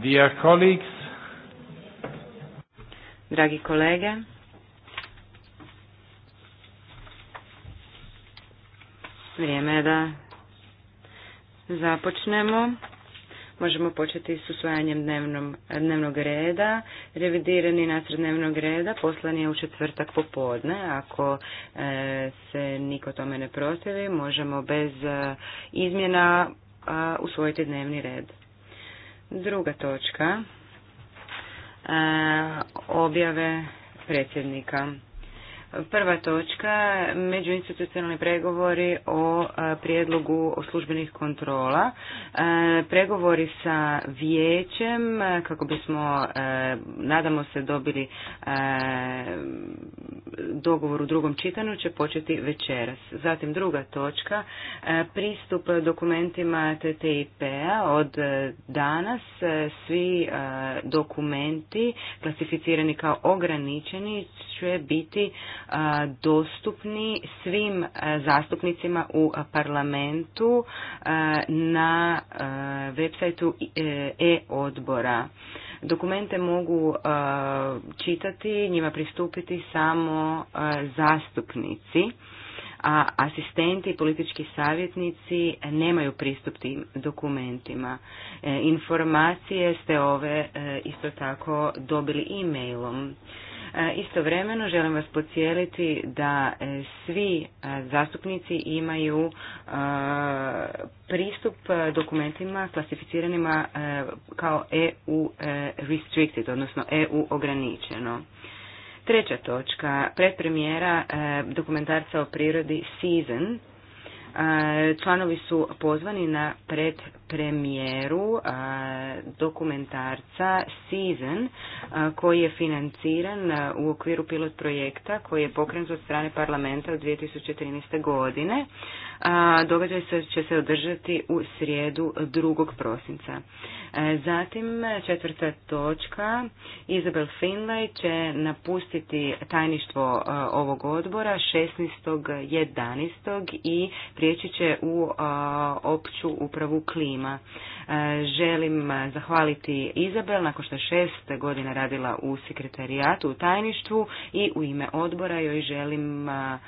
Dear colleagues, Dragi kolege, vrijeme je da započnemo. Možemo početi s usvajanjem dnevnom, dnevnog reda. Revidirani nacrt dnevnog reda poslan je u četvrtak popodne. Ako e, se niko tome ne protivi, možemo bez e, izmjena usvojiti dnevni red. Druga točka e, objave predsjednika. Prva točka, međuinstitucionalni pregovori o e, prijedlogu o službenih kontrola. E, pregovori sa vijećem e, kako bismo, nadamo se, dobili dogovor u drugom čitanju će početi večeras. Zatim druga točka, pristup dokumentima TTIP-a od danas svi dokumenti klasificirani kao ograničeni će biti dostupni svim zastupnicima u parlamentu na web sajtu e, e-odbora. Dokumente mogu čitati, njima pristupiti samo zastupnici a asistenti i politički savjetnici nemaju pristup tim dokumentima. E, informacije ste ove e, isto tako dobili e-mailom. Istovremeno želim vas pocijeliti da e, svi e, zastupnici imaju e, pristup dokumentima klasificiranima kao EU restricted, odnosno EU ograničeno. Treća točka, predpremijera dokumentarca o prirodi Season. Članovi su pozvani na pred premijeru dokumentarca Season koji je financiran u okviru pilot projekta koji je pokrenut od strane parlamenta od 2013. godine. Događaj se, će se održati u srijedu 2. prosinca. E, zatim četvrta točka, Izabel Finlay će napustiti tajništvo e, ovog odbora 16.11. i prijeći će u e, opću upravu klima E, želim e, zahvaliti Izabel nakon što je šest godina radila u sekretarijatu u tajništvu i u ime odbora joj želim e,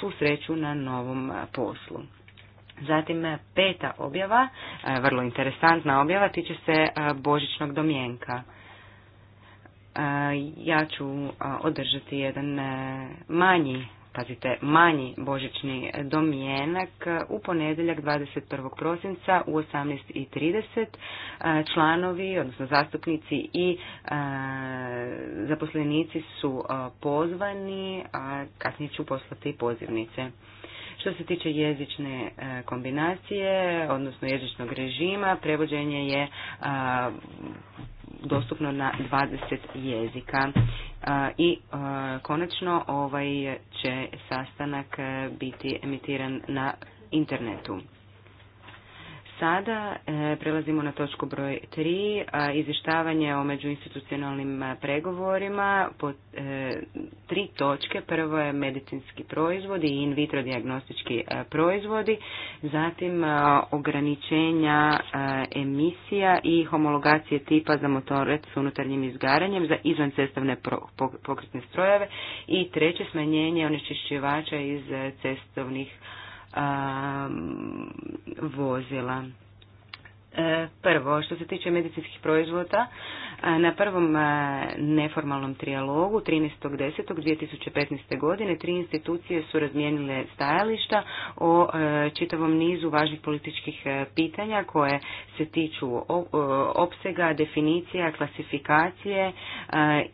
svu sreću na novom poslu. Zatim peta objava, vrlo interesantna objava, tiče se božićnog domjenka. Ja ću održati jedan manji pazite, manji božićni domjenak u ponedjeljak 21. prosinca u 18.30. Članovi, odnosno zastupnici i zaposlenici su pozvani, a kasnije ću poslati pozivnice. Što se tiče jezične kombinacije, odnosno jezičnog režima, prevođenje je dostupno na 20 jezika. I konačno ovaj će sastanak e, biti emitiran na internetu. Sada e, prelazimo na točku broj 3, izvještavanje o međuinstitucionalnim pregovorima e, tri točke. Prvo je medicinski proizvodi i in vitro diagnostički proizvodi, zatim ograničenja emisija i homologacije tipa za motorec s unutarnjim izgaranjem za cestovne pokretne strojeve i treće smanjenje onečišćivača iz e, cestovnih vozila. E, prvo, što se tiče medicinskih proizvoda, e, na prvom e, neformalnom trijalogu 13.10.2015. godine tri institucije su razmijenile stajališta o čitavom nizu važnih političkih pitanja koje se tiču opsega, definicija, klasifikacije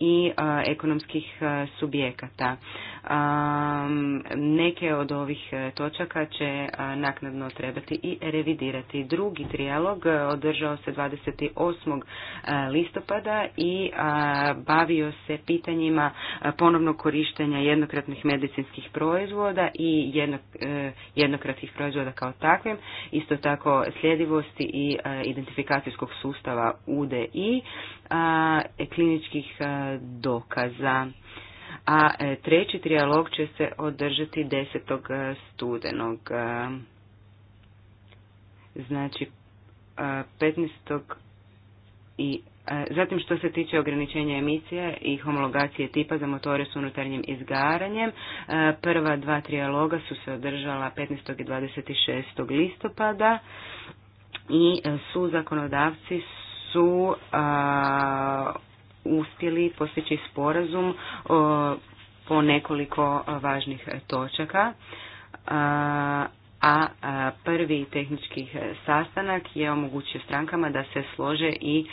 i ekonomskih subjekata. Neke od ovih točaka će naknadno trebati i revidirati. Drugi trijalog održao se 28. E, listopada i e, bavio se pitanjima e, ponovnog korištenja jednokratnih medicinskih proizvoda i jednokratnih proizvoda kao takvim, isto tako sljedivosti i identifikacijskog sustava UDI, kliničkih dokaza a treći trijalog će se održati 10. studenog. Znači, 15. i e, Zatim što se tiče ograničenja emisije i homologacije tipa za motore s unutarnjim izgaranjem, e, prva dva trijaloga su se održala 15. i 26. listopada i e, su zakonodavci su a, uspjeli postići sporazum po nekoliko važnih točaka. A, a prvi tehnički sastanak je omogućio strankama da se slože i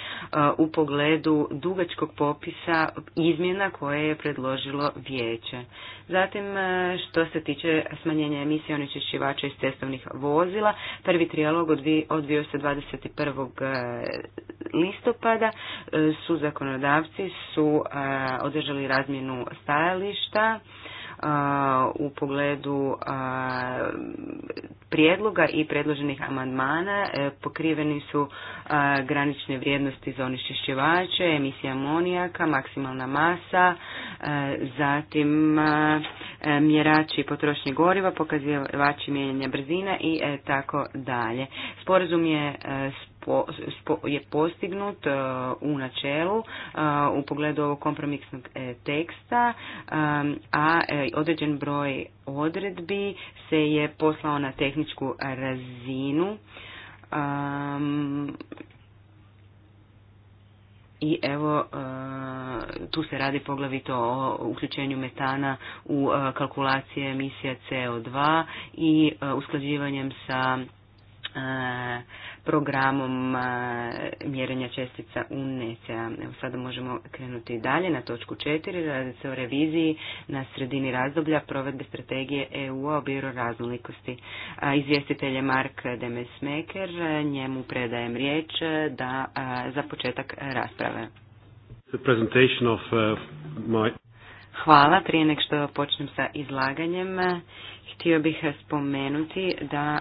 u pogledu dugačkog popisa izmjena koje je predložilo vijeće. Zatim, što se tiče smanjenja emisije onečišćivača iz cestovnih vozila, prvi trijalog odvio se 21. listopada. E, su zakonodavci su održali razmjenu stajališta u pogledu prijedloga i predloženih amandmana e, pokriveni su granične vrijednosti za onečišćivače, emisija amonijaka, maksimalna masa, e, zatim e, mjerači potrošnje goriva, pokazivači mijenjanja brzina i tako dalje. Sporazum je je postignut e, u načelu e, u pogledu ovog kompromisnog e, teksta, a određen broj odredbi se je poslao na tehničku razinu. I evo, tu se radi poglavito o uključenju metana u kalkulacije emisija CO2 i usklađivanjem sa programom eh, mjerenja čestica unece Evo sada možemo krenuti dalje na točku 4. Radi se o reviziji na sredini razdoblja provedbe strategije eu o bioraznolikosti. Izvjestitelj je Mark Demesmeker, njemu predajem riječ eh, da eh, za početak rasprave. Hvala. Prije nek što počnem sa izlaganjem, htio bih spomenuti da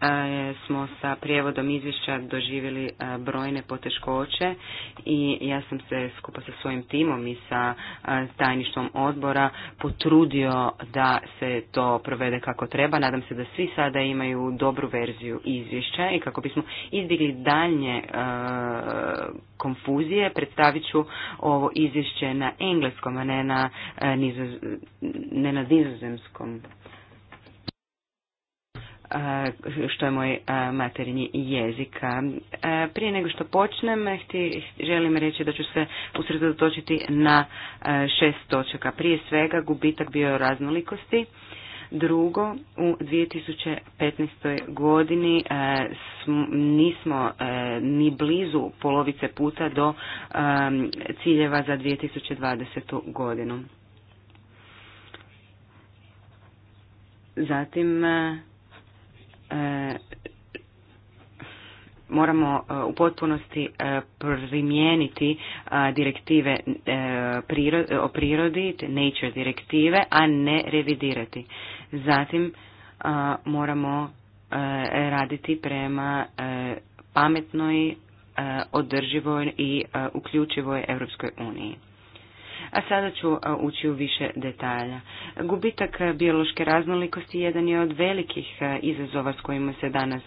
E, smo sa prijevodom izvješća doživjeli e, brojne poteškoće i ja sam se skupa sa svojim timom i sa e, tajništvom odbora potrudio da se to provede kako treba. Nadam se da svi sada imaju dobru verziju izvješća i kako bismo izbjegli daljnje konfuzije predstavit ću ovo izvješće na engleskom, a ne na, ne na nizozemskom Eh, što je moj eh, materinji jezika. Eh, prije nego što počnem, želim reći da ću se usredotočiti na šest točaka. Prije svega gubitak bio raznolikosti. Drugo, u 2015. godini nismo ni blizu polovice puta do ehm, ciljeva za 2020. godinu. Zatim, E, moramo e, u potpunosti e, primijeniti direktive o prirodi, nature direktive, a ne revidirati. Zatim moramo raditi prema pametnoj, održivoj i uključivoj Europskoj uniji. A sada ću ući u više detalja. Gubitak biološke raznolikosti jedan je od velikih izazova s kojima se danas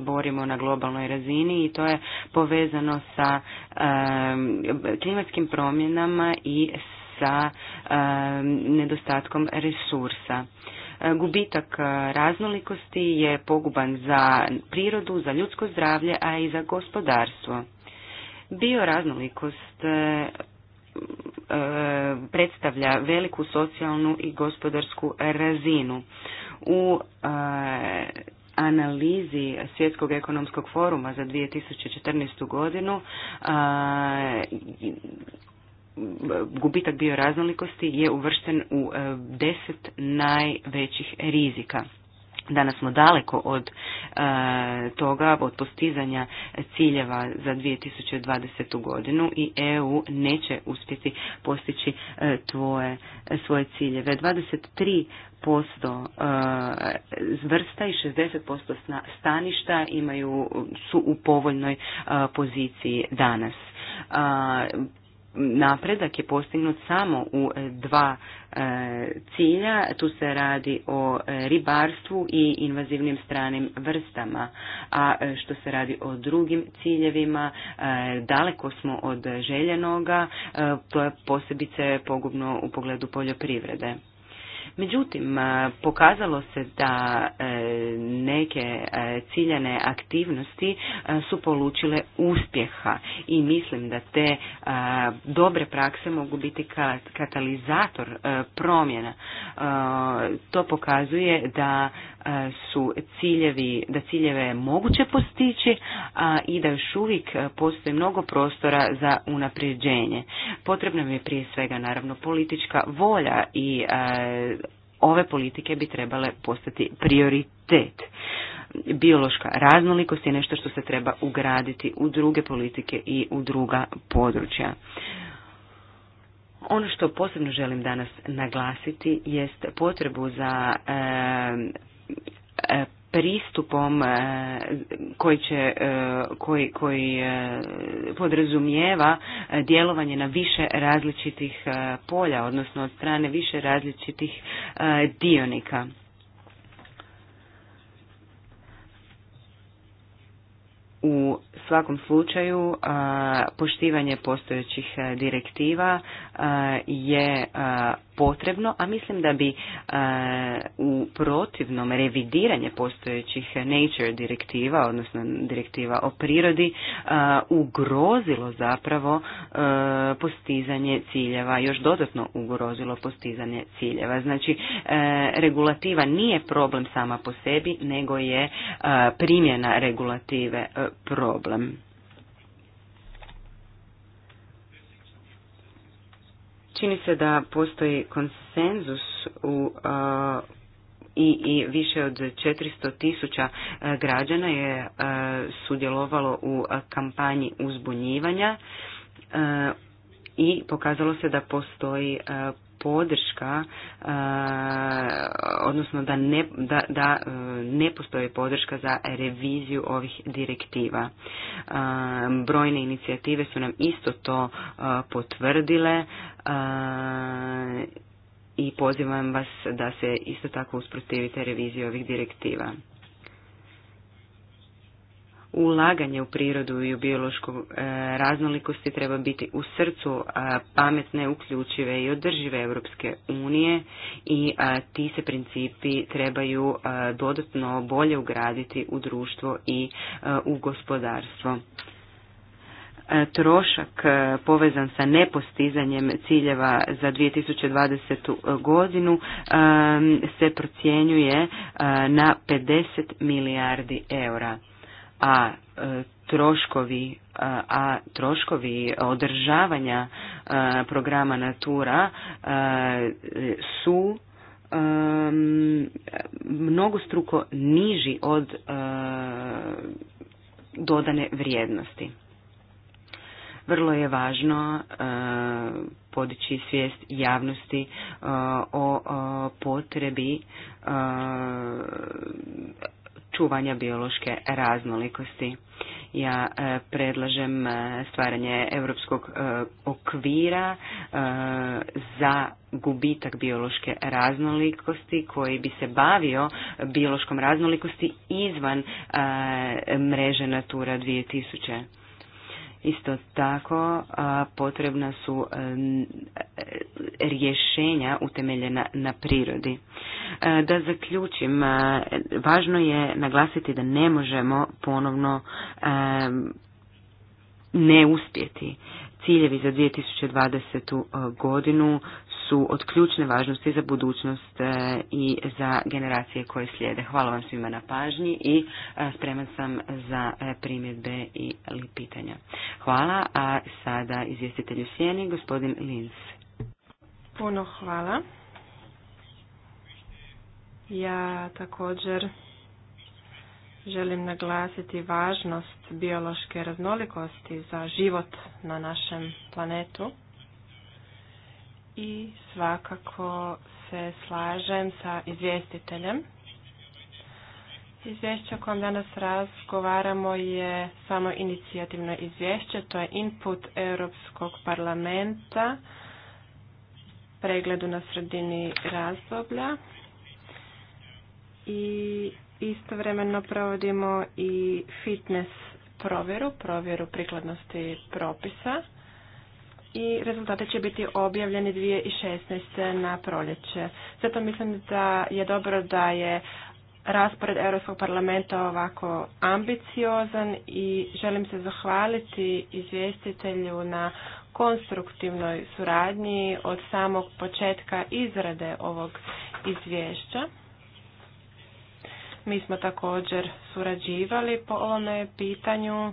borimo na globalnoj razini i to je povezano sa klimatskim promjenama i sa nedostatkom resursa. Gubitak raznolikosti je poguban za prirodu, za ljudsko zdravlje, a i za gospodarstvo. Bioraznolikost E, predstavlja veliku socijalnu i gospodarsku razinu. U e, analizi Svjetskog ekonomskog foruma za 2014. godinu e, gubitak bioraznolikosti je uvršten u deset najvećih rizika. Danas smo daleko od e, toga, od postizanja ciljeva za 2020. godinu i EU neće uspjeti postići e, tvoje, e, svoje ciljeve. 23% posto zvrsta i 60% staništa imaju su u povoljnoj poziciji danas napredak je postignut samo u e, dva e, cilja. Tu se radi o e, ribarstvu i invazivnim stranim vrstama. A što se radi o drugim ciljevima, daleko smo od željenoga, to je posebice pogubno u pogledu poljoprivrede. Međutim, pokazalo se da e, neke e, ciljane aktivnosti e, su polučile uspjeha i mislim da te dobre prakse mogu biti katalizator promjena. To pokazuje da su ciljevi, da ciljeve moguće postići a, i da još uvijek postoji mnogo prostora za unapređenje. Potrebna mi je prije svega naravno politička volja i ove politike bi trebale postati prioritet. Biološka raznolikost je nešto što se treba ugraditi u druge politike i u druga područja. Ono što posebno želim danas naglasiti jest potrebu za pristupom e, koji će e, koji, koji e, podrazumijeva djelovanje na više različitih polja odnosno od strane više različitih dionika u svakom slučaju poštivanje postojećih direktiva je potrebno, a mislim da bi uh, u protivnom revidiranje postojećih nature direktiva, odnosno direktiva o prirodi, uh, ugrozilo zapravo uh, postizanje ciljeva, još dodatno ugrozilo postizanje ciljeva. Znači, regulativa nije problem sama po sebi, nego je primjena regulative problem. Čini se da postoji konsenzus u i, i više od 400 tisuća građana je sudjelovalo u kampanji uzbunjivanja i pokazalo se da postoji podrška, e, odnosno da ne, da, da e, ne postoji podrška za reviziju ovih direktiva. E, brojne inicijative su nam isto to potvrdile i pozivam vas da se isto tako usprotivite reviziji ovih direktiva ulaganje u prirodu i u biološku e, raznolikosti treba biti u srcu pametne, uključive i održive Europske unije i ti se principi trebaju dodatno bolje ugraditi u društvo i u gospodarstvo e, trošak e, povezan sa nepostizanjem ciljeva za 2020. godinu se procjenjuje na 50 milijardi eura a e, troškovi a troškovi održavanja e, programa Natura e, su mnogostruko niži od dodane vrijednosti. Vrlo je važno podići svijest javnosti o potrebi čuvanja biološke raznolikosti. Ja e, predlažem e, stvaranje europskog e, okvira za gubitak biološke raznolikosti koji bi se bavio biološkom raznolikosti izvan mreže Natura 2000. Isto tako potrebna su e, e, rješenja utemeljena na prirodi. E, da zaključim, važno je naglasiti da ne možemo ponovno ne uspjeti. Ciljevi za 2020. godinu od ključne važnosti za budućnost e, i za generacije koje slijede. Hvala vam svima na pažnji i e, spreman sam za e, primjedbe i pitanja. Hvala, a sada izvjestitelju sjeni, gospodin Linz. Puno hvala. Ja također želim naglasiti važnost biološke raznolikosti za život na našem planetu i svakako se slažem sa izvjestiteljem. Izvješće o kojem danas razgovaramo je samo inicijativno izvješće, to je input Europskog parlamenta pregledu na sredini razdoblja i istovremeno provodimo i fitness provjeru, provjeru prikladnosti propisa i rezultate će biti objavljeni 2016. na proljeće. Zato mislim da je dobro da je raspored Europskog parlamenta ovako ambiciozan i želim se zahvaliti izvjestitelju na konstruktivnoj suradnji od samog početka izrade ovog izvješća. Mi smo također surađivali po ovome pitanju.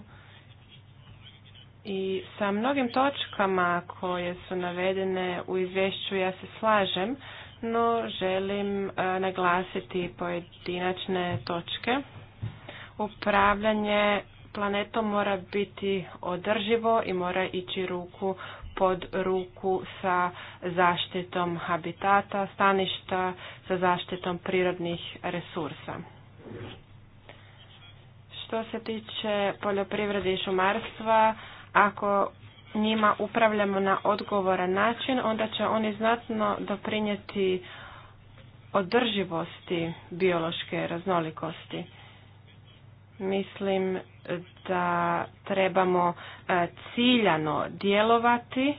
I sa mnogim točkama koje su navedene u izvješću ja se slažem, no želim e, naglasiti pojedinačne točke. Upravljanje planetom mora biti održivo i mora ići ruku pod ruku sa zaštitom habitata, staništa, sa zaštitom prirodnih resursa. Što se tiče poljoprivrede i šumarstva, ako njima upravljamo na odgovoran način, onda će oni znatno doprinijeti održivosti biološke raznolikosti. Mislim da trebamo e, ciljano djelovati,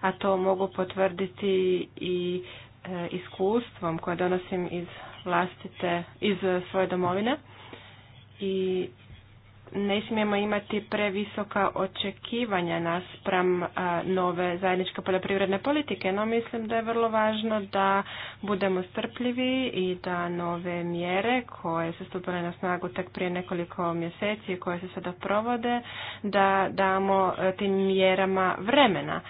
a to mogu potvrditi i e, iskustvom koje donosim iz vlastite, iz svoje domovine. I ne smijemo imati previsoka očekivanja naspram nove zajedničke poljoprivredne politike, no mislim da je vrlo važno da budemo strpljivi i da nove mjere koje su stupile na snagu tek prije nekoliko mjeseci i koje se sada provode, da damo e, tim mjerama vremena.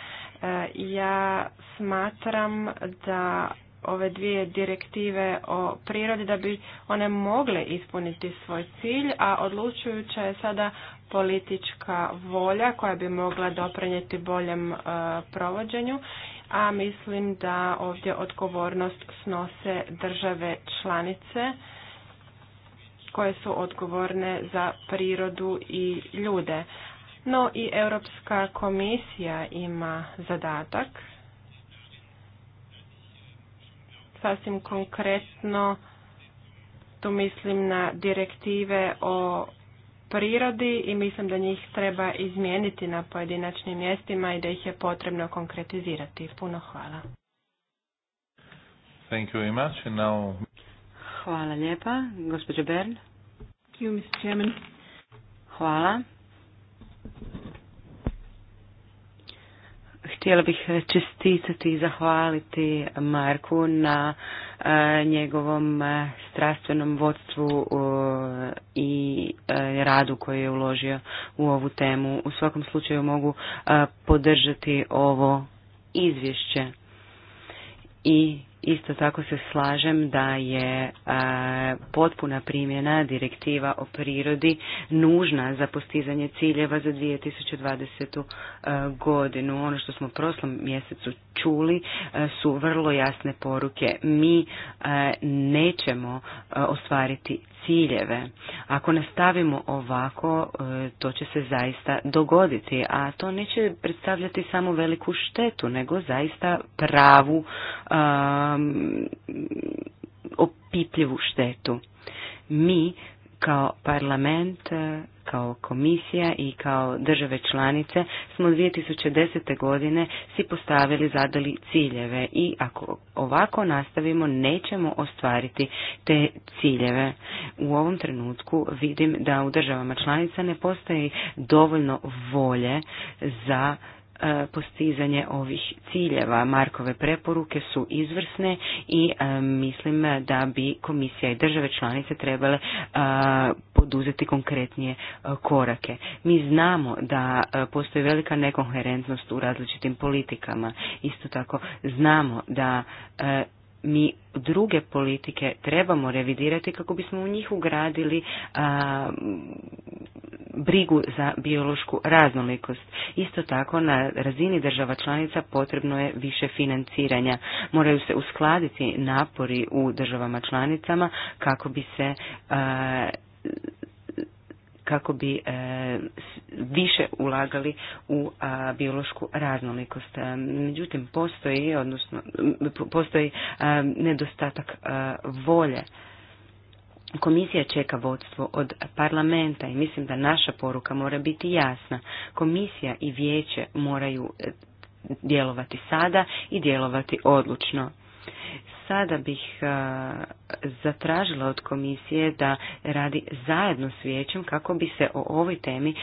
E, ja smatram da ove dvije direktive o prirodi da bi one mogle ispuniti svoj cilj, a odlučujuća je sada politička volja koja bi mogla doprinijeti boljem e, provođenju, a mislim da ovdje odgovornost snose države članice koje su odgovorne za prirodu i ljude. No i Europska komisija ima zadatak Sasvim konkretno tu mislim na direktive o prirodi i mislim da njih treba izmijeniti na pojedinačnim mjestima i da ih je potrebno konkretizirati. Puno hvala. Thank you very much. Hvala lijepa. Gospođo Bern. Thank Hvala. Htjela bih čestitati i zahvaliti Marku na e, njegovom e, strastvenom vodstvu e, i radu koji je uložio u ovu temu. U svakom slučaju mogu podržati ovo izvješće i Isto tako se slažem da je e, potpuna primjena direktiva o prirodi nužna za postizanje ciljeva za 2020. E, godinu. Ono što smo u prošlom mjesecu čuli e, su vrlo jasne poruke. Mi nećemo ostvariti ciljeve. Ako nastavimo ovako, to će se zaista dogoditi, a to neće predstavljati samo veliku štetu, nego zaista pravu Um, opipljivu štetu. Mi kao parlament, kao komisija i kao države članice smo 2010. godine si postavili zadali ciljeve i ako ovako nastavimo nećemo ostvariti te ciljeve. U ovom trenutku vidim da u državama članica ne postoji dovoljno volje za E, postizanje ovih ciljeva. Markove preporuke su izvrsne i e, mislim da bi komisija i države članice trebale e, poduzeti konkretnije korake. Mi znamo da postoji velika nekoherentnost u različitim politikama. Isto tako znamo da mi druge politike trebamo revidirati kako bismo u njih ugradili brigu za biološku raznolikost. Isto tako na razini država članica potrebno je više financiranja. Moraju se uskladiti napori u državama članicama kako bi se kako bi e, više ulagali u biološku raznolikost. E, međutim, postoji, odnosno, postoji e, nedostatak volje. Komisija čeka vodstvo od parlamenta i mislim da naša poruka mora biti jasna. Komisija i vijeće moraju djelovati sada i djelovati odlučno sada bih e, zatražila od komisije da radi zajedno s vijećem kako bi se o ovoj temi e,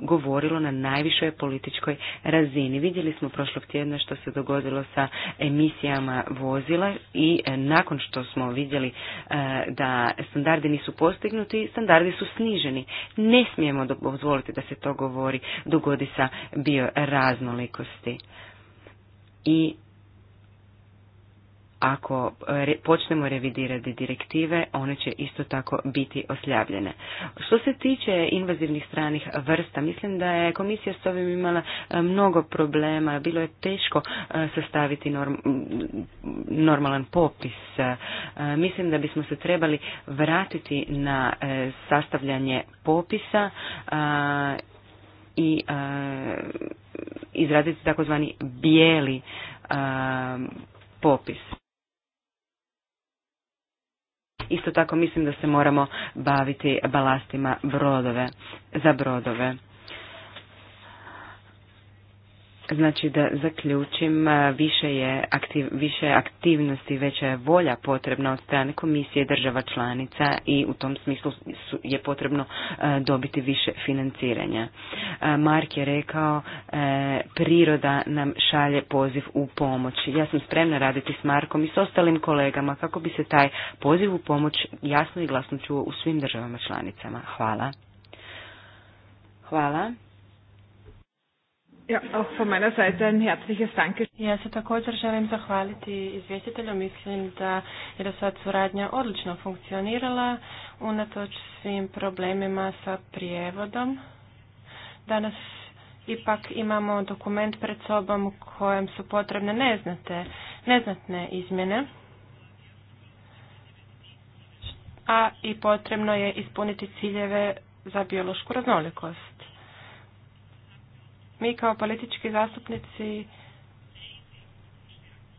govorilo na najvišoj političkoj razini. Vidjeli smo prošlog tjedna što se dogodilo sa emisijama vozila i e, nakon što smo vidjeli da standardi nisu postignuti, standardi su sniženi. Ne smijemo dozvoliti da se to govori, dogodi sa bioraznolikosti. I ako počnemo revidirati direktive, one će isto tako biti osljavljene. Što se tiče invazivnih stranih vrsta, mislim da je komisija s ovim imala e, mnogo problema, bilo je teško e, sastaviti normalan popis. E, mislim da bismo se trebali vratiti na sastavljanje popisa i izraditi takozvani bijeli popis. Isto tako mislim da se moramo baviti balastima brodove, za brodove. Znači da zaključim, e, više je više aktivnosti, veća je volja potrebna od strane komisije država članica i u tom smislu je potrebno e, dobiti više financiranja. E, Mark je rekao, priroda nam šalje poziv u pomoć. Ja sam spremna raditi s Markom i s ostalim kolegama kako bi se taj poziv u pomoć jasno i glasno čuo u svim državama članicama. Hvala. Hvala. Ja, auch von meiner Seite ein herzliches Ja se također želim zahvaliti izvjestitelju. Mislim da je do sad suradnja odlično funkcionirala unatoč svim problemima sa prijevodom. Danas ipak imamo dokument pred sobom kojem su potrebne neznate, neznatne izmjene. A i potrebno je ispuniti ciljeve za biološku raznolikost mi kao politički zastupnici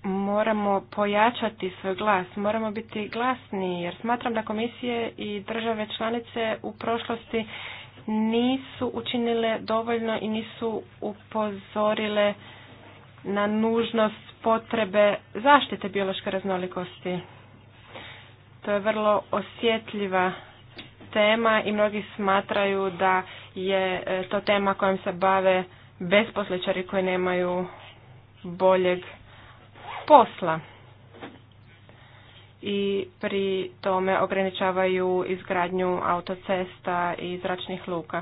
moramo pojačati svoj glas, moramo biti glasni jer smatram da komisije i države članice u prošlosti nisu učinile dovoljno i nisu upozorile na nužnost potrebe zaštite biološke raznolikosti. To je vrlo osjetljiva tema i mnogi smatraju da je e, to tema kojom se bave besposličari koji nemaju boljeg posla i pri tome ograničavaju izgradnju autocesta i zračnih luka.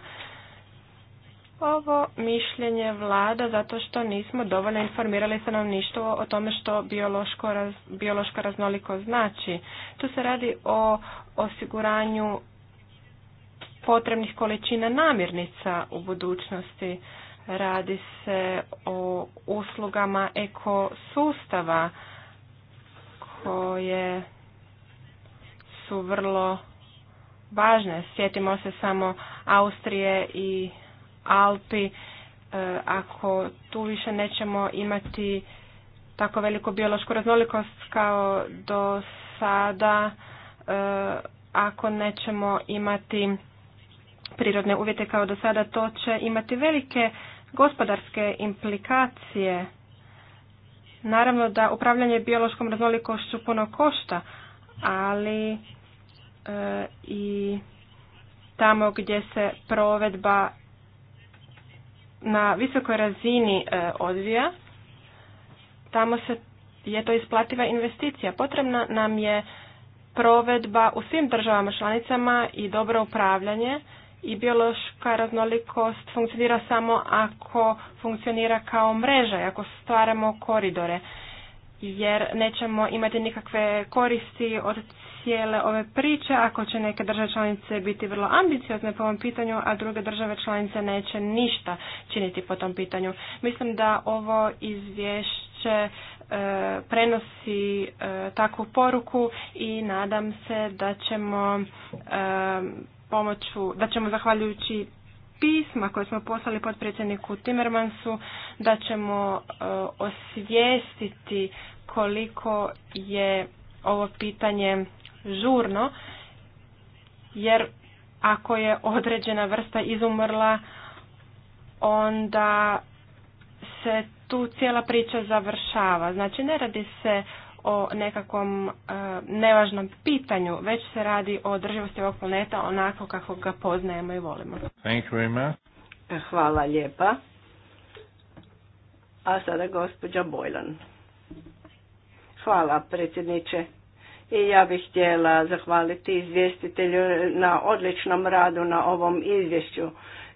Ovo mišljenje vlada zato što nismo dovoljno informirali stanovništvo o tome što biološko, biološka raznoliko znači. Tu se radi o osiguranju potrebnih količina namirnica u budućnosti. Radi se o uslugama ekosustava koje su vrlo važne. Sjetimo se samo Austrije i Alpi. E, ako tu više nećemo imati tako veliku biološku raznolikost kao do sada, e, ako nećemo imati prirodne uvjete kao do sada, to će imati velike gospodarske implikacije. Naravno da upravljanje biološkom raznolikošću puno košta, ali e, i tamo gdje se provedba na visokoj razini e, odvija, tamo se je to isplativa investicija. Potrebna nam je provedba u svim državama članicama i dobro upravljanje i biološka raznolikost funkcionira samo ako funkcionira kao mreža, ako stvaramo koridore, jer nećemo imati nikakve koristi od cijele ove priče ako će neke države članice biti vrlo ambiciozne po ovom pitanju, a druge države članice neće ništa činiti po tom pitanju. Mislim da ovo izvješće e, prenosi e, takvu poruku i nadam se da ćemo e, pomoću, da ćemo zahvaljujući pisma koje smo poslali potpredsjedniku Timmermansu, da ćemo e, osvijestiti koliko je ovo pitanje žurno, jer ako je određena vrsta izumrla, onda se tu cijela priča završava. Znači ne radi se o nekakvom e, nevažnom pitanju, već se radi o održivosti ovog planeta onako kako ga poznajemo i volimo. Thank you very much. E, hvala lijepa. A sada gospođa Bojlan. Hvala predsjedniče. I ja bih htjela zahvaliti izvjestitelju na odličnom radu na ovom izvješću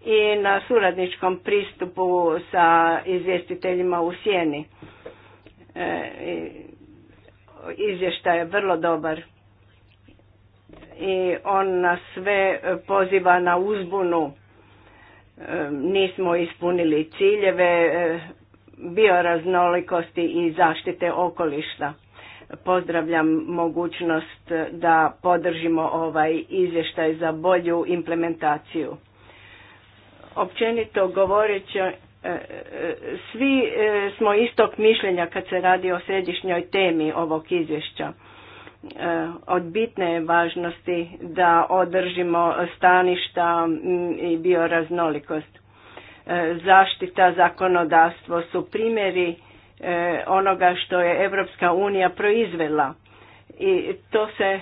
i na suradničkom pristupu sa izvjestiteljima u sjeni. E, izvještaj je vrlo dobar i on nas sve poziva na uzbunu. E, nismo ispunili ciljeve e, bioraznolikosti i zaštite okoliša. Pozdravljam mogućnost da podržimo ovaj izvještaj za bolju implementaciju. Općenito govoreći E, e, svi e, smo istog mišljenja kad se radi o središnjoj temi ovog izvješća. Od bitne je važnosti da održimo staništa i bioraznolikost. Zaštita, zakonodavstvo su primjeri onoga što je Europska unija proizvela i to se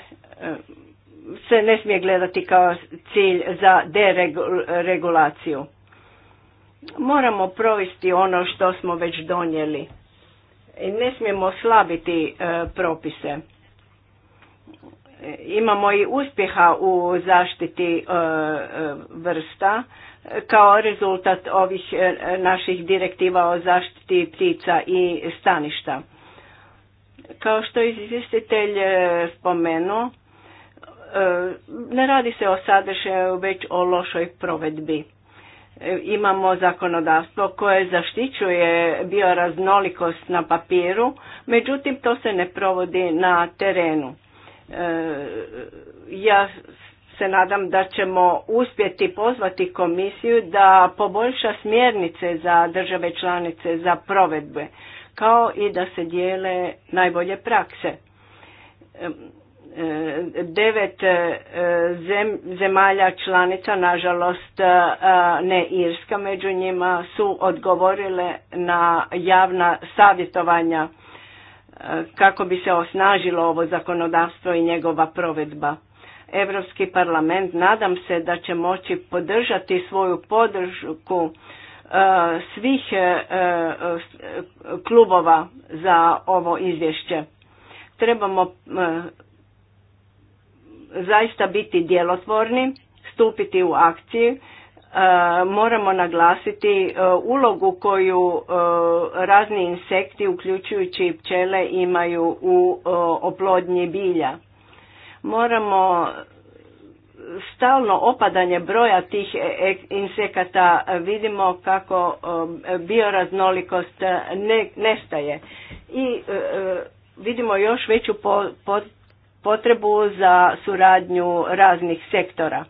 se ne smije gledati kao cilj za deregulaciju moramo provesti ono što smo već donijeli. Ne smijemo slabiti e, propise. Imamo i uspjeha u zaštiti e, e, vrsta kao rezultat ovih naših direktiva o zaštiti ptica i staništa. Kao što je izvjestitelj spomenuo, ne radi se o sadržaju već o lošoj provedbi E, imamo zakonodavstvo koje zaštićuje bioraznolikost na papiru, međutim to se ne provodi na terenu. E, ja se nadam da ćemo uspjeti pozvati komisiju da poboljša smjernice za države članice za provedbe, kao i da se dijele najbolje prakse e, devet e, zemalja članica, nažalost e, ne Irska, među njima su odgovorile na javna savjetovanja e, kako bi se osnažilo ovo zakonodavstvo i njegova provedba. Europski parlament nadam se da će moći podržati svoju podršku svih klubova za ovo izvješće. Trebamo zaista biti djelotvorni, stupiti u akciju, e, moramo naglasiti e, ulogu koju e, razni insekti, uključujući pčele, imaju u oplodnji bilja. Moramo stalno opadanje broja tih insekata vidimo kako bioraznolikost nestaje i vidimo još veću potrebu za suradnju raznih sektora.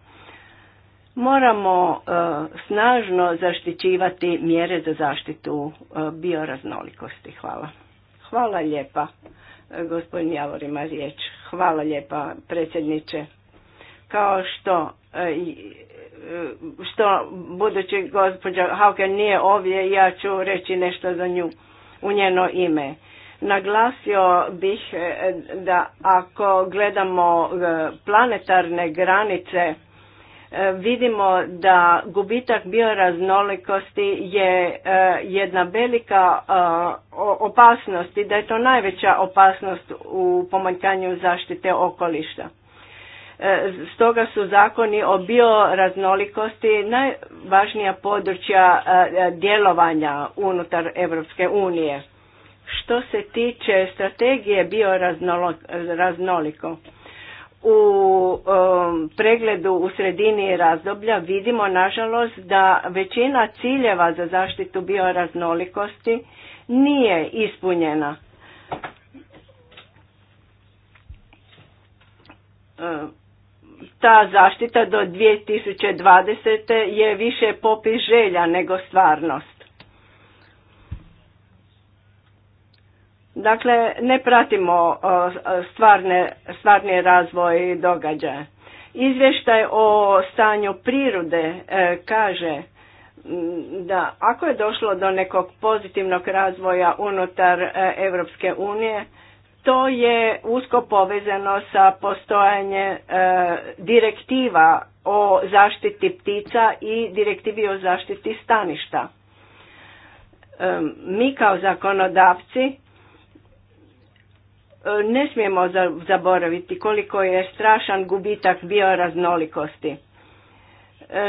Moramo e, snažno zaštićivati mjere za zaštitu e, bioraznolikosti. Hvala. Hvala lijepa, e, gospodin Javor ima riječ. Hvala lijepa, predsjedniče. Kao što što budući gospođa Hauke nije ovdje, ja ću reći nešto za nju u njeno ime. Naglasio bih e, da ako gledamo e, planetarne granice, e, vidimo da gubitak bioraznolikosti je jedna velika opasnost i da je to najveća opasnost u pomanjkanju zaštite okoliša. Stoga su zakoni o bioraznolikosti najvažnija područja djelovanja unutar Europske unije što se tiče strategije bioraznoliko, u um, pregledu u sredini razdoblja vidimo nažalost da većina ciljeva za zaštitu bioraznolikosti nije ispunjena. Um, ta zaštita do 2020. je više popis želja nego stvarnost. Dakle, ne pratimo stvarne, stvarni razvoj događaja. Izvještaj o stanju prirode e, kaže da ako je došlo do nekog pozitivnog razvoja unutar Europske unije, to je usko povezano sa postojanje e, direktiva o zaštiti ptica i direktivi o zaštiti staništa. E, mi kao zakonodavci E, ne smijemo zaboraviti koliko je strašan gubitak bioraznolikosti. E,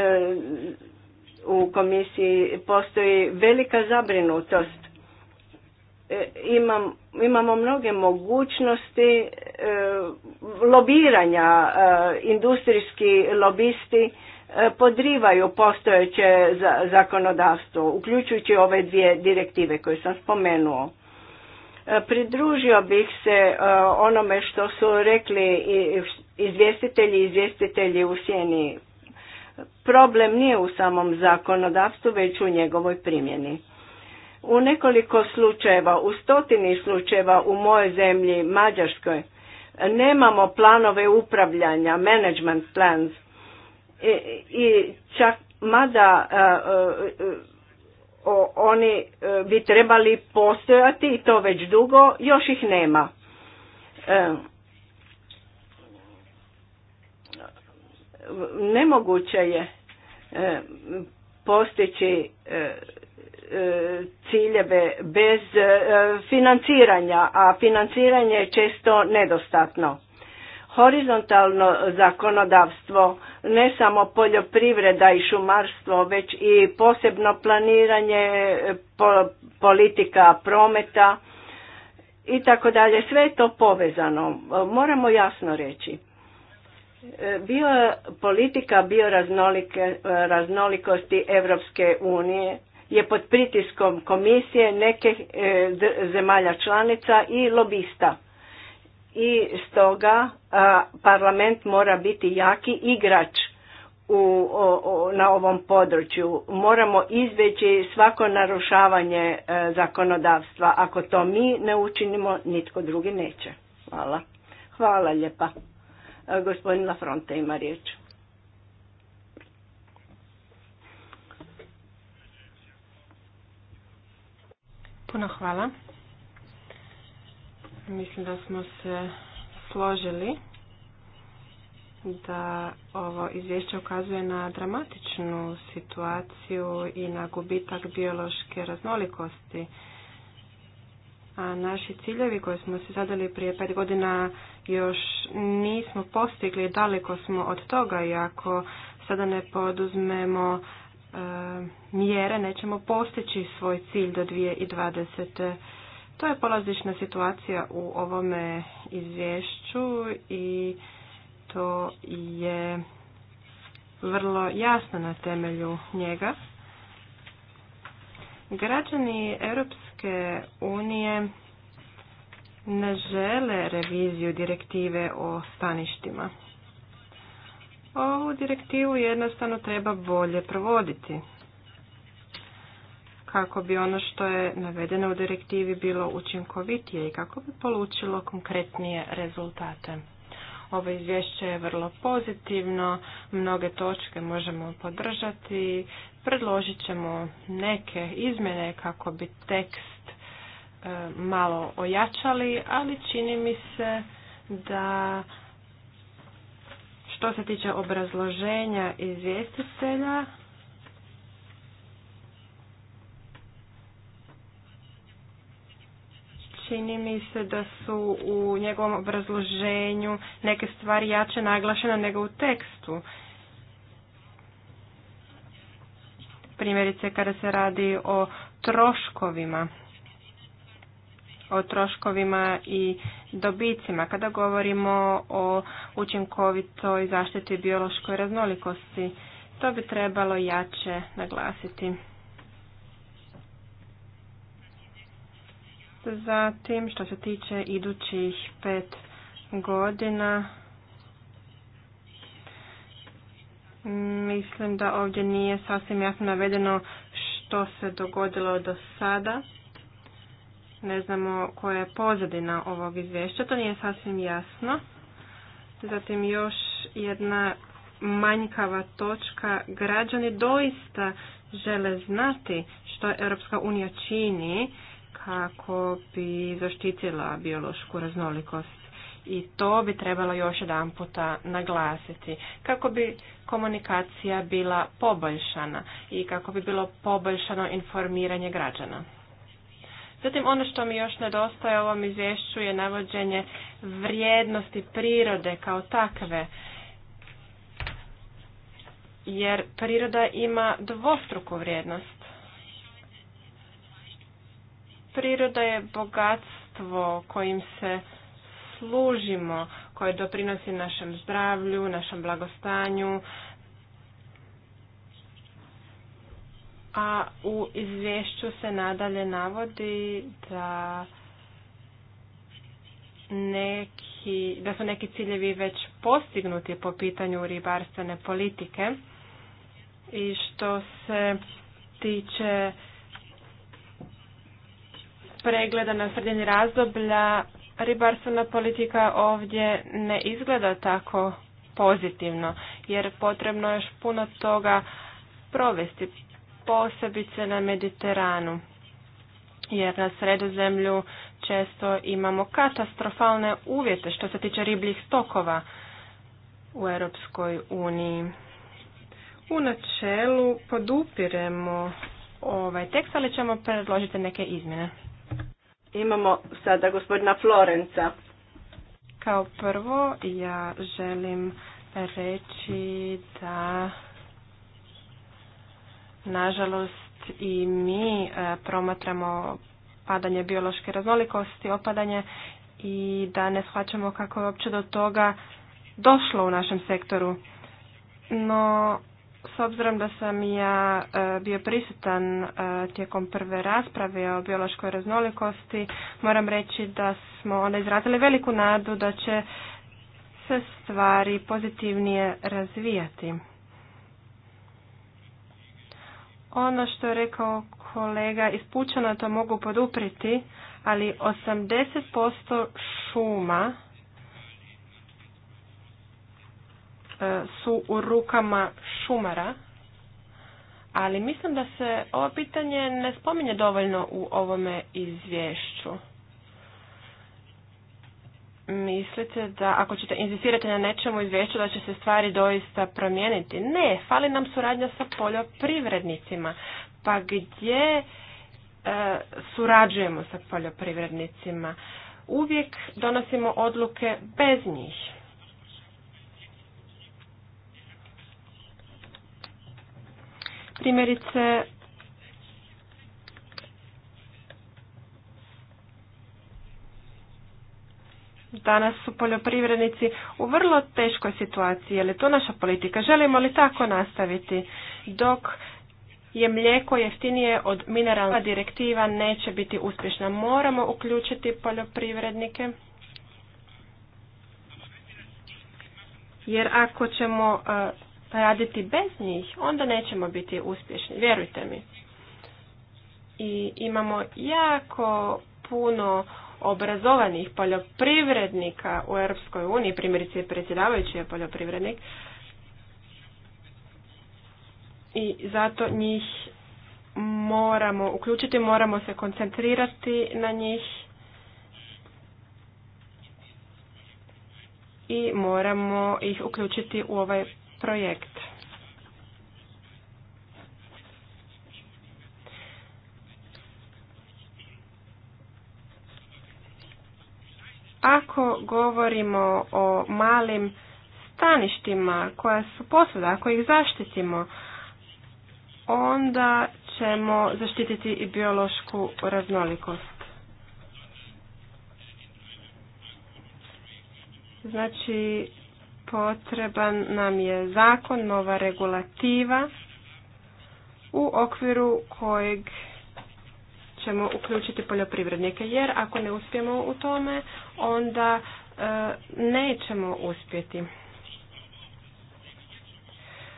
u komisiji postoji velika zabrinutost. E, imam, imamo mnoge mogućnosti lobiranja, industrijski lobisti podrivaju postojeće zakonodavstvo, uključujući ove dvije direktive koje sam spomenuo E, pridružio bih se e, onome što su rekli izvjestitelji i izvjestitelji u sjeni. Problem nije u samom zakonodavstvu, već u njegovoj primjeni. U nekoliko slučajeva, u stotini slučajeva u mojoj zemlji, Mađarskoj, nemamo planove upravljanja, management plans, i, e, i čak mada oni e, bi trebali postojati i to već dugo, još ih nema. E, nemoguće je e, postići ciljeve bez financiranja, a financiranje je često nedostatno. Horizontalno zakonodavstvo, ne samo poljoprivreda i šumarstvo, već i posebno planiranje e, politika prometa i tako dalje, sve je to povezano. E, moramo jasno reći. E, bio politika bioraznolikosti Europske unije je pod pritiskom komisije nekih zemalja članica i lobista i stoga parlament mora biti jaki igrač u, na ovom području. Moramo izbjeći svako narušavanje e, zakonodavstva. Ako to mi ne učinimo, nitko drugi neće. Hvala. Hvala lijepa. E, gospodin Lafronte ima riječ. Puno hvala. Mislim da smo se složili da ovo izvješće ukazuje na dramatičnu situaciju i na gubitak biološke raznolikosti. A naši ciljevi koje smo se zadali prije pet godina još nismo postigli, daleko smo od toga i ako sada ne poduzmemo e, mjere nećemo postići svoj cilj do 2020. To je polazišna situacija u ovome izvješću i to je vrlo jasno na temelju njega. Građani Europske unije ne žele reviziju direktive o staništima. Ovu direktivu jednostavno treba bolje provoditi, kako bi ono što je navedeno u direktivi bilo učinkovitije i kako bi polučilo konkretnije rezultate. Ovo izvješće je vrlo pozitivno, mnoge točke možemo podržati, predložit ćemo neke izmjene kako bi tekst e, malo ojačali, ali čini mi se da što se tiče obrazloženja izvjestitelja, čini mi se da su u njegovom obrazloženju neke stvari jače naglašene nego u tekstu. Primjerice kada se radi o troškovima, o troškovima i dobicima, kada govorimo o učinkovitoj zaštiti biološkoj raznolikosti, to bi trebalo jače naglasiti. Zatim, što se tiče idućih pet godina, mislim da ovdje nije sasvim jasno navedeno što se dogodilo do sada. Ne znamo koja je pozadina ovog izvješća, to nije sasvim jasno. Zatim još jedna manjkava točka. Građani doista žele znati što Europska unija čini kako bi zaštitila biološku raznolikost i to bi trebalo još jedan puta naglasiti kako bi komunikacija bila poboljšana i kako bi bilo poboljšano informiranje građana. Zatim ono što mi još nedostaje u ovom izvješću je navođenje vrijednosti prirode kao takve. Jer priroda ima dvostruku vrijednost. Priroda je bogatstvo kojim se služimo, koje doprinosi našem zdravlju, našem blagostanju. A u izvješću se nadalje navodi da neki, da su neki ciljevi već postignuti po pitanju ribarstvene politike i što se tiče pregleda na sredini razdoblja ribarstvena politika ovdje ne izgleda tako pozitivno, jer potrebno je još puno toga provesti, posebice na Mediteranu, jer na sredozemlju često imamo katastrofalne uvjete što se tiče ribljih stokova u Europskoj uniji. U načelu podupiremo ovaj tekst, ali ćemo predložiti neke izmjene. Imamo sada gospodina Florenca. Kao prvo ja želim reći da nažalost i mi e, promatramo padanje biološke raznolikosti, opadanje i da ne shvaćamo kako je uopće do toga došlo u našem sektoru. No, s obzirom da sam ja e, bio prisutan e, tijekom prve rasprave o biološkoj raznolikosti, moram reći da smo onda izrazili veliku nadu da će se stvari pozitivnije razvijati. Ono što je rekao kolega, ispučeno to mogu podupriti, ali 80% šuma su u rukama šumara, ali mislim da se ovo pitanje ne spominje dovoljno u ovome izvješću. Mislite da ako ćete inzistirati na nečemu izvješću da će se stvari doista promijeniti? Ne, fali nam suradnja sa poljoprivrednicima. Pa gdje e, surađujemo sa poljoprivrednicima? Uvijek donosimo odluke bez njih. Primjerice, danas su poljoprivrednici u vrlo teškoj situaciji. Je li to naša politika? Želimo li tako nastaviti? Dok je mlijeko jeftinije od mineralna direktiva neće biti uspješna. Moramo uključiti poljoprivrednike. Jer ako ćemo eh, raditi bez njih, onda nećemo biti uspješni, vjerujte mi. I imamo jako puno obrazovanih poljoprivrednika u Europskoj uniji, primjerice predsjedavajući je poljoprivrednik, i zato njih moramo uključiti, moramo se koncentrirati na njih i moramo ih uključiti u ovaj projekt. Ako govorimo o malim staništima koja su posuda, ako ih zaštitimo, onda ćemo zaštititi i biološku raznolikost. Znači, Potreban nam je zakon, nova regulativa u okviru kojeg ćemo uključiti poljoprivrednike jer ako ne uspijemo u tome onda e, nećemo uspjeti.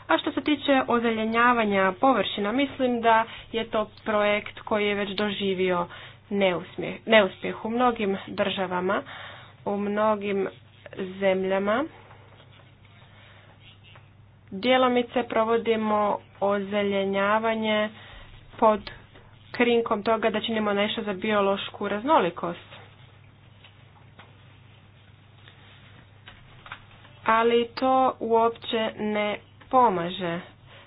A što se tiče ozeljenjavanja površina, mislim da je to projekt koji je već doživio neuspjeh u mnogim državama, u mnogim zemljama djelomice provodimo ozeljenjavanje pod krinkom toga da činimo nešto za biološku raznolikost. Ali to uopće ne pomaže.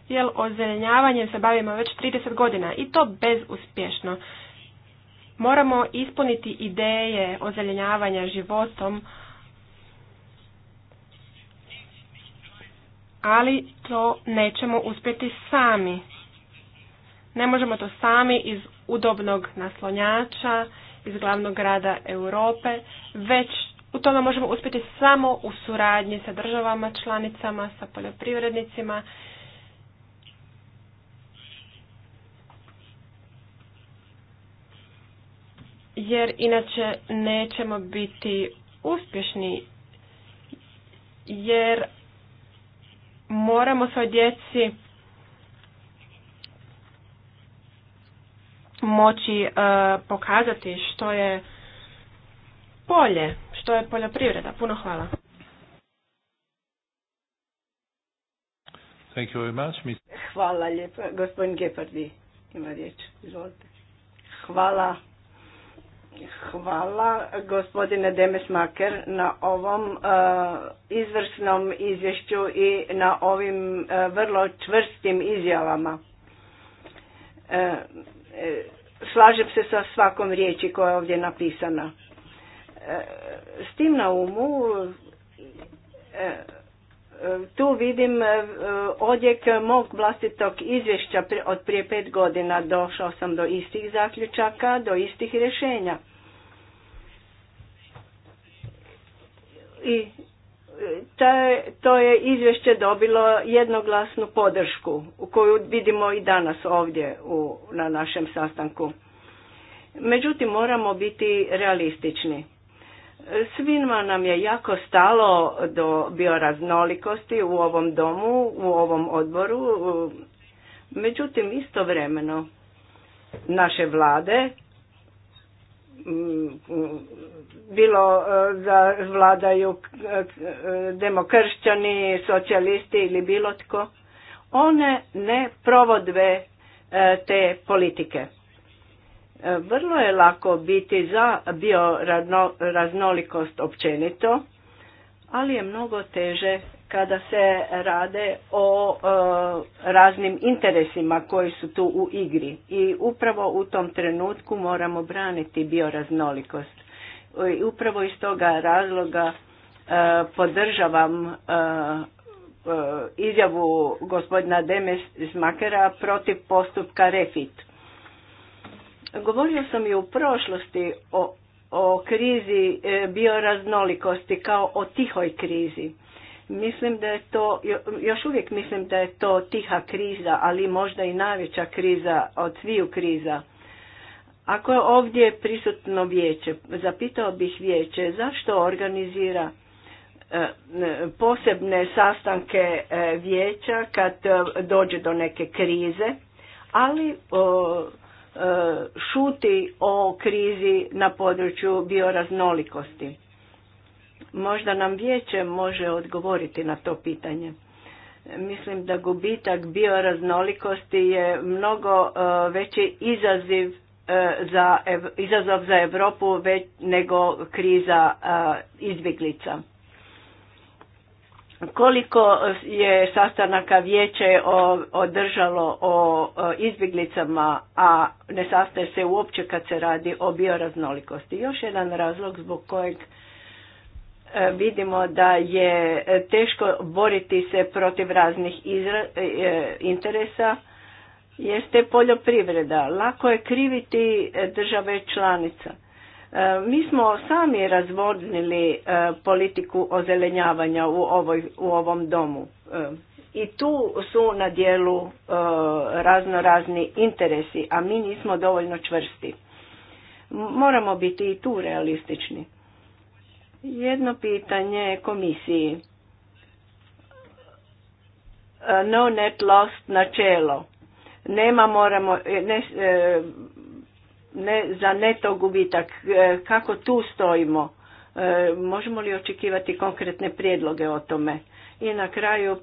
Jer ozeljenjavanjem se bavimo već 30 godina i to bezuspješno. Moramo ispuniti ideje ozeljenjavanja životom ali to nećemo uspjeti sami. Ne možemo to sami iz udobnog naslonjača, iz glavnog grada Europe, već u tome možemo uspjeti samo u suradnji sa državama, članicama, sa poljoprivrednicima. Jer inače nećemo biti uspješni jer moramo svoj djeci moći e, pokazati što je polje, što je poljoprivreda. Puno hvala. Thank you very much. Hvala lijepa. Gospodin Gepardi ima riječ. Izvolite. Hvala Hvala gospodine Demesmaker na ovom e, izvrsnom izvješću i na ovim e, vrlo čvrstim izjavama. E, slažem se sa svakom riječi koja je ovdje napisana. S tim na umu tu vidim e, odjek mog vlastitog izvješća od prije pet godina. Došao sam do istih zaključaka, do istih rješenja. I e, to je izvješće dobilo jednoglasnu podršku koju vidimo i danas ovdje u, na našem sastanku. Međutim, moramo biti realistični. Svima nam je jako stalo do bioraznolikosti u ovom domu, u ovom odboru. Međutim, istovremeno naše vlade, mm, bilo da e, vladaju e, demokršćani, socijalisti ili bilo tko, one ne provodve e, te politike. E, vrlo je lako biti za bioraznolikost općenito, ali je mnogo teže kada se rade o e, raznim interesima koji su tu u igri i upravo u tom trenutku moramo braniti bioraznolikost e, i upravo iz toga razloga podržavam izjavu gospodina Demes Zmakera protiv postupka refit Govorio sam i u prošlosti o, o krizi e, bioraznolikosti kao o tihoj krizi. Mislim da je to, još uvijek mislim da je to tiha kriza, ali možda i najveća kriza od sviju kriza. Ako je ovdje prisutno vijeće, zapitao bih vijeće zašto organizira e, e, posebne sastanke vijeća kad dođe do neke krize, ali šuti o krizi na području bioraznolikosti. Možda nam vijeće može odgovoriti na to pitanje. Mislim da gubitak bioraznolikosti je mnogo e, veći izaziv e, za, izazov za Europu nego kriza e, izbjeglica koliko je sastanaka vijeće održalo o izbjeglicama, a ne sastaje se uopće kad se radi o bioraznolikosti. Još jedan razlog zbog kojeg e, vidimo da je teško boriti se protiv raznih e, e, interesa jeste poljoprivreda. Lako je kriviti države članica. E, mi smo sami razvodnili e, politiku ozelenjavanja u, ovoj, u ovom domu e, i tu su na dijelu razno razni interesi, a mi nismo dovoljno čvrsti. Moramo biti i tu realistični. Jedno pitanje komisiji. No net lost načelo. Nema moramo, ne, ne, za neto gubitak. E, kako tu stojimo? E, možemo li očekivati konkretne prijedloge o tome? I na kraju,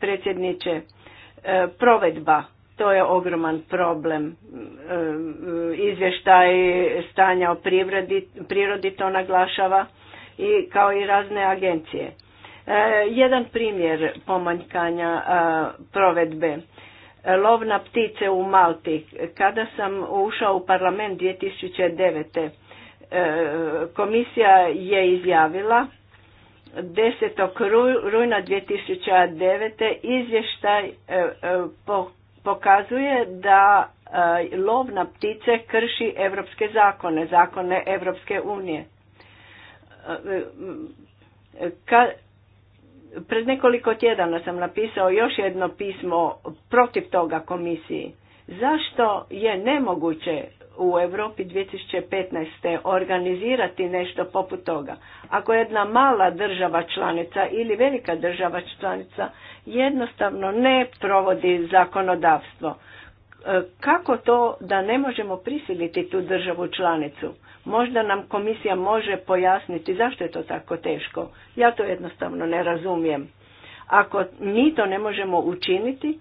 predsjedniče, e, provedba. To je ogroman problem. Izvještaj stanja o prirodi, prirodi to naglašava i kao i razne agencije. Jedan primjer pomanjkanja provedbe E, lov na ptice u Malti. Kada sam ušao u parlament 2009. E, komisija je izjavila 10. rujna 2009. izvještaj e, pokazuje da lov na ptice krši evropske zakone, zakone Evropske unije. Ka, Pred nekoliko tjedana sam napisao još jedno pismo protiv toga komisiji. Zašto je nemoguće u Europi 2015. organizirati nešto poput toga? Ako jedna mala država članica ili velika država članica jednostavno ne provodi zakonodavstvo, e, kako to da ne možemo prisiliti tu državu članicu? Možda nam komisija može pojasniti zašto je to tako teško. Ja to jednostavno ne razumijem. Ako mi to ne možemo učiniti,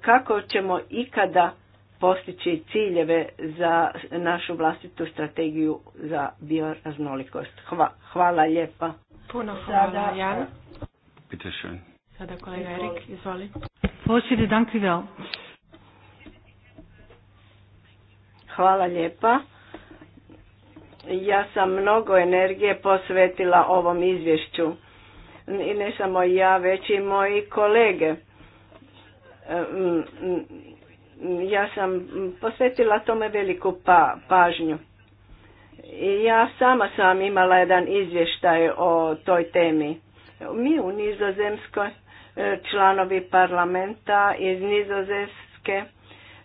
kako ćemo ikada postići ciljeve za našu vlastitu strategiju za bioraznolikost. Hva, hvala lijepa. Puno hvala, Sada kolega Erik, izvoli. Posljede, dank Hvala lijepa. Ja sam mnogo energije posvetila ovom izvješću. I ne samo ja, već i moji kolege. E, ja sam posvetila tome veliku pa, pažnju. I ja sama sam imala jedan izvještaj o toj temi. Mi u Nizozemskoj, e, članovi parlamenta iz Nizozemske,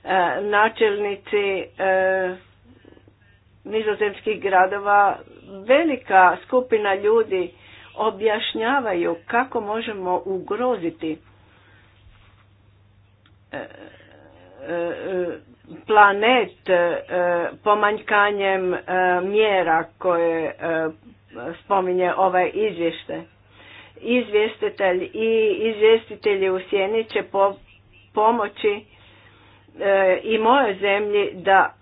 e, načelnici nizozemskih gradova velika skupina ljudi objašnjavaju kako možemo ugroziti e, e, planet e, pomanjkanjem mjera koje spominje ovaj izvješte. Izvjestitelj i izvjestitelji u Sjeni će po pomoći i moje zemlji da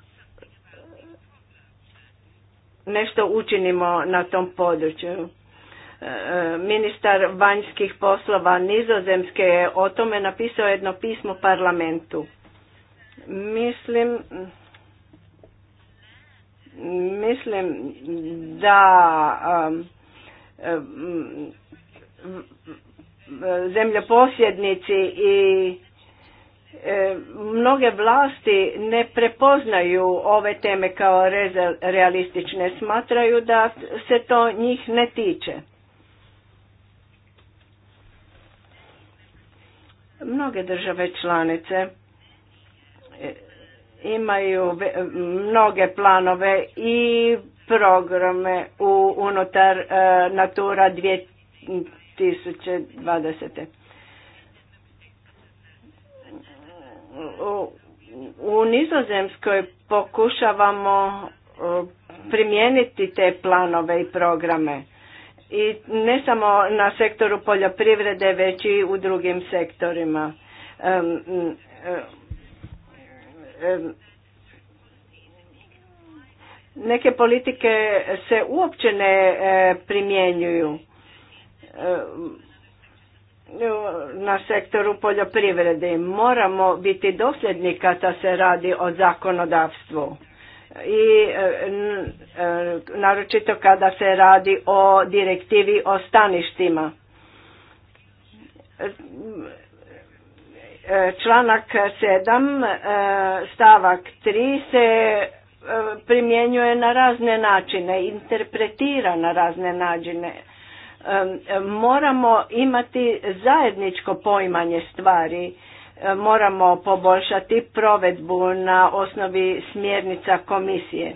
nešto učinimo na tom području. E, ministar vanjskih poslova Nizozemske je o tome napisao jedno pismo parlamentu. Mislim mislim da um, um, zemljoposjednici i E, mnoge vlasti ne prepoznaju ove teme kao realistične, smatraju da se to njih ne tiče. Mnoge države članice e, imaju mnoge planove i programe unutar e, Natura 2020. u Nizozemskoj pokušavamo primijeniti te planove i programe i ne samo na sektoru poljoprivrede već i u drugim sektorima. neke politike se uopće ne e, primjenjuju na sektoru poljoprivrede. Moramo biti dosljedni kada se radi o zakonodavstvu i e, e, naročito kada se radi o direktivi o staništima. E, članak 7 stavak 3 se primjenjuje na razne načine, interpretira na razne načine moramo imati zajedničko poimanje stvari moramo poboljšati provedbu na osnovi smjernica komisije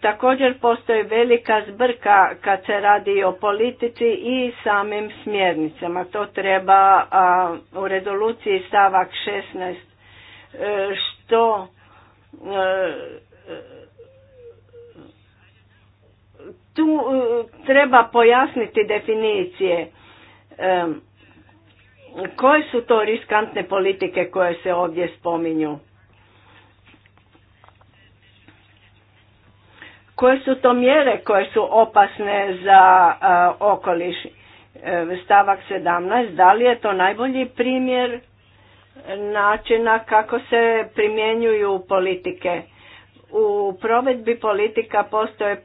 također postoji velika zbrka kad se radi o politici i samim smjernicama to treba u rezoluciji stavak 16 e, što e, tu e, treba pojasniti definicije e, koje su to riskantne politike koje se ovdje spominju. Koje su to mjere koje su opasne za e, okoliš? Stavak 17. Da li je to najbolji primjer načina kako se primjenjuju politike? U provedbi politika postoje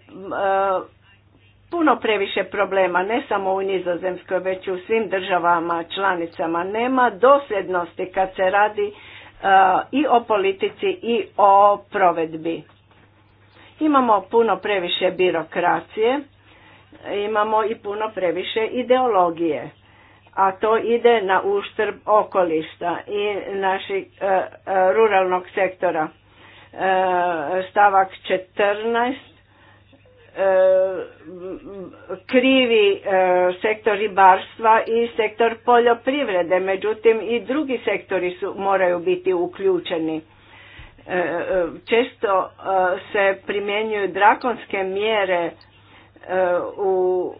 puno previše problema, ne samo u Nizozemskoj, već u svim državama, članicama. Nema dosljednosti kad se radi e, i o politici i o provedbi. Imamo puno previše birokracije, imamo i puno previše ideologije, a to ide na uštrb okolišta i našeg e, ruralnog sektora. E, stavak 14 E, krivi e, sektor ribarstva i sektor poljoprivrede, međutim i drugi sektori su, moraju biti uključeni. E, često se primjenjuju drakonske mjere u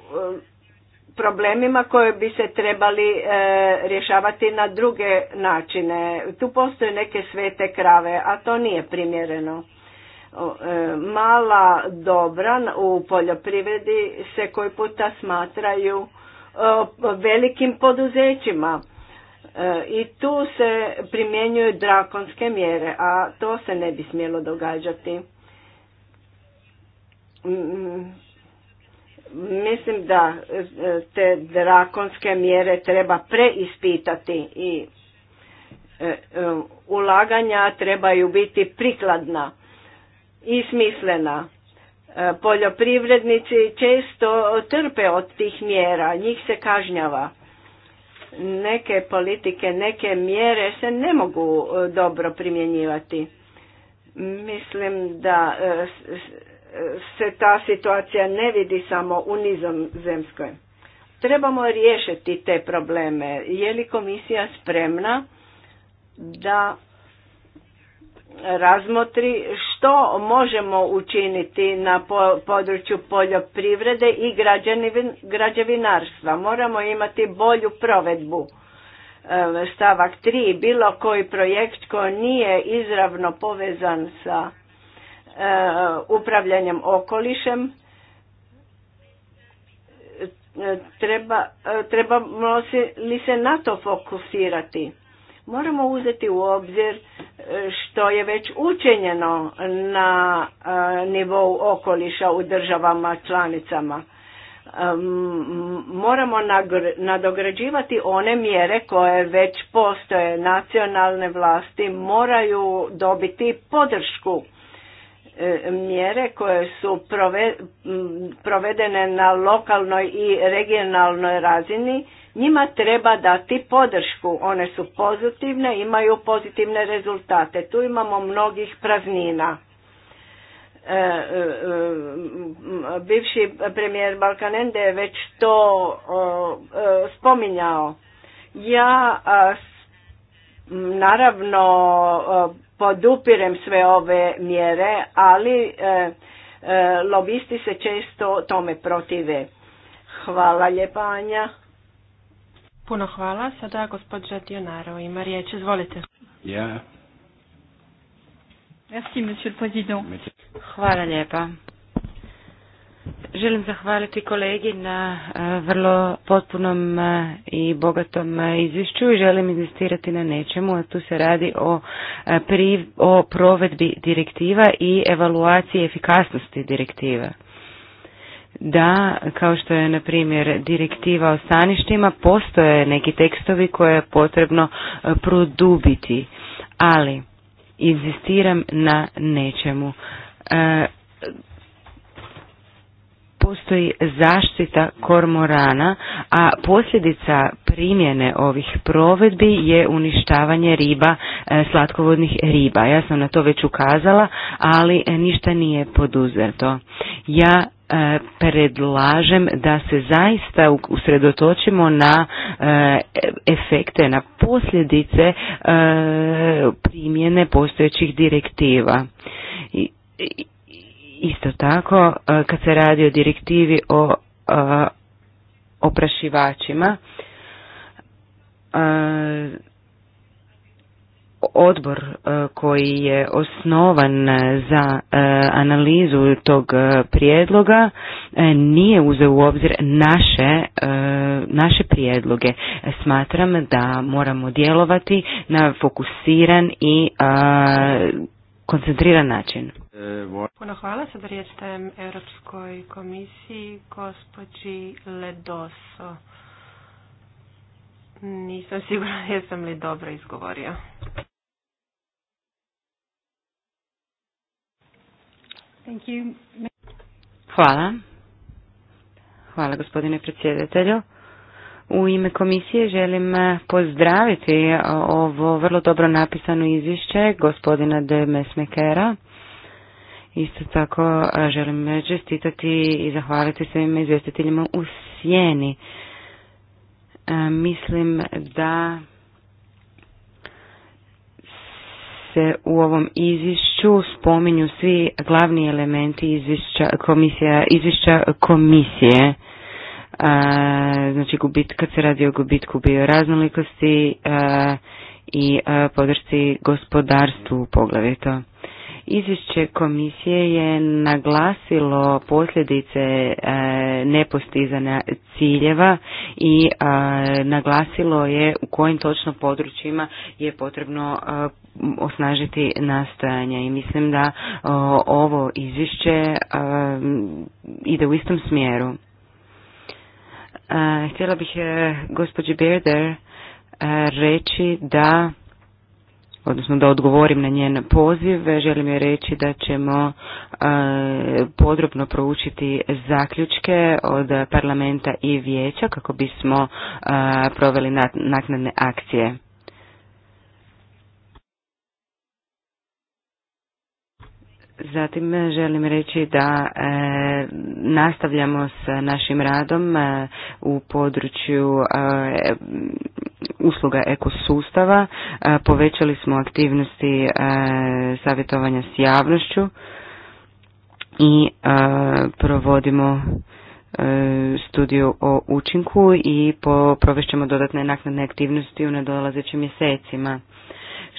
problemima koje bi se trebali rješavati na druge načine. Tu postoje neke svete krave, a to nije primjereno E, mala dobra u poljoprivredi se koji puta smatraju e, velikim poduzećima e, i tu se primjenjuju drakonske mjere, a to se ne bi smjelo događati. Mislim da te drakonske mjere treba preispitati i ulaganja trebaju biti prikladna i smislena. E, poljoprivrednici često trpe od tih mjera, njih se kažnjava. Neke politike, neke mjere se ne mogu e, dobro primjenjivati. Mislim da e, se ta situacija ne vidi samo u zemskoj. Trebamo riješiti te probleme. Je li komisija spremna da razmotri što možemo učiniti na području poljoprivrede i građevinarstva. Moramo imati bolju provedbu. E, stavak 3. Bilo koji projekt koji nije izravno povezan sa e, upravljanjem okolišem, e, treba, trebamo li se na to fokusirati? moramo uzeti u obzir e, što je već učinjeno na e, nivou okoliša u državama članicama. Moramo nadograđivati one mjere koje već postoje. Nacionalne vlasti moraju dobiti podršku e, mjere koje su provedene na lokalnoj i regionalnoj razini njima treba dati podršku, one su pozitivne, imaju pozitivne rezultate. Tu imamo mnogih praznina. E, e, bivši premijer Balkanende je već to e, spominjao. Ja naravno podupirem sve ove mjere, ali lobisti se često tome protive. Hvala Ljepanja. Puno hvala. Sada gospod Dionaro ima riječ. Izvolite. Ja. Merci, monsieur le président. Hvala lijepa. Želim zahvaliti kolegi na e, vrlo potpunom e, i bogatom e, izvješću i želim investirati na nečemu, a tu se radi o, o provedbi direktiva i evaluaciji efikasnosti direktiva da, kao što je na primjer direktiva o staništima, postoje neki tekstovi koje je potrebno e, produbiti, ali inzistiram na nečemu. E, postoji zaštita kormorana, a posljedica primjene ovih provedbi je uništavanje riba, e, slatkovodnih riba. Ja sam na to već ukazala, ali ništa nije poduzeto. Ja E, predlažem da se zaista usredotočimo na e, efekte, na posljedice e, primjene postojećih direktiva. Isto tako, kad se radi o direktivi o oprašivačima, odbor e, koji je osnovan za e, analizu tog e, prijedloga nije uzeo u obzir naše, naše prijedloge. Smatram da moramo djelovati na fokusiran i koncentriran način. Puno hvala. sad riječ dajem Europskoj komisiji gospođi Ledoso. Nisam sigurna jesam li dobro izgovorio. Hvala. Hvala gospodine predsjedatelju. U ime komisije želim eh, pozdraviti eh, ovo vrlo dobro napisano izvješće gospodina de Mesmekera. Isto tako eh, želim čestitati i zahvaliti svim izvjestiteljima u sjeni. Mislim da se u ovom izvješću spominju svi glavni elementi izvješća komisija, izvješća komisije. A, e, znači gubit, kad se radi o gubitku bioraznolikosti e, i e, podršci gospodarstvu poglavito. Izvješće komisije je naglasilo posljedice e, nepostizanja ciljeva i e, naglasilo je u kojim točno područjima je potrebno e, osnažiti nastojanja i mislim da ovo izvješće ide u istom smjeru. Htjela bih gospođi Berder reći da odnosno da odgovorim na njen poziv, želim joj reći da ćemo e, podrobno proučiti zaključke od parlamenta i vijeća kako bismo e, proveli naknadne akcije. Zatim e, želim reći da e, nastavljamo s našim radom e, u području e, usluga ekosustava. Povećali smo aktivnosti savjetovanja s javnošću i provodimo studiju o učinku i po, provešćemo dodatne naknadne aktivnosti u nedolazećim mjesecima.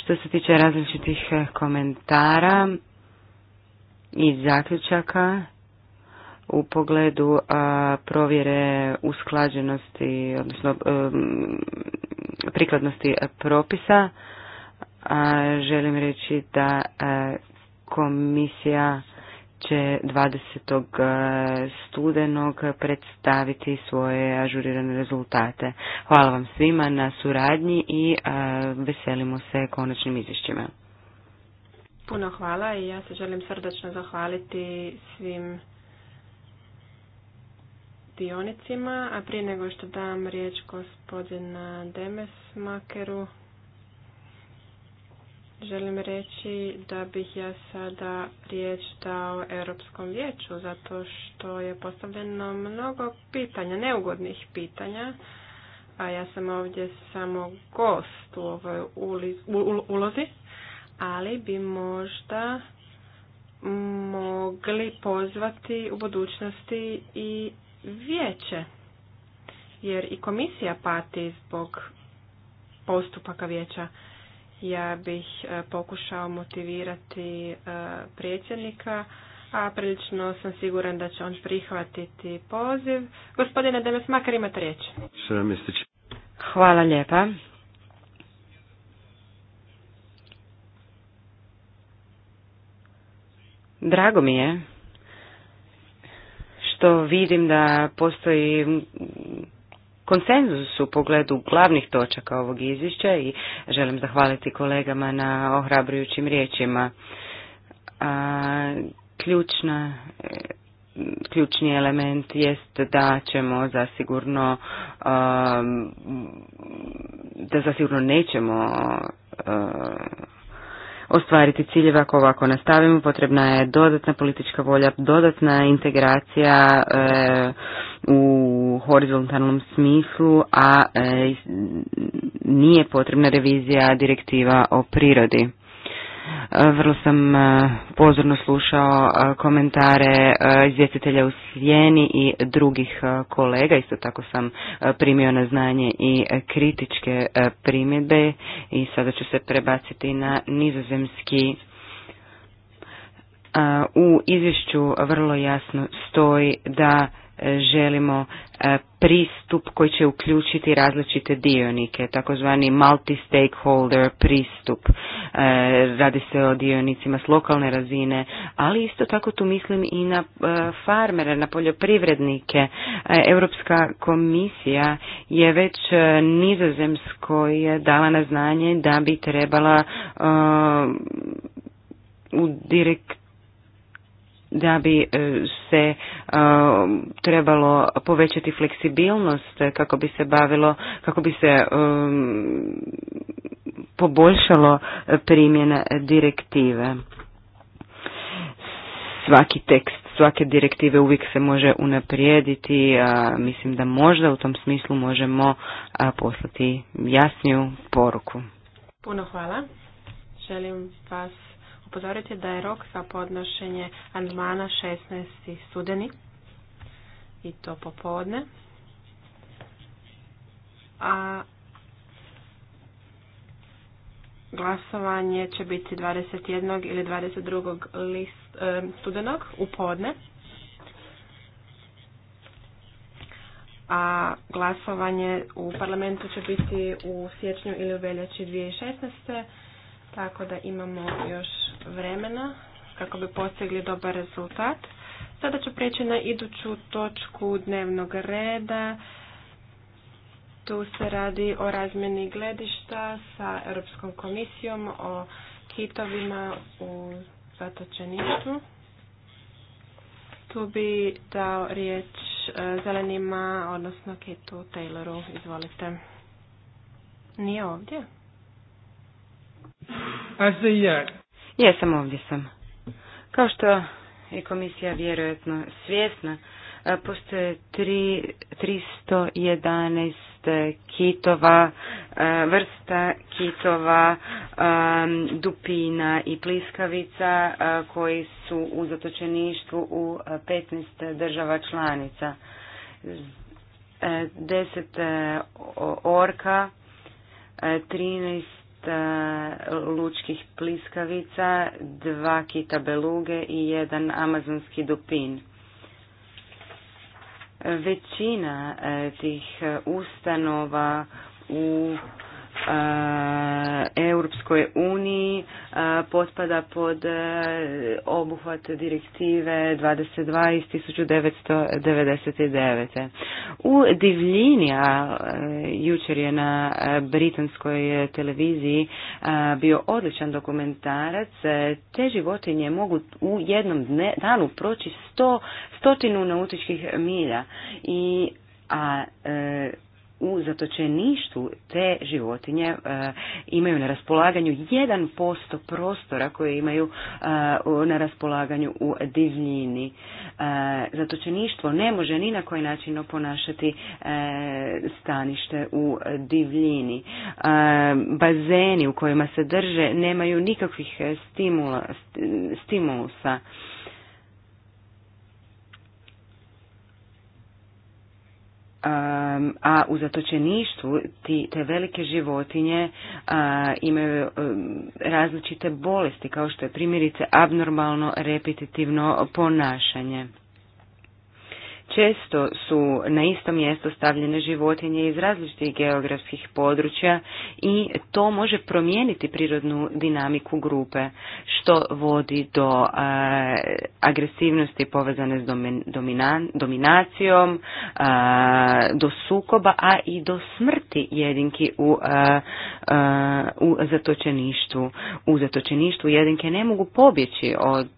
Što se tiče različitih komentara, i zaključaka u pogledu a, provjere usklađenosti, odnosno prikladnosti propisa, a, želim reći da e, komisija će 20. E, studenog predstaviti svoje ažurirane rezultate. Hvala vam svima na suradnji i e, veselimo se konačnim izvješćima. Puno hvala i ja se želim srdačno zahvaliti svim dionicima, a prije nego što dam riječ gospodina Demesmakeru, želim reći da bih ja sada riječ dao Europskom vijeću, zato što je postavljeno mnogo pitanja, neugodnih pitanja, a ja sam ovdje samo gost u ovoj ulozi ali bi možda mogli pozvati u budućnosti i vijeće, jer i komisija pati zbog postupaka vijeća. Ja bih e, pokušao motivirati e, predsjednika, a prilično sam siguran da će on prihvatiti poziv. Gospodine Demes, makar imate riječ. Hvala lijepa. Drago mi je što vidim da postoji konsenzus u pogledu glavnih točaka ovog izvješća i želim zahvaliti kolegama na ohrabrujućim riječima. A, ključni element jest da ćemo zasigurno da zasigurno nećemo ostvariti ciljeva ako ovako nastavimo. Potrebna je dodatna politička volja, dodatna integracija e, u horizontalnom smislu, a e, nije potrebna revizija direktiva o prirodi. Vrlo sam e, pozorno slušao e, komentare e, izvjestitelja u Sjeni i drugih kolega. Isto tako sam primio na znanje i kritičke primjedbe i sada ću se prebaciti na nizozemski. U izvješću vrlo jasno stoji da želimo e, pristup koji će uključiti različite dionike, takozvani multi-stakeholder pristup. E, radi se o dionicima s lokalne razine, ali isto tako tu mislim i na e, farmere, na poljoprivrednike. Europska komisija je već nizozemskoj dala na znanje da bi trebala u direkt da bi e, se e, trebalo povećati fleksibilnost kako bi se bavilo, kako bi se e, poboljšalo primjena direktive. Svaki tekst svake direktive uvijek se može unaprijediti, a mislim da možda u tom smislu možemo poslati jasniju poruku. Puno hvala. Želim vas upozoriti da je rok za podnošenje amandmana 16. studeni i to popodne. A glasovanje će biti 21. ili 22. List, e, studenog u podne. a glasovanje u parlamentu će biti u siječnju ili u veljači 2016 tako da imamo još vremena kako bi postigli dobar rezultat. Sada ću prijeći na iduću točku dnevnog reda. Tu se radi o razmjeni gledišta sa Europskom komisijom o kitovima u zatočeništvu. Tu bi dao riječ e, zelenima, odnosno Kitu Tayloru. Izvolite. Nije ovdje. Jesam ovdje sam. Kao što je komisija vjerojatno svjesna, postoje 3, 311 kitova, vrsta kitova, dupina i pliskavica koji su u zatočeništvu u 15 država članica. 10 e, e, orka, 13 e, E, lučkih pliskavica, dva kita beluge i jedan amazonski dupin. Većina e, tih e, ustanova u Eh, Europskoj uniji eh, potpada pod eh, obuhvat direktive 22 iz 1999. U divljini, a jučer je na britanskoj televiziji bio odličan dokumentarac, te životinje mogu u jednom danu proći sto, stotinu nautičkih milja. I, a u zatočeništvu te životinje e, imaju na raspolaganju 1% prostora koje imaju e, na raspolaganju u divljini. E, zatočeništvo ne može ni na koji način oponašati stanište u divljini. Bazeni u kojima se drže nemaju nikakvih stimula, stimulusa. a u zatočeništvu ti, te velike životinje imaju um, različite bolesti kao što je primjerice abnormalno repetitivno ponašanje. Često su na isto mjesto stavljene životinje iz različitih geografskih područja i to može promijeniti prirodnu dinamiku grupe, što vodi do e, agresivnosti povezane s dominacijom, e, do sukoba, a i do smrti jedinki u, e, u zatočeništvu. U zatočeništvu jedinke ne mogu pobjeći od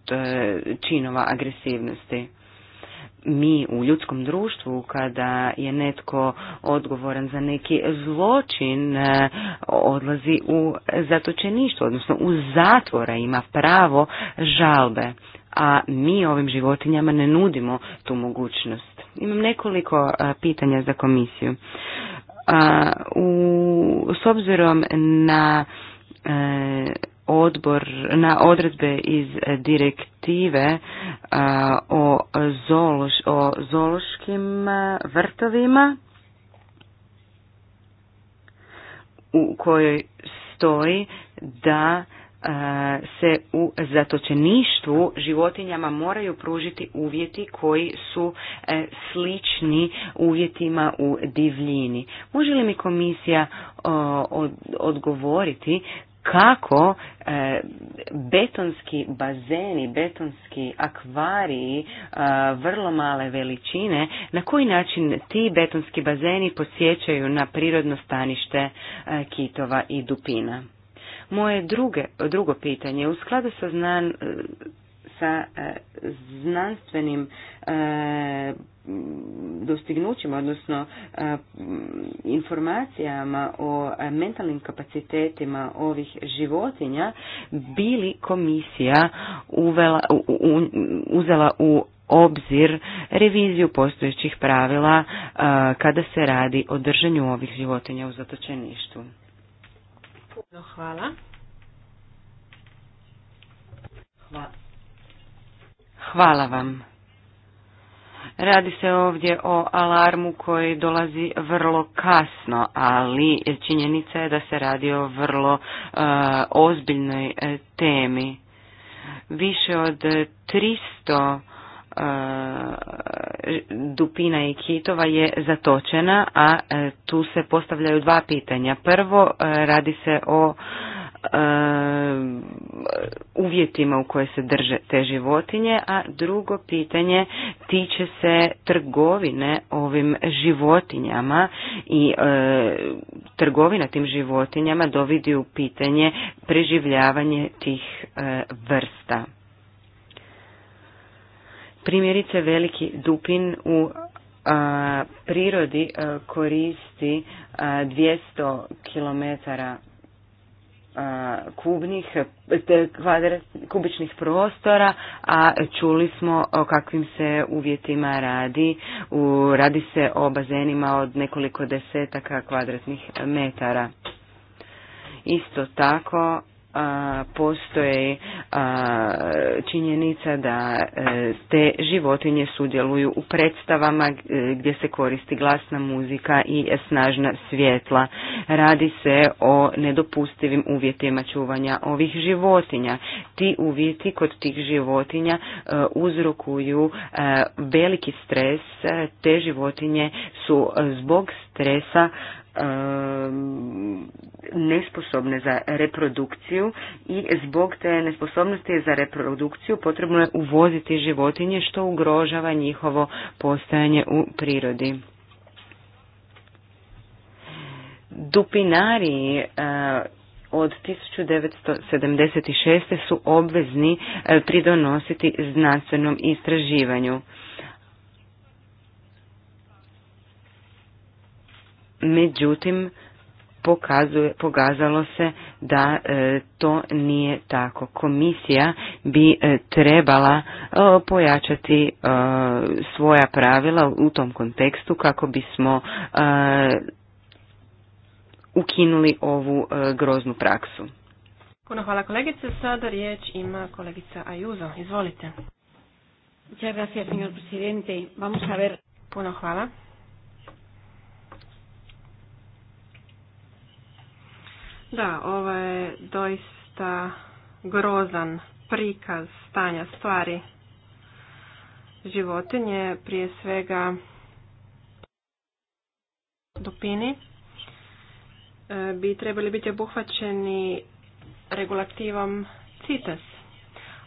činova agresivnosti mi u ljudskom društvu kada je netko odgovoran za neki zločin e, odlazi u zatočeništvo, odnosno u zatvore, ima pravo žalbe, a mi ovim životinjama ne nudimo tu mogućnost. Imam nekoliko e, pitanja za komisiju. s obzirom na e, odbor na odredbe iz direktive o, zološkim vrtovima u kojoj stoji da se u zatočeništvu životinjama moraju pružiti uvjeti koji su e, slični uvjetima u divljini. Može li mi komisija odgovoriti kako e, betonski bazeni, betonski akvariji e, vrlo male veličine, na koji način ti betonski bazeni posjećaju na prirodno stanište e, kitova i dupina. Moje drugo pitanje, u skladu sa znan, sa e, znanstvenim e, dostignućima, odnosno e, informacijama o mentalnim kapacitetima ovih životinja, bili komisija uvela, uzela u obzir reviziju postojećih pravila kada se radi o držanju ovih životinja u zatočeništu. hvala. Hvala. Hvala vam. Radi se ovdje o alarmu koji dolazi vrlo kasno, ali činjenica je da se radi o vrlo e, ozbiljnoj e, temi. Više od 300 e, dupina i kitova je zatočena, a tu se postavljaju dva pitanja. Prvo, radi se o E, uvjetima u koje se drže te životinje, a drugo pitanje tiče se trgovine ovim životinjama i e, trgovina tim životinjama dovidi u pitanje preživljavanje tih e, vrsta. Primjerice veliki dupin u e, prirodi koristi a, 200 kilometara kubnih, kvadrat, kubičnih prostora, a čuli smo o kakvim se uvjetima radi. U, radi se o bazenima od nekoliko desetaka kvadratnih metara. Isto tako postoje činjenica da e, te životinje sudjeluju u predstavama gdje se koristi glasna muzika i snažna svjetla. Radi se o nedopustivim uvjetima čuvanja ovih životinja. Ti uvjeti kod tih životinja e, uzrokuju e, veliki stres. Te životinje su zbog stresa nesposobne za reprodukciju i zbog te nesposobnosti za reprodukciju potrebno je uvoziti životinje što ugrožava njihovo postajanje u prirodi. Dupinari eh, od 1976. su obvezni eh, pridonositi znanstvenom istraživanju. međutim pokazuje, pokazalo se da e, to nije tako. Komisija bi e, trebala e, pojačati e, svoja pravila u tom kontekstu kako bismo ukinuli ovu groznu praksu. Puno hvala kolegice. Sada riječ ima kolegica Ajuzo. Izvolite. Muchas gracias, señor presidente. Vamos a Puno hvala. Da, ovo je doista grozan prikaz stanja stvari. Životinje, prije svega dupini, e, bi trebali biti obuhvaćeni regulativom CITES.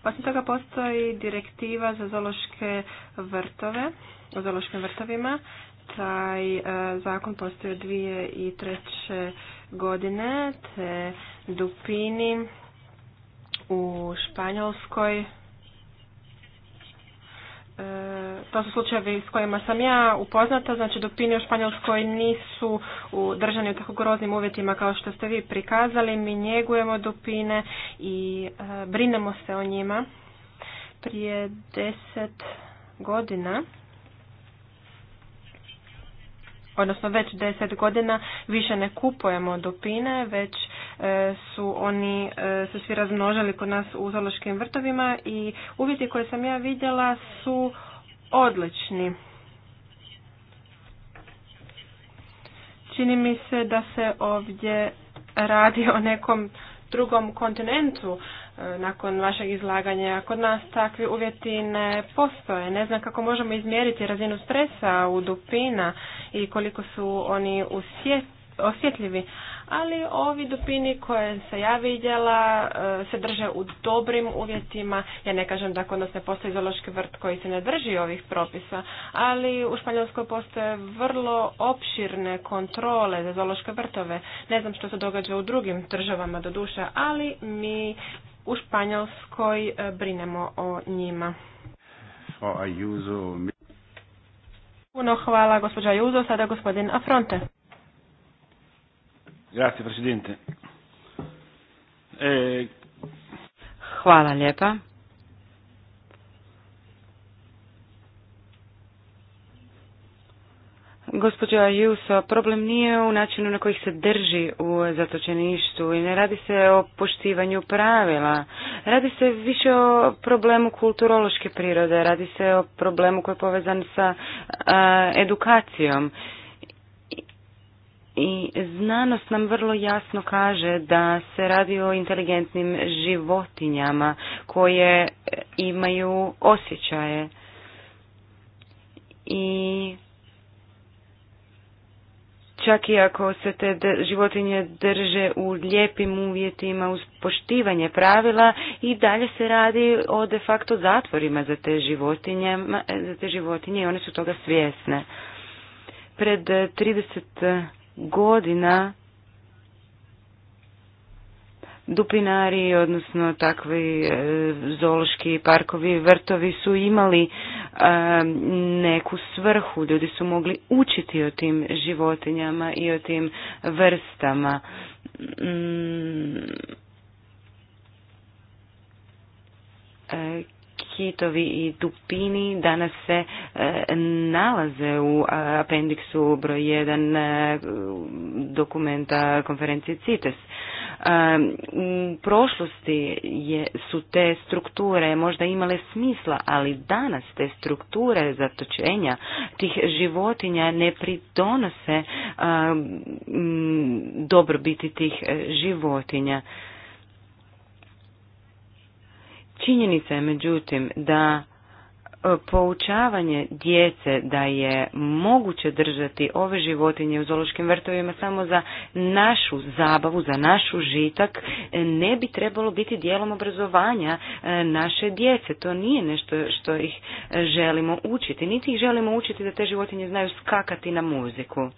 Osim toga postoji direktiva za zološke vrtove, o zološkim vrtovima taj e, zakon dvije i treće godine, te Dupini u Španjolskoj. E, to su slučajevi s kojima sam ja upoznata, znači Dupini u Španjolskoj nisu držani u tako groznim uvjetima kao što ste vi prikazali. Mi njegujemo Dupine i e, brinemo se o njima. Prije deset godina odnosno već deset godina više ne kupujemo dupine, već e, su oni e, su svi razmnožili kod nas u zološkim vrtovima i uvjeti koje sam ja vidjela su odlični. Čini mi se da se ovdje radi o nekom drugom kontinentu E, nakon vašeg izlaganja. Kod nas takvi uvjeti ne postoje. Ne znam kako možemo izmjeriti razinu stresa u dupina i koliko su oni osjetljivi. Ali ovi dupini koje sam ja vidjela e, se drže u dobrim uvjetima. Ja ne kažem da kod nas ne postoji zološki vrt koji se ne drži ovih propisa, ali u Španjolskoj postoje vrlo opširne kontrole za zološke vrtove. Ne znam što se događa u drugim državama do duša, ali mi u Španjolskoj e, brinemo o njima. Puno hvala gospođa Juzo, sada gospodin Afronte. Grazie, presidente. E... Hvala lijepa. Gospođa Juso, problem nije u načinu na koji se drži u zatočeništu i ne radi se o poštivanju pravila. Radi se više o problemu kulturološke prirode, radi se o problemu koji je povezan sa edukacijom. I znanost nam vrlo jasno kaže da se radi o inteligentnim životinjama koje imaju osjećaje. I čak i ako se te životinje drže u lijepim uvjetima uz poštivanje pravila i dalje se radi o de facto zatvorima za te životinje, za te životinje i one su toga svjesne. Pred 30 godina dupinari, odnosno takvi e, zološki parkovi, vrtovi su imali neku svrhu. Ljudi su mogli učiti o tim životinjama i o tim vrstama. Mm. E, kitovi i dupini danas se e, nalaze u e, apendiksu broj 1 dokumenta konferencije CITES. U prošlosti je, su te strukture možda imale smisla, ali danas te strukture zatočenja tih životinja ne pridonose dobrobiti tih e, životinja. Činjenica je međutim da E, poučavanje djece da je moguće držati ove životinje u zološkim vrtovima samo za našu zabavu, za našu žitak, e, ne bi trebalo biti dijelom obrazovanja e, naše djece. To nije nešto što ih želimo učiti. Niti ih želimo učiti da te životinje znaju skakati na muziku.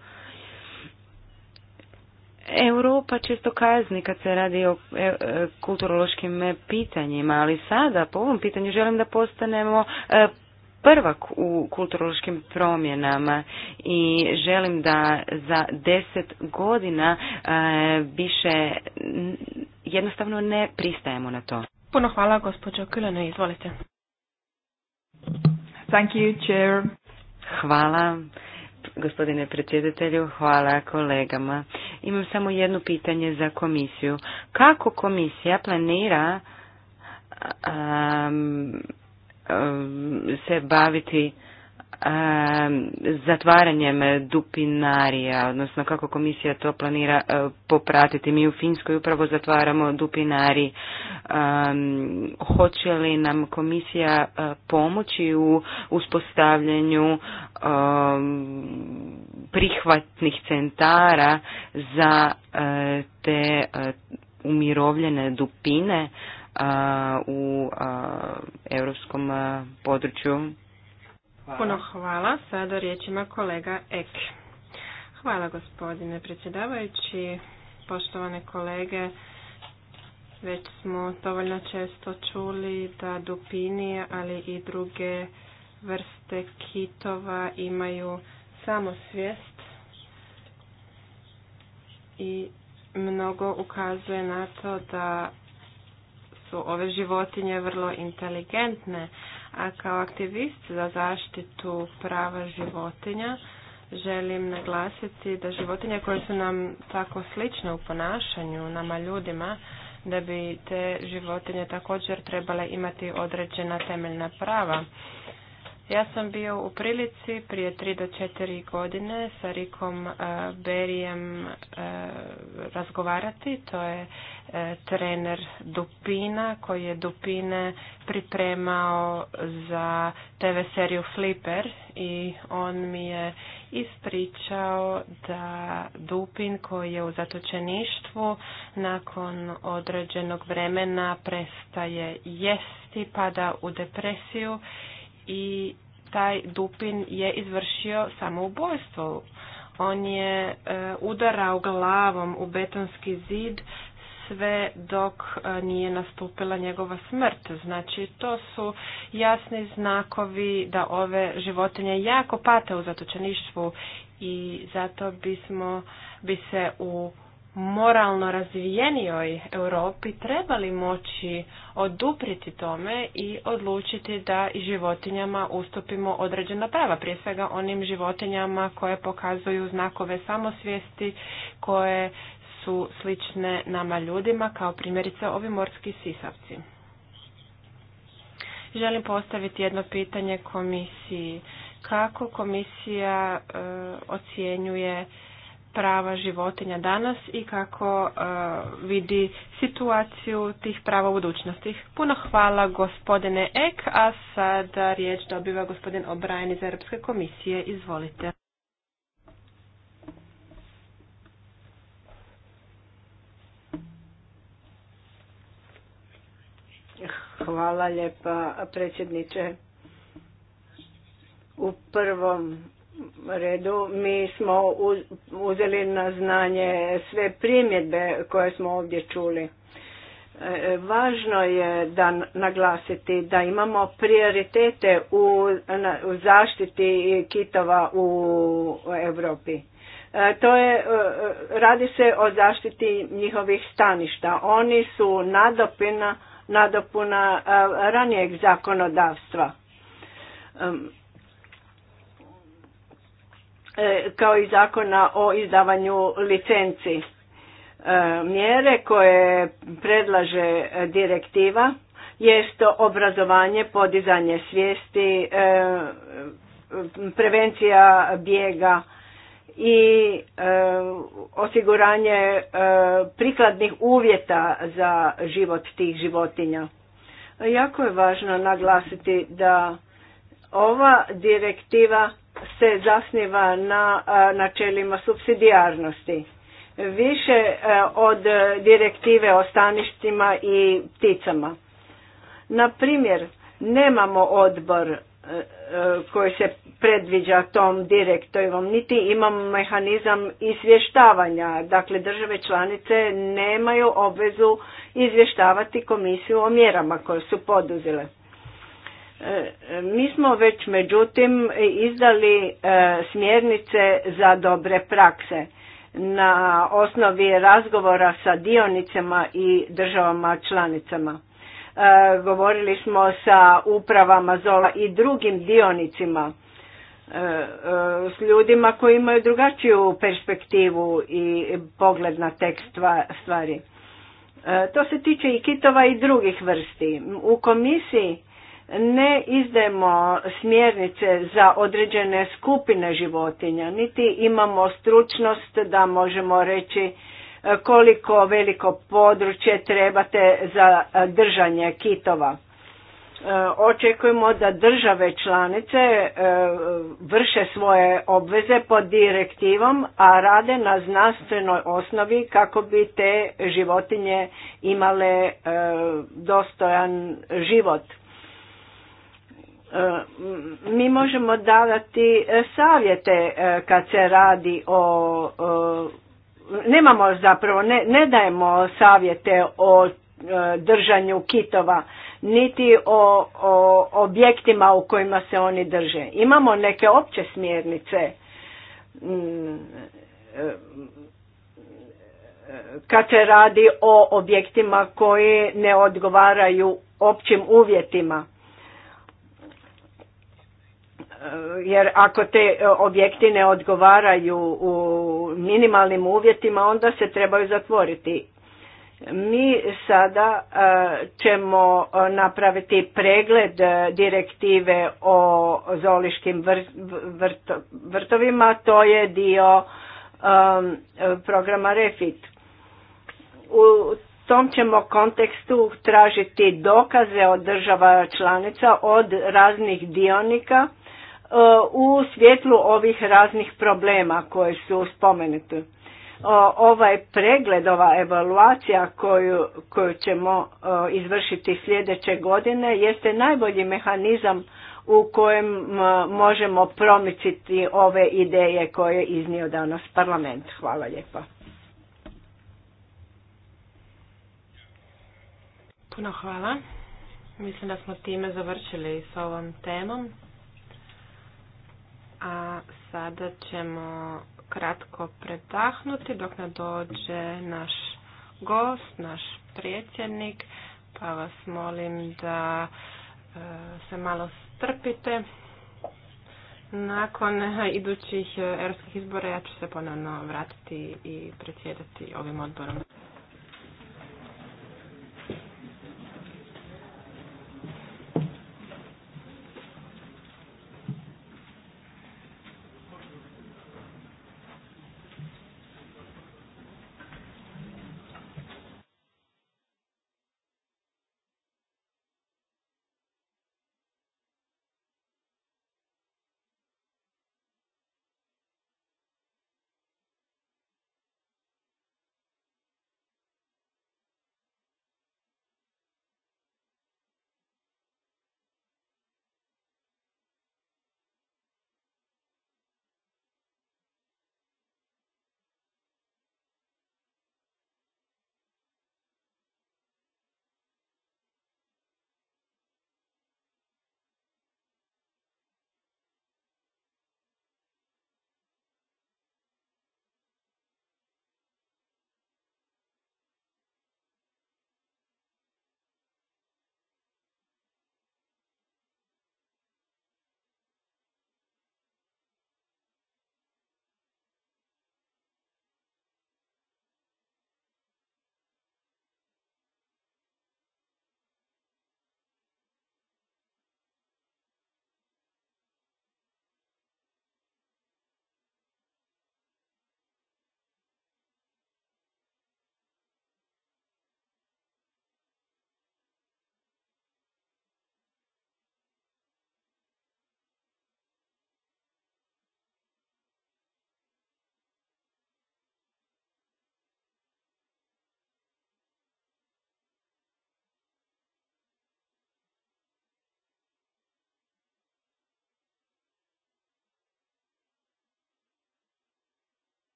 Europa često kazni kad se radi o e, e, kulturološkim e, pitanjima, ali sada po ovom pitanju želim da postanemo prvak u kulturološkim promjenama i želim da za deset godina više jednostavno ne pristajemo na to. Puno hvala gospođo Kulene, izvolite. Thank you, chair. Hvala gospodine predsjedatelju, hvala kolegama. Imam samo jedno pitanje za komisiju. Kako komisija planira se baviti zatvaranjem dupinarija, odnosno kako komisija to planira e, popratiti. Mi u Finskoj upravo zatvaramo dupinari. Hoće li nam komisija e, pomoći u uspostavljanju prihvatnih centara za e, te umirovljene dupine u europskom području Puno hvala. Sada riječ ima kolega Ek. Hvala gospodine predsjedavajući, poštovane kolege. Već smo dovoljno često čuli da dupini, ali i druge vrste kitova imaju samosvijest i mnogo ukazuje na to da su ove životinje vrlo inteligentne, a kao aktivist za zaštitu prava životinja želim naglasiti da životinje koje su nam tako slične u ponašanju, nama ljudima, da bi te životinje također trebale imati određena temeljna prava ja sam bio u prilici prije 3 do 4 godine sa Rikom eh, Berijem eh, razgovarati. To je eh, trener Dupina koji je Dupine pripremao za TV seriju Flipper i on mi je ispričao da Dupin koji je u zatočeništvu nakon određenog vremena prestaje jesti, pada u depresiju i taj Dupin je izvršio samoubojstvo. On je e, udarao glavom u betonski zid sve dok e, nije nastupila njegova smrt. Znači to su jasni znakovi da ove životinje jako pate u zatočeništvu i zato bismo bi se u moralno razvijenijoj Europi trebali moći odupriti tome i odlučiti da i životinjama ustupimo određena prava, prije svega onim životinjama koje pokazuju znakove samosvijesti, koje su slične nama ljudima, kao primjerice ovi morski sisavci. Želim postaviti jedno pitanje komisiji. Kako komisija e, ocjenjuje prava životinja danas i kako e, vidi situaciju tih prava budućnosti. Puno hvala gospodine Ek, a sada riječ dobiva gospodin Obrajan iz Europske komisije. Izvolite. Hvala lijepa predsjedniče. U prvom redu. Mi smo uzeli na znanje sve primjedbe koje smo ovdje čuli. E, važno je da naglasiti da imamo prioritete u zaštiti kitova u Europi. E, to je, e, radi se o zaštiti njihovih staništa. Oni su nadopina, nadopuna ranijeg zakonodavstva. E, kao i zakona o izdavanju licenci. E, mjere koje predlaže direktiva jest obrazovanje, podizanje svijesti, e, prevencija bijega i osiguranje prikladnih uvjeta za život tih životinja. Jako je važno naglasiti da ova direktiva se zasniva na načelima subsidijarnosti. Više e, od direktive o staništima i pticama. Na primjer, nemamo odbor e, e, koji se predviđa tom direktivom, niti imamo mehanizam izvještavanja. Dakle, države članice nemaju obvezu izvještavati komisiju o mjerama koje su poduzele. E, mi smo već međutim izdali e, smjernice za dobre prakse na osnovi razgovora sa dionicama i državama članicama. E, govorili smo sa upravama Zola i drugim dionicima, s ljudima koji imaju drugačiju perspektivu i pogled na tekst stvari. To se tiče i kitova i drugih vrsti. U komisiji ne izdajemo smjernice za određene skupine životinja, niti imamo stručnost da možemo reći e, koliko veliko područje trebate za e, držanje kitova. E, očekujemo da države članice vrše svoje obveze pod direktivom, a rade na znanstvenoj osnovi kako bi te životinje imale dostojan život mi možemo davati e, savjete e, kad se radi o nemamo zapravo ne, ne dajemo savjete o e, držanju kitova niti o, o objektima u kojima se oni drže imamo neke opće smjernice mm, kad se radi o objektima koji ne odgovaraju općim uvjetima jer ako te e, objekti ne odgovaraju u minimalnim uvjetima onda se trebaju zatvoriti. Mi sada e, ćemo e, napraviti pregled direktive o zoliškim vrtovima, to je dio programa REFIT. U tom ćemo kontekstu tražiti dokaze od država članica, od raznih dionika u svjetlu ovih raznih problema koje su spomenuti. Ovaj pregled, ova evaluacija koju, koju ćemo izvršiti sljedeće godine jeste najbolji mehanizam u kojem možemo promiciti ove ideje koje je iznio danas parlament. Hvala lijepa. Puno hvala. Mislim da smo time završili s ovom temom. A sada ćemo kratko predahnuti dok ne dođe naš gost, naš predsjednik, pa vas molim da e, se malo strpite. Nakon idućih europskih izbora ja ću se ponovno vratiti i predsjedati ovim odborom.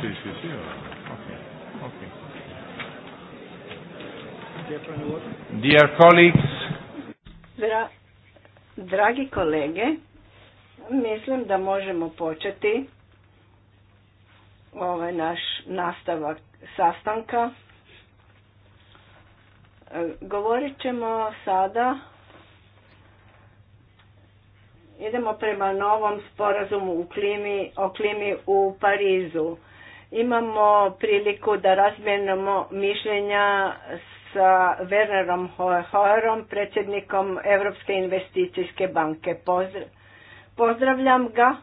Ovaj. Dear colleagues. dragi kolege, mislim da možemo početi ovaj naš nastavak sastanka. E, govorit ćemo sada idemo prema novom sporazumu klimi, o klimi u Parizu. Imamo priliku da razmijenimo mišljenja sa Wernerom Hoerom, predsjednikom Europske investicijske banke. Pozdravljam ga.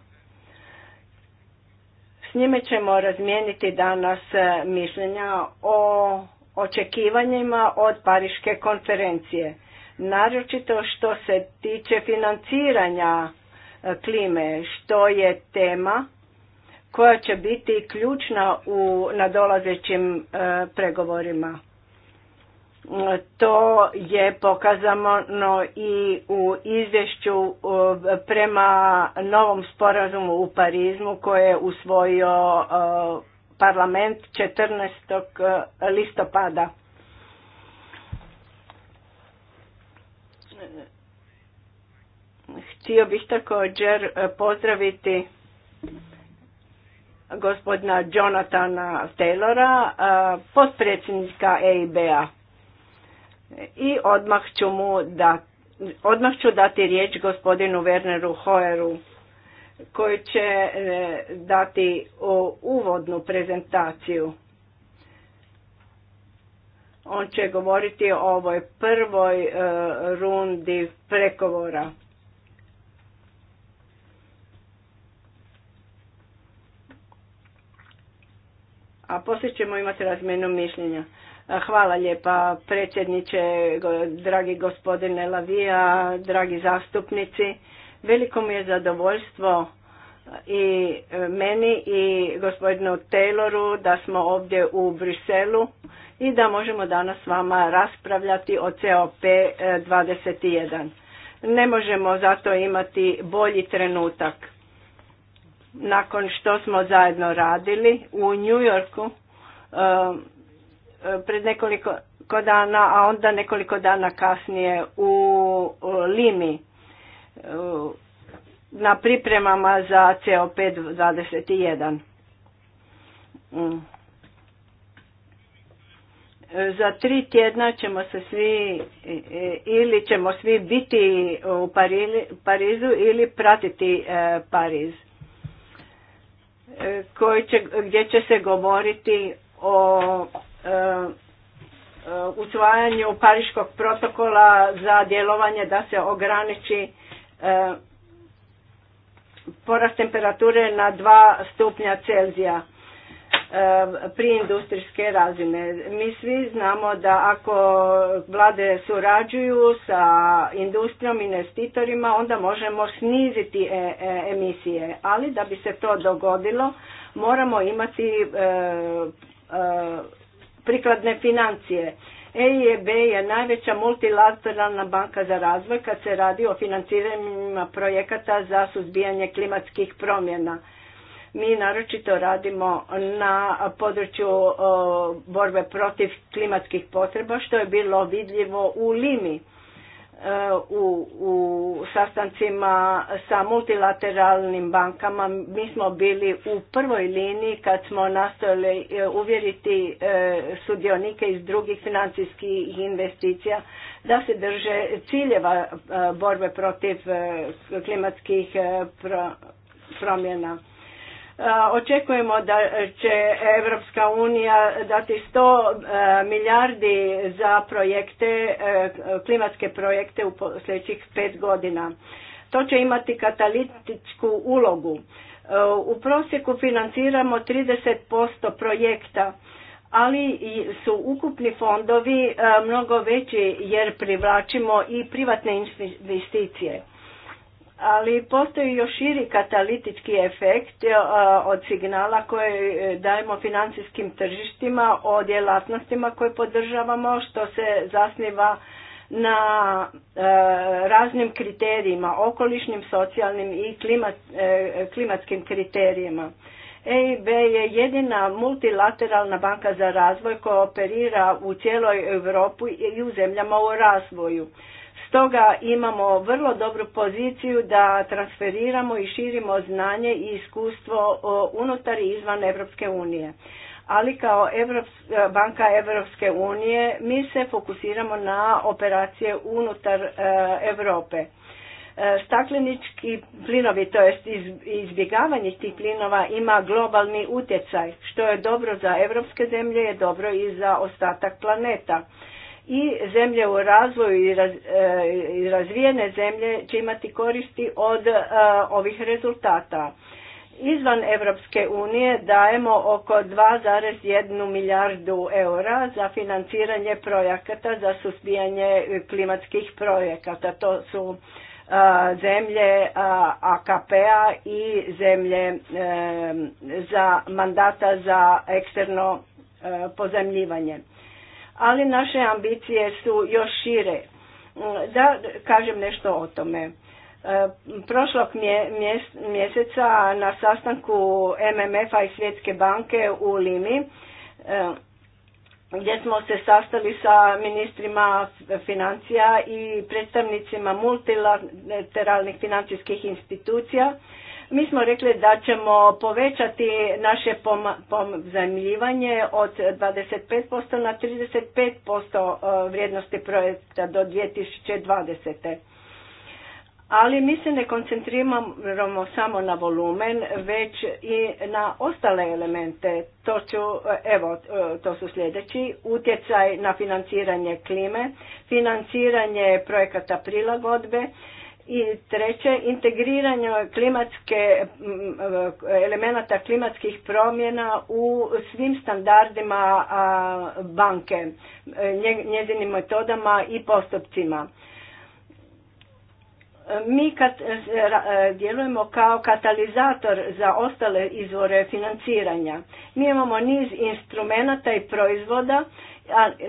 S njime ćemo razmijeniti danas e, mišljenja o očekivanjima od Pariške konferencije. Naročito što se tiče financiranja e, klime, što je tema koja će biti ključna u nadolazećim e, pregovorima. To je pokazano i u izvješću e, prema novom sporazumu u Parizmu koje je usvojio e, parlament 14. listopada. Htio bih također pozdraviti gospodina Jonathana Taylora, potpredsjednika EIB-a. I odmah ću mu odmah ću dati riječ gospodinu Werneru Hoeru koji će e, dati uvodnu prezentaciju. On će govoriti o ovoj prvoj e, rundi prekovora. a poslije ćemo imati razmjenu mišljenja. Hvala lijepa predsjedniče, dragi gospodine Lavija, dragi zastupnici. Veliko mi je zadovoljstvo e, i e, meni i gospodinu Tayloru da smo ovdje u Briselu i da možemo danas s vama raspravljati o COP 21. E, ne možemo zato imati bolji trenutak nakon što smo zajedno radili u New Yorku e, e, pred nekoliko dana, a onda nekoliko dana kasnije u Limi e, na pripremama za co 21 mm. Za tri tjedna ćemo se svi ili ćemo svi biti u Parizu ili pratiti Pariz E, koji će, gdje će se govoriti o e, e, usvajanju Pariškog protokola za djelovanje da se ograniči porast temperature na 2 stupnja Celzija prije industrijske razine. Mi svi znamo da ako vlade surađuju sa industrijom, i investitorima, onda možemo sniziti e, e, emisije. Ali da bi se to dogodilo, moramo imati e, prikladne financije. EIB je najveća multilateralna banka za razvoj kad se radi o financiranjima projekata za suzbijanje klimatskih promjena. Mi naročito radimo na području borbe protiv klimatskih potreba što je bilo vidljivo u Limi. E, u, u sastancima sa multilateralnim bankama mi smo bili u prvoj liniji kad smo nastojali e, uvjeriti e, sudionike iz drugih financijskih investicija da se drže ciljeva borbe protiv klimatskih promjena Očekujemo da će Evropska unija dati 100 e, milijardi za projekte, e, klimatske projekte u sljedećih pet godina. To će imati katalitičku ulogu. E, u prosjeku financiramo 30% projekta, ali su ukupni fondovi mnogo veći jer privlačimo i privatne investicije ali postoji još širi katalitički efekt e, od signala koje e, dajemo financijskim tržištima o djelatnostima koje podržavamo što se zasniva na e, raznim kriterijima, okolišnim, socijalnim i klimatskim kriterijima. EIB je jedina multilateralna banka za razvoj koja operira u cijeloj Europi i u zemljama u razvoju. Stoga imamo vrlo dobru poziciju da transferiramo i širimo znanje i iskustvo unutar i izvan Europske unije. Ali kao e, banka Evropske unije mi se fokusiramo na operacije unutar Europe. E, staklenički plinovi, to jest izbjegavanje tih plinova ima globalni utjecaj, što je dobro za evropske zemlje je dobro i za ostatak planeta i zemlje u razvoju e, i razvijene zemlje će imati koristi od e, ovih rezultata. Izvan Europske unije dajemo oko 2,1 milijardu eura za financiranje projekata za suzbijanje klimatskih projekata. To su e, zemlje AKP-a i zemlje za mandata za eksterno pozemljivanje ali naše ambicije su još šire. Da kažem nešto o tome. E, prošlog mjeseca na sastanku MMF-a i Svjetske banke u Limi e, gdje smo se sastali sa ministrima financija i predstavnicima multilateralnih financijskih institucija mi smo rekli da ćemo povećati naše pomzajmljivanje od 25% na 35% e, vrijednosti projekta do 2020. Ali mi se ne koncentriramo samo na volumen, već i na ostale elemente. To, ću, e, evo, e, to su sljedeći. Utjecaj na financiranje klime, financiranje projekata prilagodbe, i treće, integriranje klimatske, mm, eh, elemenata klimatskih promjena u svim standardima banke, eh, njezinim metodama i postupcima. Mi kad eh, djelujemo kao katalizator za ostale izvore financiranja. Mi imamo niz instrumenata i proizvoda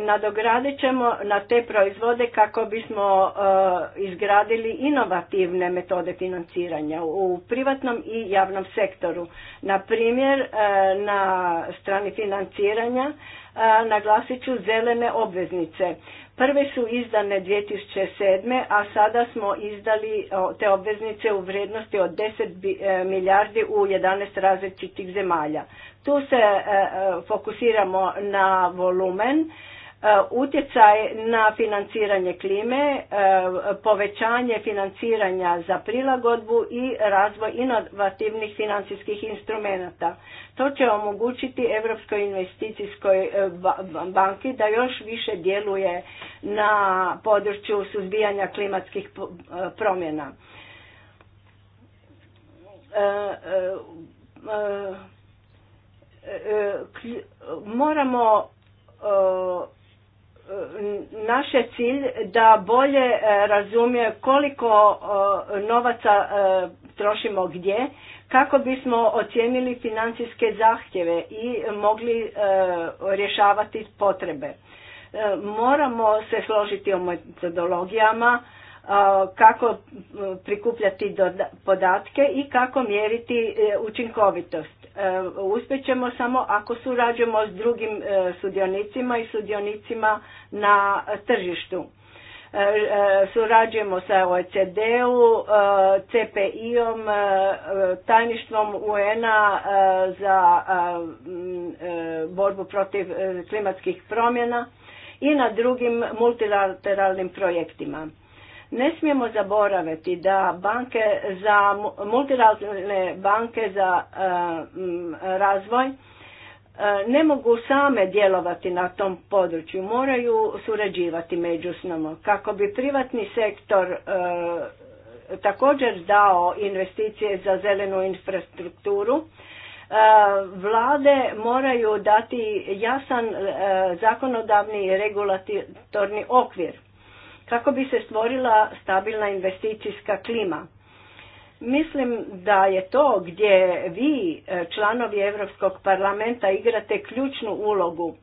nadogradit ćemo na te proizvode kako bismo e, izgradili inovativne metode financiranja u privatnom i javnom sektoru. Na primjer, e, na strani financiranja e, naglasit ću zelene obveznice. Prve su izdane 2007. a sada smo izdali te obveznice u vrijednosti od 10 e, milijardi u 11 različitih zemalja. Tu se e, e, fokusiramo na volumen E, utjecaj na financiranje klime, e, povećanje financiranja za prilagodbu i razvoj inovativnih financijskih instrumenata. To će omogućiti Europskoj investicijskoj e, banki da još više djeluje na području suzbijanja klimatskih promjena. Moramo naš je cilj da bolje e, razumije koliko e, novaca e, trošimo gdje kako bismo ocijenili financijske zahtjeve i mogli rješavati potrebe. Moramo se složiti o metodologijama kako prikupljati podatke i kako mjeriti učinkovitost. E, uspjećemo samo ako surađujemo s drugim e, sudionicima i sudionicima na tržištu. E, surađujemo sa OECD-u, CPI-om, tajništvom UN-a za borbu protiv klimatskih promjena i na drugim multilateralnim projektima. Ne smijemo zaboraviti da banke za multilateralne banke za e, razvoj e, ne mogu same djelovati na tom području, moraju surađivati međusobno kako bi privatni sektor e, također dao investicije za zelenu infrastrukturu. Vlade moraju dati jasan zakonodavni regulatorni okvir kako bi se stvorila stabilna investicijska klima. Mislim da je to gdje vi, e, članovi Europskog parlamenta, igrate ključnu ulogu.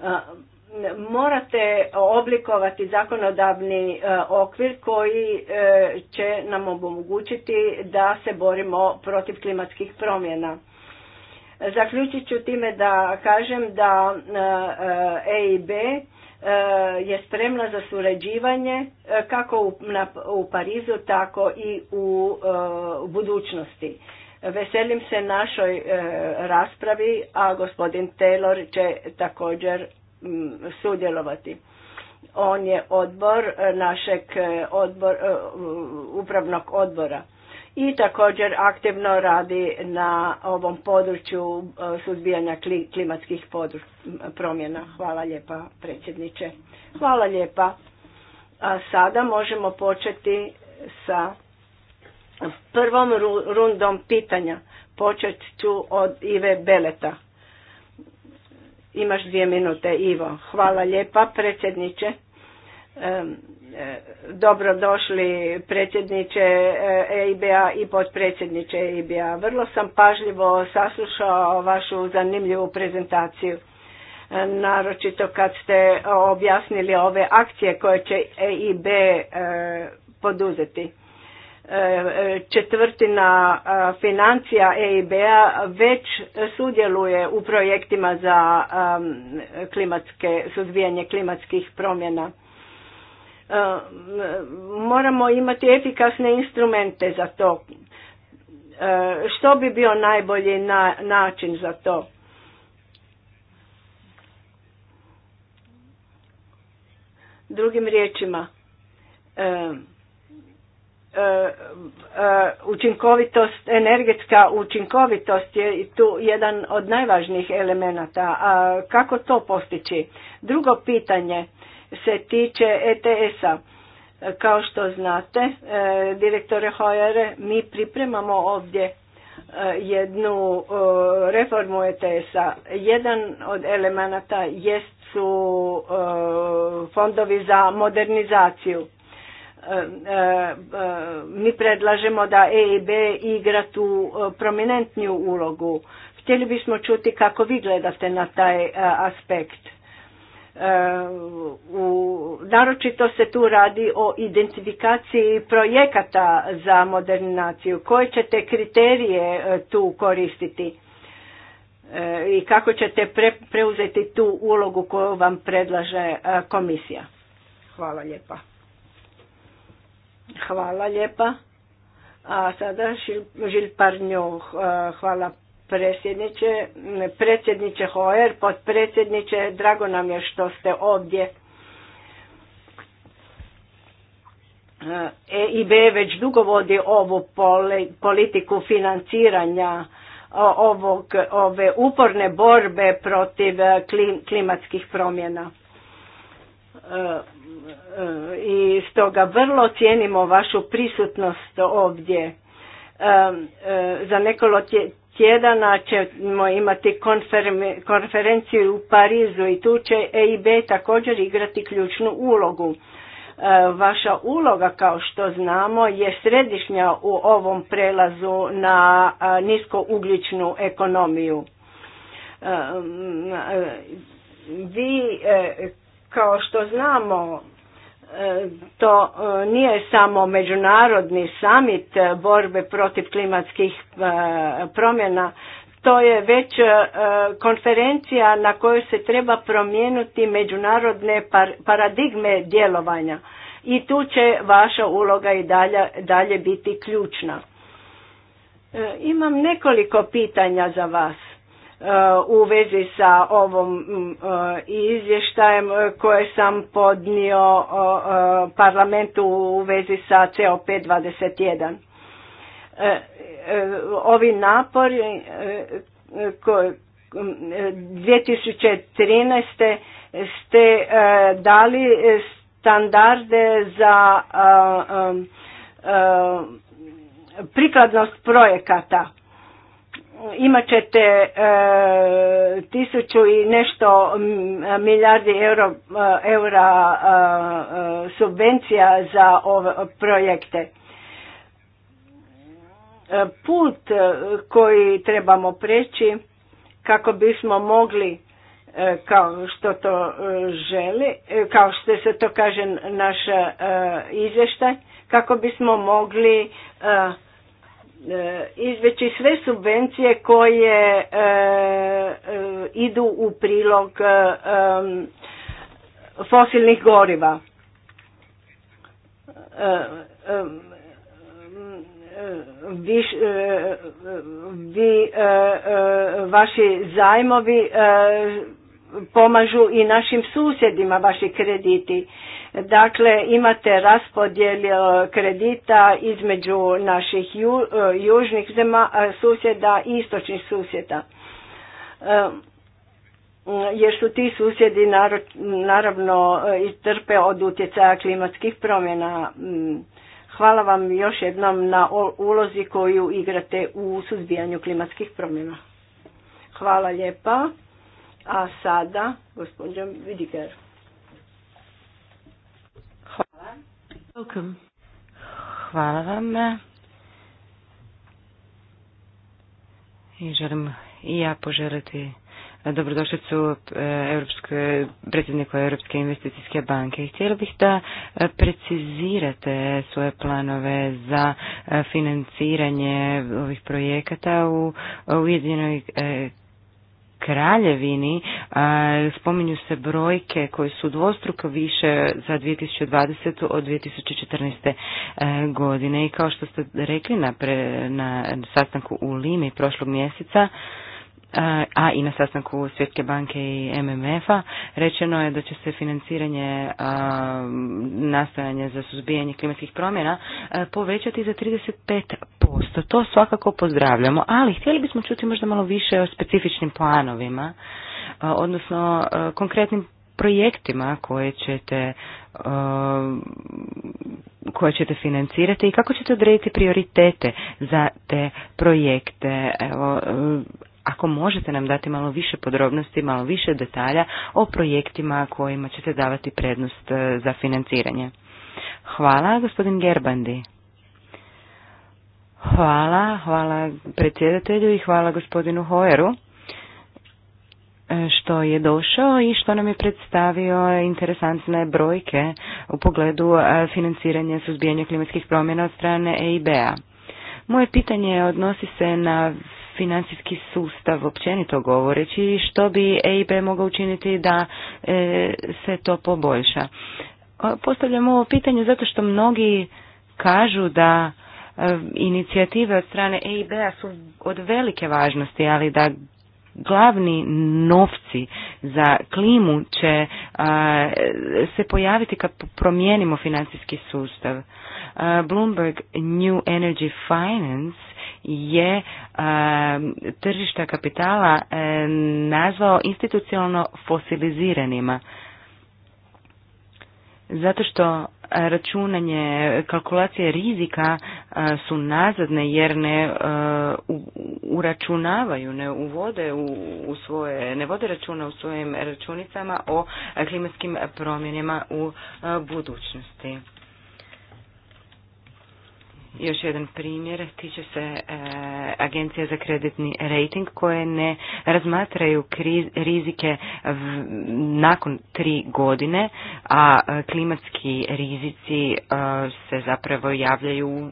E, morate oblikovati zakonodavni e, okvir koji će nam omogućiti da se borimo protiv klimatskih promjena. Zaključit ću time da kažem da EIB Eh, je spremna za surađivanje eh, kako u Parizu, tako i u eh, budućnosti. Veselim se našoj raspravi, a gospodin Taylor će također mm, sudjelovati. On je odbor našeg odbor, upravnog odbora i također aktivno radi na ovom području e, suzbijanja klimatskih promjena. Hvala lijepa predsjedniče. Hvala lijepa. A sada možemo početi sa prvom rundom pitanja. Počet ću od Ive Beleta. Imaš dvije minute, Ivo. Hvala lijepa, predsjedniče. E, dobrodošli predsjedniče EIB-a e i podpredsjedniče EIB-a. Vrlo sam pažljivo saslušao vašu zanimljivu prezentaciju, e, naročito kad ste objasnili ove akcije koje će EIB poduzeti. Četvrtina financija EIB-a već sudjeluje u projektima za klimatske, suzbijanje klimatskih promjena moramo imati efikasne instrumente za to. E, što bi bio najbolji način za to? Drugim riječima, e, e, učinkovitost, energetska učinkovitost je tu jedan od najvažnijih elemenata. A kako to postići? Drugo pitanje, se tiče ETS-a. Kao što znate, e, direktore Hojere, mi pripremamo ovdje e, jednu e, reformu ETS-a. Jedan od elemenata su fondovi za modernizaciju. Mi predlažemo da EIB igra tu prominentniju ulogu. Htjeli bismo čuti kako vi gledate na taj aspekt. Eh, u, naročito se tu radi o identifikaciji projekata za modernizaciju. Koje ćete kriterije eh, tu koristiti eh, i kako ćete preuzeti tu ulogu koju vam predlaže komisija? Hvala lijepa. Hvala lijepa. A sada Žil Parnjo, hvala predsjedniče, predsjedniče Hoer, potpredsjedniče, drago nam je što ste ovdje. EIB već dugo vodi ovu politiku financiranja ovog, ove uporne borbe protiv e, klimatskih promjena. E, e, I stoga vrlo cijenimo vašu prisutnost ovdje. Za nekoliko tjedana ćemo imati konferenciju u Parizu i tu će EIB također igrati ključnu ulogu. E, vaša uloga, kao što znamo, je središnja u ovom prelazu na niskougljičnu ekonomiju. E, e, vi, kao što znamo, to e, nije samo međunarodni samit e, borbe protiv klimatskih e, promjena, to je već konferencija na kojoj se treba promijenuti međunarodne paradigme djelovanja i tu će vaša uloga i dalje, dalje biti ključna. Imam nekoliko pitanja za vas u vezi sa ovom mm, e, izvještajem koje sam podnio e, parlamentu u vezi sa COP21. E, ovi napori 2013. ste dali standarde za prikladnost projekata imat ćete e, tisuću i nešto milijardi euro, e, eura e, subvencija za ove projekte. Put koji trebamo preći kako bismo mogli kao što to želi, kao što se to kaže naš izvještaj, kako bismo mogli E, izveći sve subvencije koje e, e, idu u prilog fosilnih goriva. Vi, vi, vaši zajmovi pomažu i našim susjedima vaši krediti. Dakle, imate raspodjel eh, kredita između naših ju, eh, južnih zema, eh, susjeda i istočnih susjeda. Jer su ti susjedi naravno istrpe od utjecaja klimatskih promjena. Mm, hvala vam još jednom na ulozi koju igrate u suzbijanju klimatskih promjena. Hvala lijepa. A sada, gospođa Vidiker Hvala. Hvala vam. I želim i ja poželiti dobrodošlicu Europske, predsjedniku Europske investicijske banke. Htjela bih da e, precizirate svoje planove za e, financiranje ovih projekata u Ujedinoj e, kraljevini e, spominju se brojke koje su dvostruko više za 2020. od 2014. E, godine i kao što ste rekli na, na sastanku u Limi prošlog mjeseca, a i na sastanku Svjetske banke i MMF-a rečeno je da će se financiranje nastojanja za suzbijanje klimatskih promjena povećati za 35%. To svakako pozdravljamo, ali htjeli bismo čuti možda malo više o specifičnim planovima, odnosno konkretnim projektima koje ćete koje ćete financirati i kako ćete odrediti prioritete za te projekte. Evo, ako možete nam dati malo više podrobnosti, malo više detalja o projektima kojima ćete davati prednost e, za financiranje. Hvala, gospodin Gerbandi. Hvala, hvala predsjedatelju i hvala gospodinu Hoeru e, što je došao i što nam je predstavio interesantne brojke u pogledu e, financiranja suzbijanja klimatskih promjena od strane EIB-a. Moje pitanje odnosi se na financijski sustav općenito govoreći i što bi EIB mogao učiniti da e, se to poboljša. Postavljam ovo pitanje zato što mnogi kažu da e, inicijative od strane EIB-a su od velike važnosti, ali da glavni novci za klimu će se pojaviti kad promijenimo financijski sustav. Bloomberg New Energy Finance je tržišta kapitala nazvao institucionalno fosiliziranima. Zato što računanje, kalkulacije rizika eh, su nazadne jer ne eh, uračunavaju, ne uvode u svoje, ne vode računa u svojim računicama o klimatskim promjenama u eh, budućnosti još jedan primjer tiče se e, agencija za kreditni rating koje ne razmatraju rizike nakon tri godine, a e, klimatski rizici e, se zapravo javljaju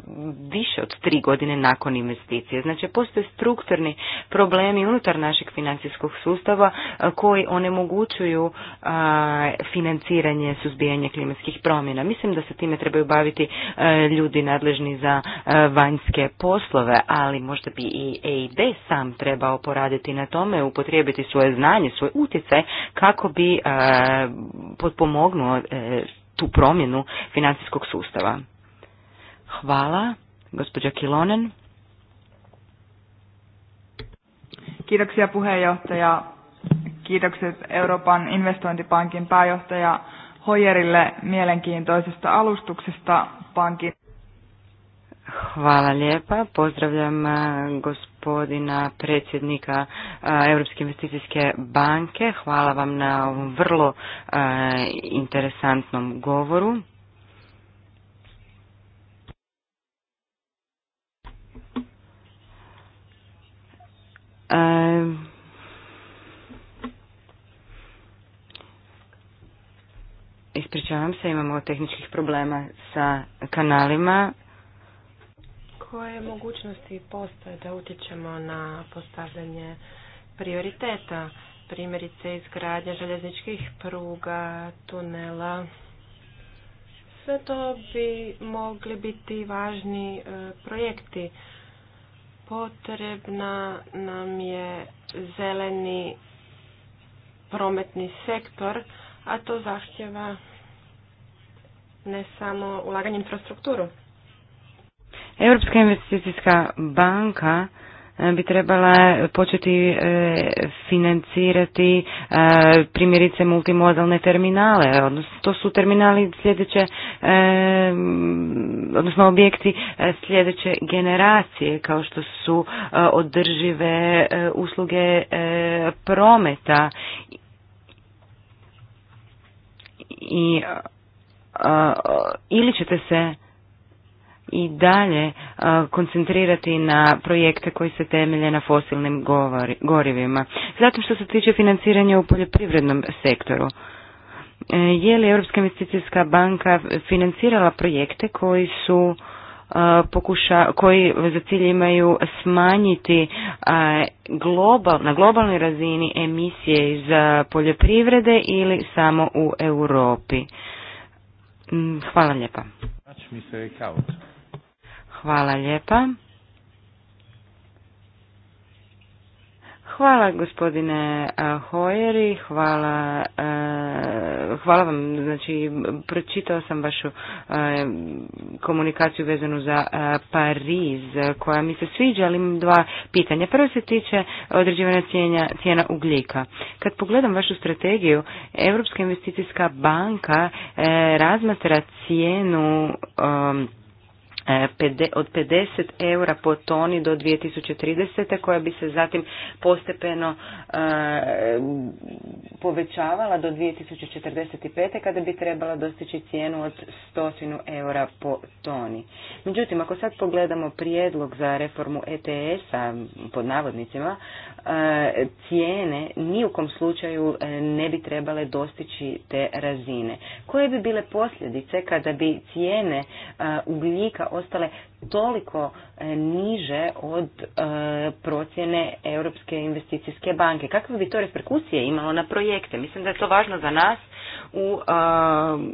više od tri godine nakon investicije. Znači postoje strukturni problemi unutar našeg financijskog sustava koji onemogućuju financiranje suzbijanja klimatskih promjena. Mislim da se time trebaju baviti ljudi nadležni za za e, vanjske poslove, ali možda bi i EIB sam trebao poraditi na tome, upotrijebiti svoje znanje, svoj utjecaj kako bi e, potpomognuo e, tu promjenu financijskog sustava. Hvala, gospođa Kilonen. Kiitoksia puheenjohtaja. Kiitokset Euroopan investointipankin pääjohtaja Hoyerille mielenkiintoisesta alustuksesta pankin Hvala lijepa. Pozdravljam e, gospodina predsjednika e, Europske investicijske banke. Hvala vam na ovom vrlo e, interesantnom govoru. Ispričavam se, imamo tehničkih problema sa kanalima koje mogućnosti postoje da utječemo na postavljanje prioriteta, primjerice izgradnja željezničkih pruga, tunela. Sve to bi mogli biti važni e, projekti. Potrebna nam je zeleni prometni sektor, a to zahtjeva ne samo ulaganje infrastrukturu. Europska investicijska banka e, bi trebala početi e, financirati e, primjerice multimodalne terminale, odnosno to su terminali sljedeće, odnosno objekti sljedeće generacije kao što su održive usluge prometa i ili ćete se i dalje koncentrirati na projekte koji se temelje na fosilnim gorivima. Zatim što se tiče financiranja u poljoprivrednom sektoru, e, je li Europska investicijska banka financirala projekte koji su pokuša, koji za cilj imaju smanjiti na globalnoj razini emisije iz poljoprivrede ili samo u Europi. Mm, hvala lijepa. Hvala lijepa. Hvala gospodine eh, Hojeri, hvala, eh, hvala vam, znači pročitao sam vašu eh, komunikaciju vezanu za Pariz koja mi se sviđa, ali imam dva pitanja. Prvo se tiče određivanja cijena, cijena ugljika. Kad pogledam vašu strategiju, Europska investicijska banka razmatra cijenu E, od 50 eura po toni do 2030. koja bi se zatim postepeno e, povećavala do 2045. kada bi trebala dostići cijenu od 100 eura po toni. Međutim, ako sad pogledamo prijedlog za reformu ETS-a pod navodnicima, e, cijene ni u kom slučaju ne bi trebale dostići te razine. Koje bi bile posljedice kada bi cijene ugljika od ostale toliko e, niže od e, procjene Europske investicijske banke. Kakve bi to reperkusije imalo na projekte? Mislim da je to važno za nas u e,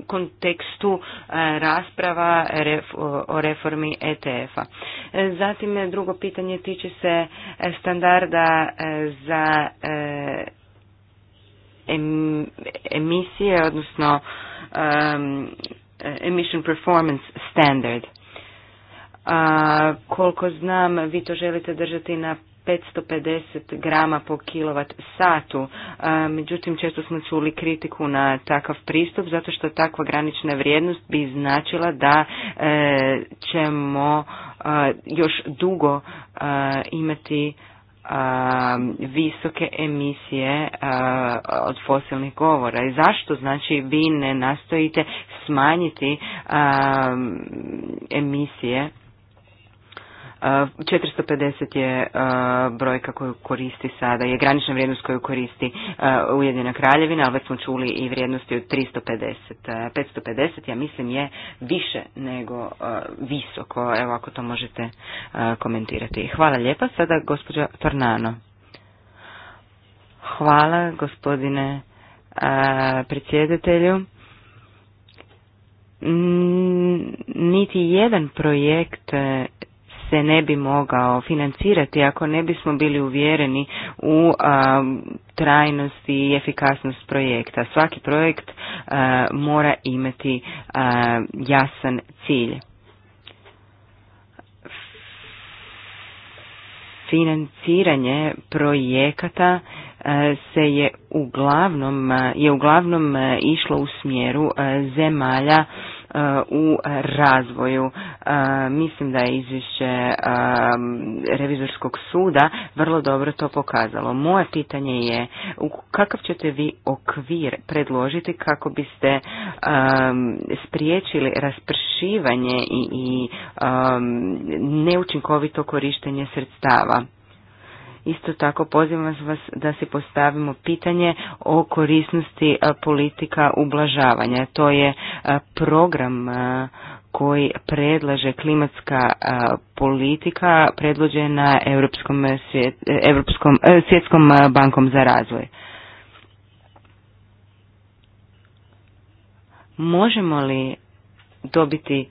kontekstu rasprava o reformi ETF-a. Zatim drugo pitanje tiče se standarda za emisije, odnosno emission performance standard. A koliko znam, vi to želite držati na 550 grama po kilovat satu. Međutim, često smo čuli kritiku na takav pristup, zato što takva granična vrijednost bi značila da e, ćemo još dugo imati visoke emisije od fosilnih govora. I zašto znači vi ne nastojite smanjiti emisije 450 je brojka koju koristi sada, je granična vrijednost koju koristi Ujedinjena kraljevina, ali već smo čuli i vrijednosti od 350. 550, ja mislim, je više nego visoko, evo ako to možete komentirati. Hvala lijepa, sada gospođa Tornano. Hvala gospodine predsjedatelju. Niti jedan projekt se ne bi mogao financirati ako ne bismo bili uvjereni u a, trajnost i efikasnost projekta. Svaki projekt mora imati jasan cilj. Financiranje projekata se je uglavnom je uglavnom išlo u smjeru zemalja u razvoju. E, mislim da je izvješće e, revizorskog suda vrlo dobro to pokazalo. Moje pitanje je kakav ćete vi okvir predložiti kako biste e, spriječili raspršivanje i neučinkovito korištenje sredstava? Isto tako pozivam vas da si postavimo pitanje o korisnosti politika ublažavanja. To je program koji predlaže klimatska politika predložena Europskom, Europskom e, svjetskom bankom za razvoj. Možemo li dobiti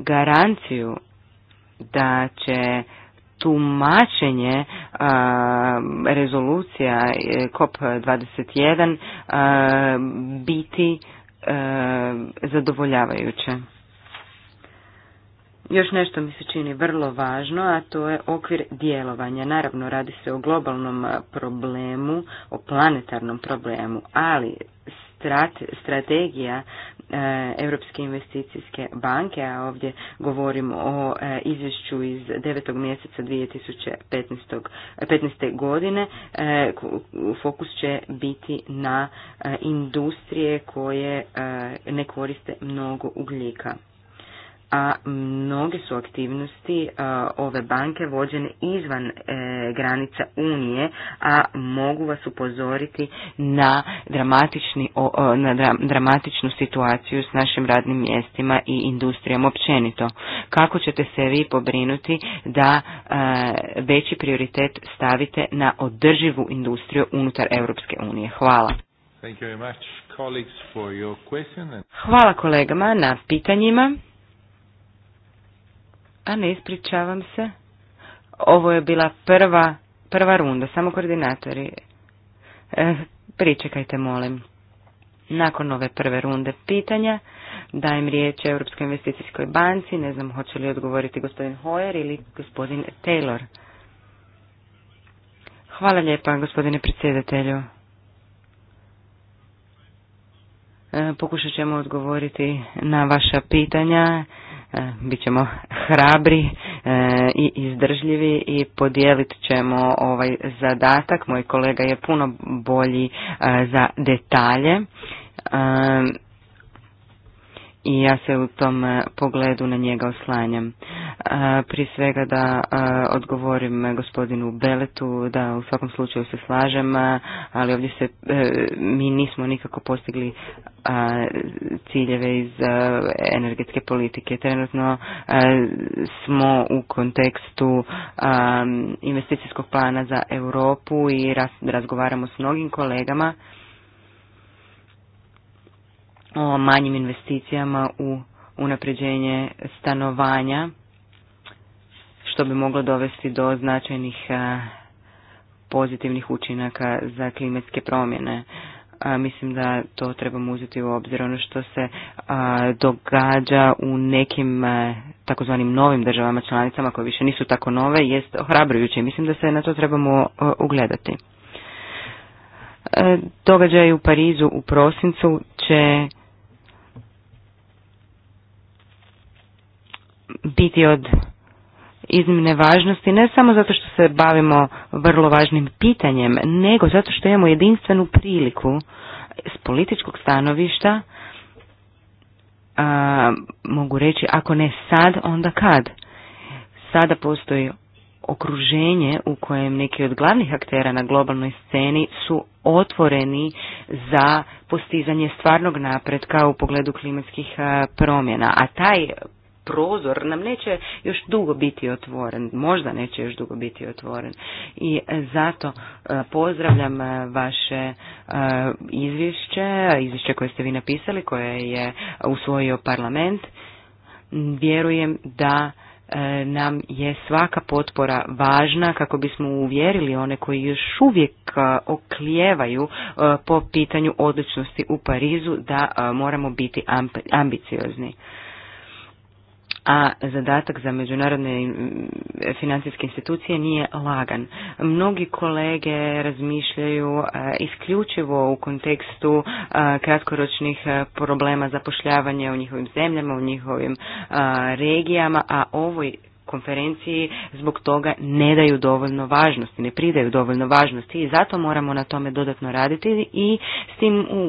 garanciju da će tumačenje rezolucija e, COP21 a, biti e, zadovoljavajuće. Još nešto mi se čini vrlo važno, a to je okvir djelovanja. Naravno, radi se o globalnom problemu, o planetarnom problemu, ali strategija E, Europske investicijske banke, a ovdje govorim o e, izvješću iz 9. mjeseca 2015. E, godine. Fokus će biti na industrije koje ne koriste mnogo ugljika a mnoge su aktivnosti ove banke vođene izvan e, granica Unije, a mogu vas upozoriti na, dramatični, na dramatičnu situaciju s našim radnim mjestima i industrijom općenito. Kako ćete se vi pobrinuti da e, veći prioritet stavite na održivu industriju unutar Europske unije? Hvala. Hvala kolegama na pitanjima. A ne ispričavam se. Ovo je bila prva, prva runda, samo koordinatori. E, pričekajte, molim. Nakon ove prve runde pitanja dajem riječ Europskoj investicijskoj banci. Ne znam hoće li odgovoriti gospodin Hoyer ili gospodin Taylor. Hvala lijepa gospodine predsjedatelju. E, pokušat ćemo odgovoriti na vaša pitanja E, bit ćemo hrabri e, i izdržljivi i podijelit ćemo ovaj zadatak. Moj kolega je puno bolji e, za detalje i ja se u tom e, pogledu na njega oslanjam. E, prije svega da e, odgovorim gospodinu Beletu, da u svakom slučaju se slažem, ali ovdje se mi nismo nikako postigli ciljeve iz energetske politike. Trenutno smo u kontekstu investicijskog plana za Europu i razgovaramo s mnogim kolegama o manjim investicijama u unapređenje stanovanja, što bi moglo dovesti do značajnih e, pozitivnih učinaka za klimatske promjene. E, mislim da to trebamo uzeti u obzir. Ono što se e, događa u nekim takozvanim novim državama članicama koje više nisu tako nove jest ohrabrujuće. Mislim da se na to trebamo ugledati. Događaj u Parizu u prosincu će biti od iznimne važnosti ne samo zato što se bavimo vrlo važnim pitanjem, nego zato što imamo jedinstvenu priliku s političkog stanovišta, mogu reći ako ne sad, onda kad. Sada postoji okruženje u kojem neki od glavnih aktera na globalnoj sceni su otvoreni za postizanje stvarnog napretka u pogledu klimatskih promjena, a taj prozor nam neće još dugo biti otvoren, možda neće još dugo biti otvoren. I zato e, pozdravljam e, vaše e, izvješće, izvješće koje ste vi napisali, koje je usvojio parlament. Vjerujem da nam je svaka potpora važna kako bismo uvjerili one koji još uvijek oklijevaju po pitanju odličnosti u Parizu da moramo biti ambiciozni a zadatak za međunarodne mm, financijske institucije nije lagan. Mnogi kolege razmišljaju e, isključivo u kontekstu e, kratkoročnih e, problema zapošljavanja u njihovim zemljama, u njihovim regijama, a ovoj konferenciji zbog toga ne daju dovoljno važnosti, ne pridaju dovoljno važnosti i zato moramo na tome dodatno raditi i s tim u,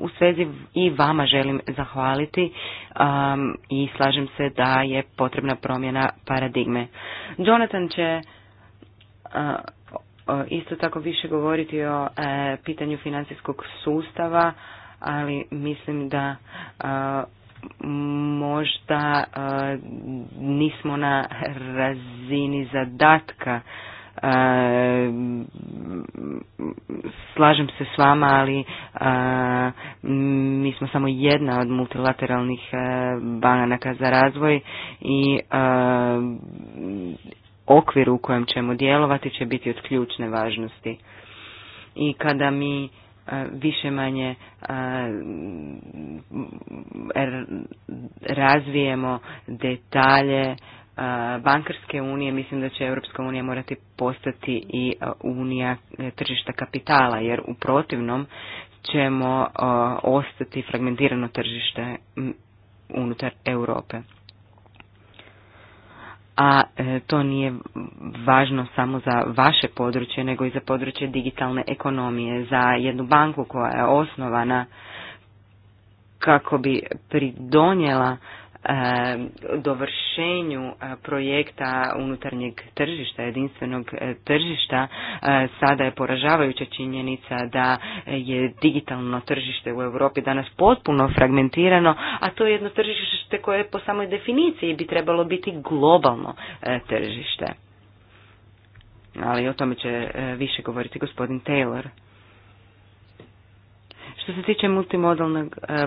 u svezi i vama želim zahvaliti um, i slažem se da je potrebna promjena paradigme. Jonathan će uh, isto tako više govoriti o uh, pitanju financijskog sustava, ali mislim da uh, možda e, nismo na razini zadatka. E, slažem se s vama, ali e, mi smo samo jedna od multilateralnih banaka za razvoj i okvir u kojem ćemo djelovati će biti od ključne važnosti. I kada mi više manje razvijemo detalje bankarske unije, mislim da će Europska unija morati postati i unija e, tržišta kapitala, jer u protivnom ćemo ostati fragmentirano tržište unutar Europe a e, to nije važno samo za vaše područje, nego i za područje digitalne ekonomije, za jednu banku koja je osnovana kako bi pridonjela Eh, dovršenju eh, projekta unutarnjeg tržišta, jedinstvenog eh, tržišta, sada je poražavajuća činjenica da je digitalno tržište u Europi danas potpuno fragmentirano, a to je jedno tržište koje po samoj definiciji bi trebalo biti globalno tržište. Ali o tome će više govoriti gospodin Taylor. Što se tiče multimodalnog e,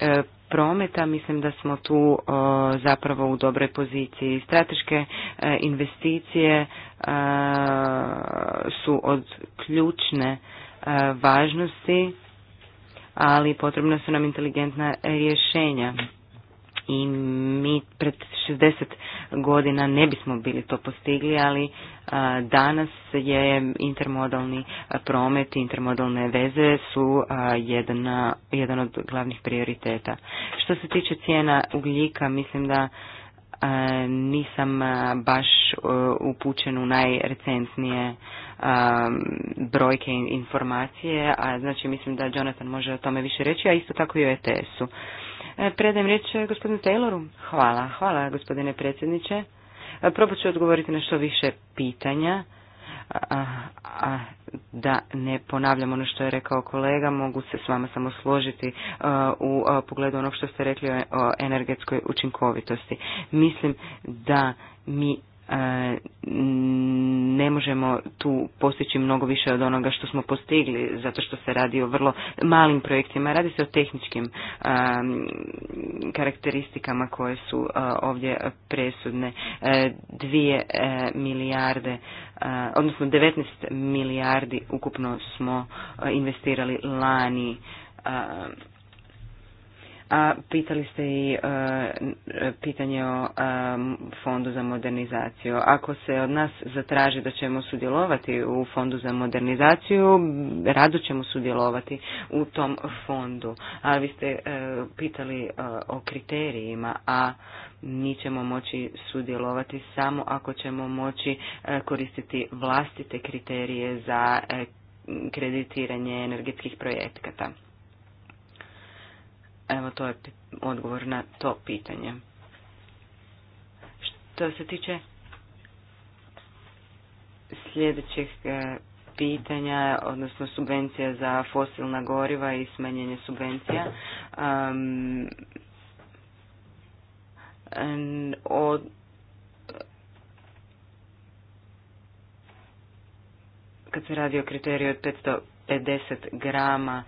e, prometa, mislim da smo tu zapravo u dobroj poziciji. Strateške e, investicije su od ključne važnosti, ali potrebna su nam inteligentna rješenja i mi pred 60 godina ne bismo bili to postigli, ali danas je intermodalni promet i intermodalne veze su a, jedan od glavnih prioriteta. Što se tiče cijena ugljika, mislim da nisam baš upućen u najrecentnije brojke informacije, a znači mislim da Jonathan može o tome više reći, a isto tako i o ETS-u. E, predajem riječ e, gospodinu Tayloru. Hvala, hvala gospodine predsjedniče. E, probat ću odgovoriti na što više pitanja. A, da ne ponavljam ono što je rekao kolega, mogu se s vama samo složiti u pogledu onog što ste rekli o energetskoj učinkovitosti. Mislim da mi E, ne možemo tu postići mnogo više od onoga što smo postigli, zato što se radi o vrlo malim projektima, radi se o tehničkim e, karakteristikama koje su e, ovdje presudne. Dvije milijarde, odnosno 19 milijardi ukupno smo investirali lani a pitali ste i e, pitanje o e, fondu za modernizaciju. Ako se od nas zatraži da ćemo sudjelovati u fondu za modernizaciju, rado ćemo sudjelovati u tom fondu. Ali vi ste e, pitali o kriterijima, a mi ćemo moći sudjelovati samo ako ćemo moći koristiti vlastite kriterije za kreditiranje energetskih projekata. Evo to je odgovor na to pitanje. Što se tiče sljedećih e, pitanja, odnosno subvencija za fosilna goriva i smanjenje subvencija. od, kad se radi o kriteriju od 550 grama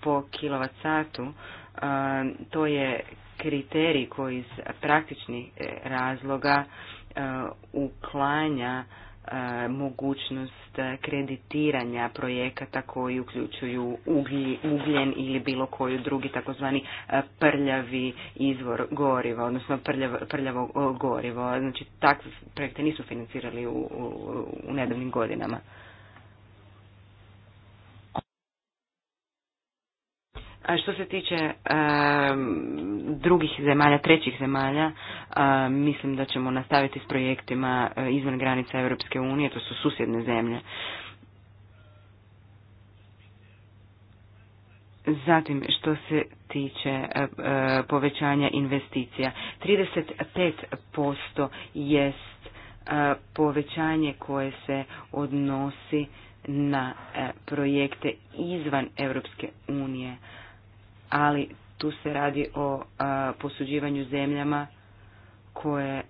po kilovat satu. E, to je kriterij koji iz praktičnih e, razloga e, uklanja mogućnost kreditiranja projekata koji uključuju ugljen ili bilo koji drugi takozvani prljavi izvor goriva, odnosno prljavo, prljavo gorivo. Znači takve projekte nisu financirali u nedavnim godinama. A što se tiče drugih zemalja, trećih zemalja, mislim da ćemo nastaviti s projektima eh, izvan granica Europske unije, to su susjedne zemlje. Zatim, što se tiče eh, eh, povećanja investicija, 35% jest povećanje koje se odnosi na projekte izvan Europske unije ali tu se radi o posuđivanju zemljama koje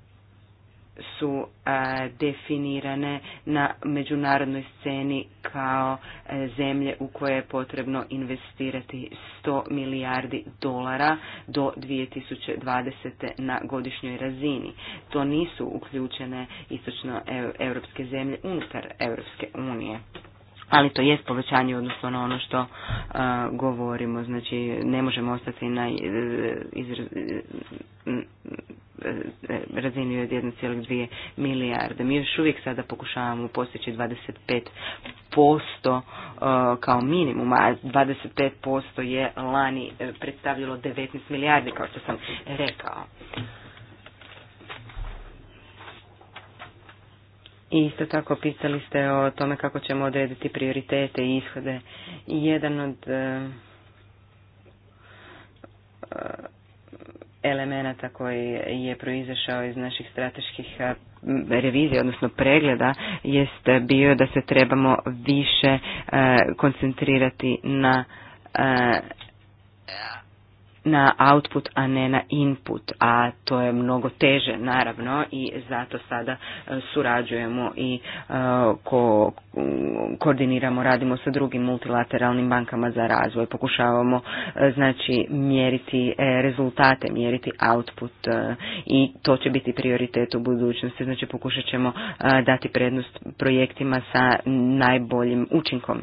su definirane na međunarodnoj sceni kao e, zemlje u koje je potrebno investirati 100 milijardi dolara do 2020. na godišnjoj razini. To nisu uključene istočno europske zemlje unutar Europske unije ali to jest povećanje odnosno na ono što e, govorimo. Znači, ne možemo ostati na e, e, razini od 1,2 milijarde. Mi još uvijek sada pokušavamo postići 25% kao minimum, a 25% je lani predstavljalo 19 milijardi, kao što sam rekao. isto tako pisali ste o tome kako ćemo odrediti prioritete i ishode. Jedan od e, e, elemenata koji je proizašao iz naših strateških e, revizija, odnosno pregleda, jest bio da se trebamo više koncentrirati na na output, a ne na input, a to je mnogo teže naravno i zato sada e, surađujemo i e, ko, koordiniramo, radimo sa drugim multilateralnim bankama za razvoj, pokušavamo e, znači mjeriti rezultate, mjeriti output i to će biti prioritet u budućnosti, znači pokušat ćemo dati prednost projektima sa najboljim učinkom.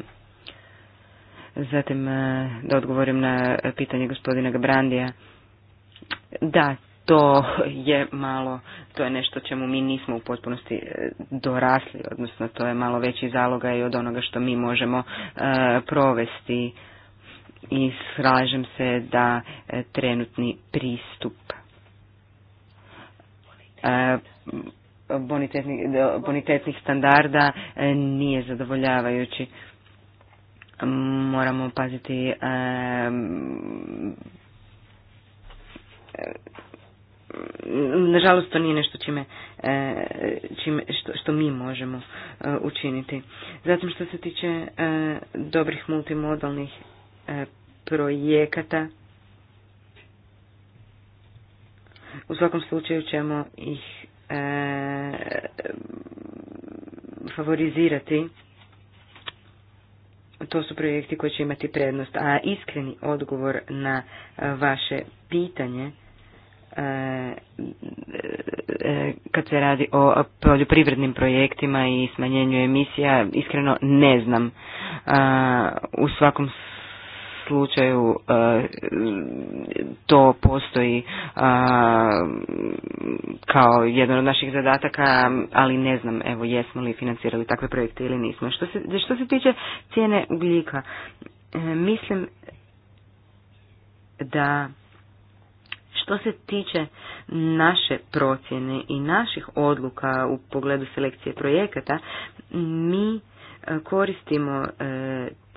Zatim e, da odgovorim na pitanje gospodina Gabrandija. Da, to je malo, to je nešto čemu mi nismo u potpunosti e, dorasli, odnosno to je malo veći zaloga i od onoga što mi možemo e, provesti i slažem se da trenutni pristup bonitetnih standarda nije zadovoljavajući moramo paziti e, e, nažalost to nije nešto čime, e, što, što mi možemo učiniti. Zatim što se tiče dobrih multimodalnih projekata u svakom slučaju ćemo ih favorizirati to su projekti koji će imati prednost. A iskreni odgovor na e, vaše pitanje e, e, kad se radi o poljoprivrednim projektima i smanjenju emisija, iskreno ne znam. U svakom slučaju e, to postoji e, kao jedan od naših zadataka, ali ne znam evo jesmo li financirali takve projekte ili nismo. Što se, tiče cijene ugljika, e, mislim da što se tiče naše procjene i naših odluka u pogledu selekcije projekata, mi koristimo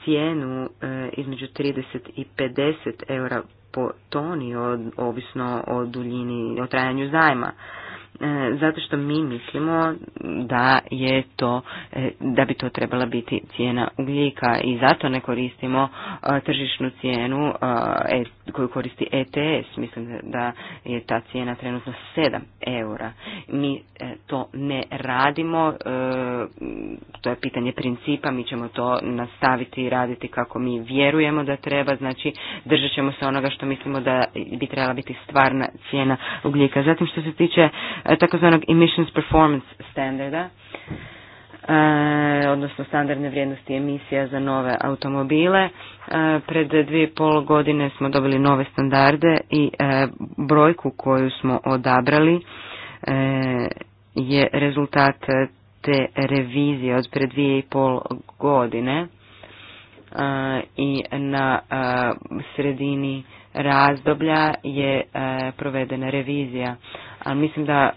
cijenu e, između 30 i 50 eura po toni, ovisno o duljini, o trajanju zajma. E, zato što mi mislimo da je to, e, da bi to trebala biti cijena ugljika i zato ne koristimo tržišnu cijenu koju koristi ETS. Mislim da je ta cijena trenutno 7 eura. Mi e, to ne radimo, e, to je pitanje principa, mi ćemo to nastaviti i raditi kako mi vjerujemo da treba, znači držat ćemo se onoga što mislimo da bi trebala biti stvarna cijena ugljika. Zatim što se tiče e, takozvanog emissions performance standarda, E, odnosno standardne vrijednosti emisija za nove automobile. E, pred dvije pol godine smo dobili nove standarde i e, brojku koju smo odabrali je rezultat te revizije od pred dvije i pol godine i na sredini razdoblja je provedena revizija. Ali mislim da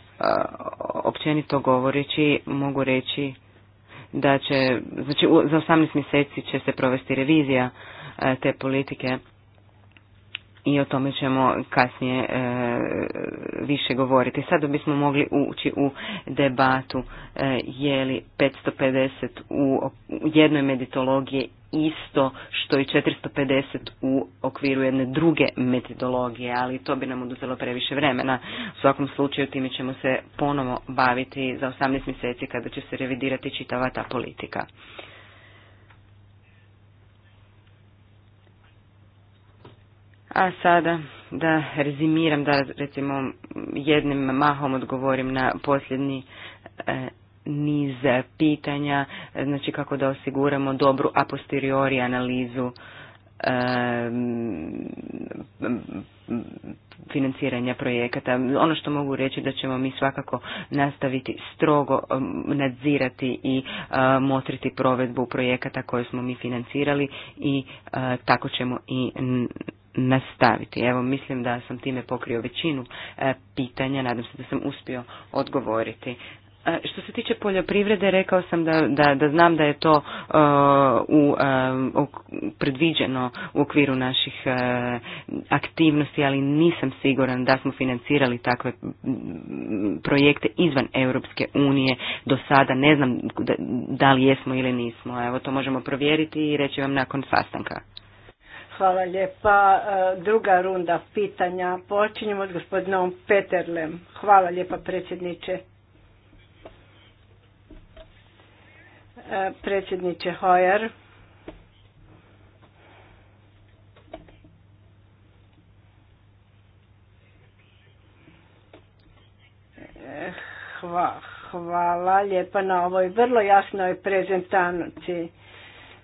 općenito govoreći mogu reći da će, znači za 18 mjeseci će se provesti revizija e, te politike i o tome ćemo kasnije e, više govoriti. Sada bismo mogli ući u debatu e, je li 550 u jednoj meditologiji isto što i 450 u okviru jedne druge metodologije, ali to bi nam oduzelo previše vremena. U svakom slučaju time ćemo se ponovo baviti za 18 mjeseci kada će se revidirati čitava ta politika. A sada da rezimiram, da recimo jednim mahom odgovorim na posljednji e, niz pitanja, znači kako da osiguramo dobru a posteriori analizu financiranja projekata. Ono što mogu reći da ćemo mi svakako nastaviti strogo nadzirati i e, motriti provedbu projekata koje smo mi financirali i e, tako ćemo i nastaviti. Evo, mislim da sam time pokrio većinu e, pitanja, nadam se da sam uspio odgovoriti. E, što se tiče poljoprivrede, rekao sam da, da, da znam da je to e, u, predviđeno u okviru naših aktivnosti, ali nisam siguran da smo financirali takve projekte izvan Europske unije do sada. Ne znam da, da li jesmo ili nismo. Evo, to možemo provjeriti i reći vam nakon sastanka. Hvala lijepa. E, druga runda pitanja. Počinjemo s gospodinom Peterlem. Hvala lijepa predsjedniče. E, predsjedniče Hojer. E, hvala lijepa na ovoj vrlo jasnoj prezentaciji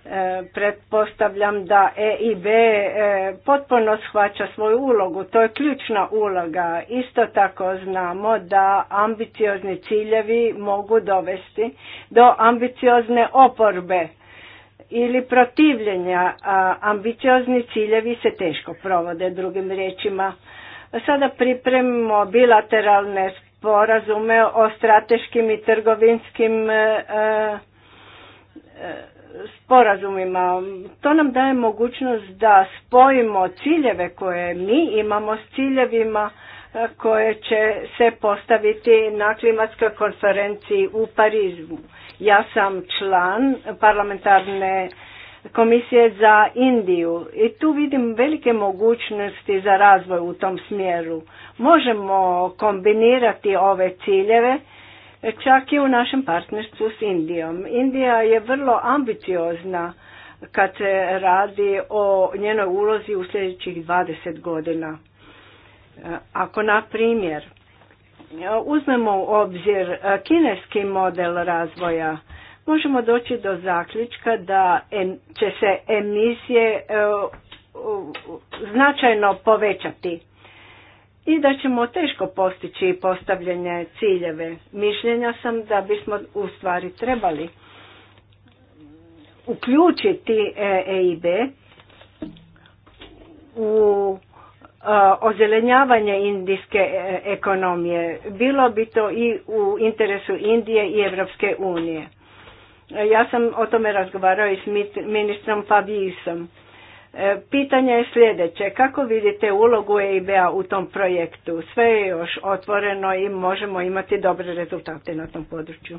E, pretpostavljam da EIB e, potpuno shvaća svoju ulogu, to je ključna uloga. Isto tako znamo da ambiciozni ciljevi mogu dovesti do ambiciozne oporbe ili protivljenja. Ambiciozni ciljevi se teško provode, drugim riječima. Sada pripremimo bilateralne sporazume o strateškim i trgovinskim e, sporazumima. To nam daje mogućnost da spojimo ciljeve koje mi imamo s ciljevima e, koje će se postaviti na klimatskoj konferenciji u Parizmu. Ja sam član parlamentarne komisije za Indiju i tu vidim velike mogućnosti za razvoj u tom smjeru. Možemo kombinirati ove ciljeve E, čak i u našem partnerstvu s Indijom. Indija je vrlo ambiciozna kad se radi o njenoj ulozi u sljedećih 20 godina. E, ako, na primjer, uzmemo u obzir e, kineski model razvoja, možemo doći do zaključka da će se emisije značajno povećati i da ćemo teško postići postavljene ciljeve. Mišljenja sam da bismo u stvari trebali uključiti EIB e u ozelenjavanje indijske e, ekonomije. Bilo bi to i u interesu Indije i Evropske unije. Ja sam o tome razgovarao i s ministrom Fabijisom E, pitanje je sljedeće, kako vidite ulogu EIB-a u tom projektu? Sve je još otvoreno i možemo imati dobre rezultate na tom području.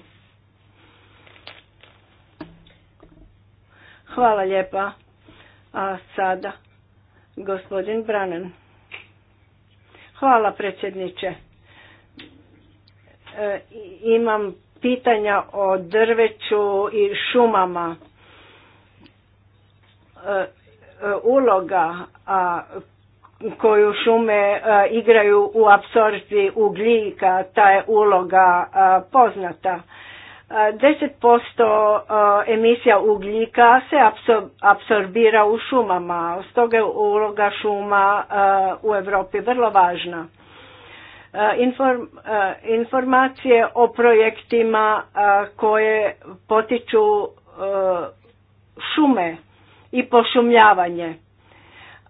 Hvala lijepa. A sada, gospodin Branen. Hvala predsjedniče. E, imam pitanja o drveću i šumama. E, E, uloga a, koju šume e, igraju u apsorpciji ugljika, ta je uloga a, e, poznata. 10% emisija ugljika se apsorbira u šumama, stoga je uloga šuma u Europi vrlo važna. Informacije o projektima koje potiču šume i pošumljavanje.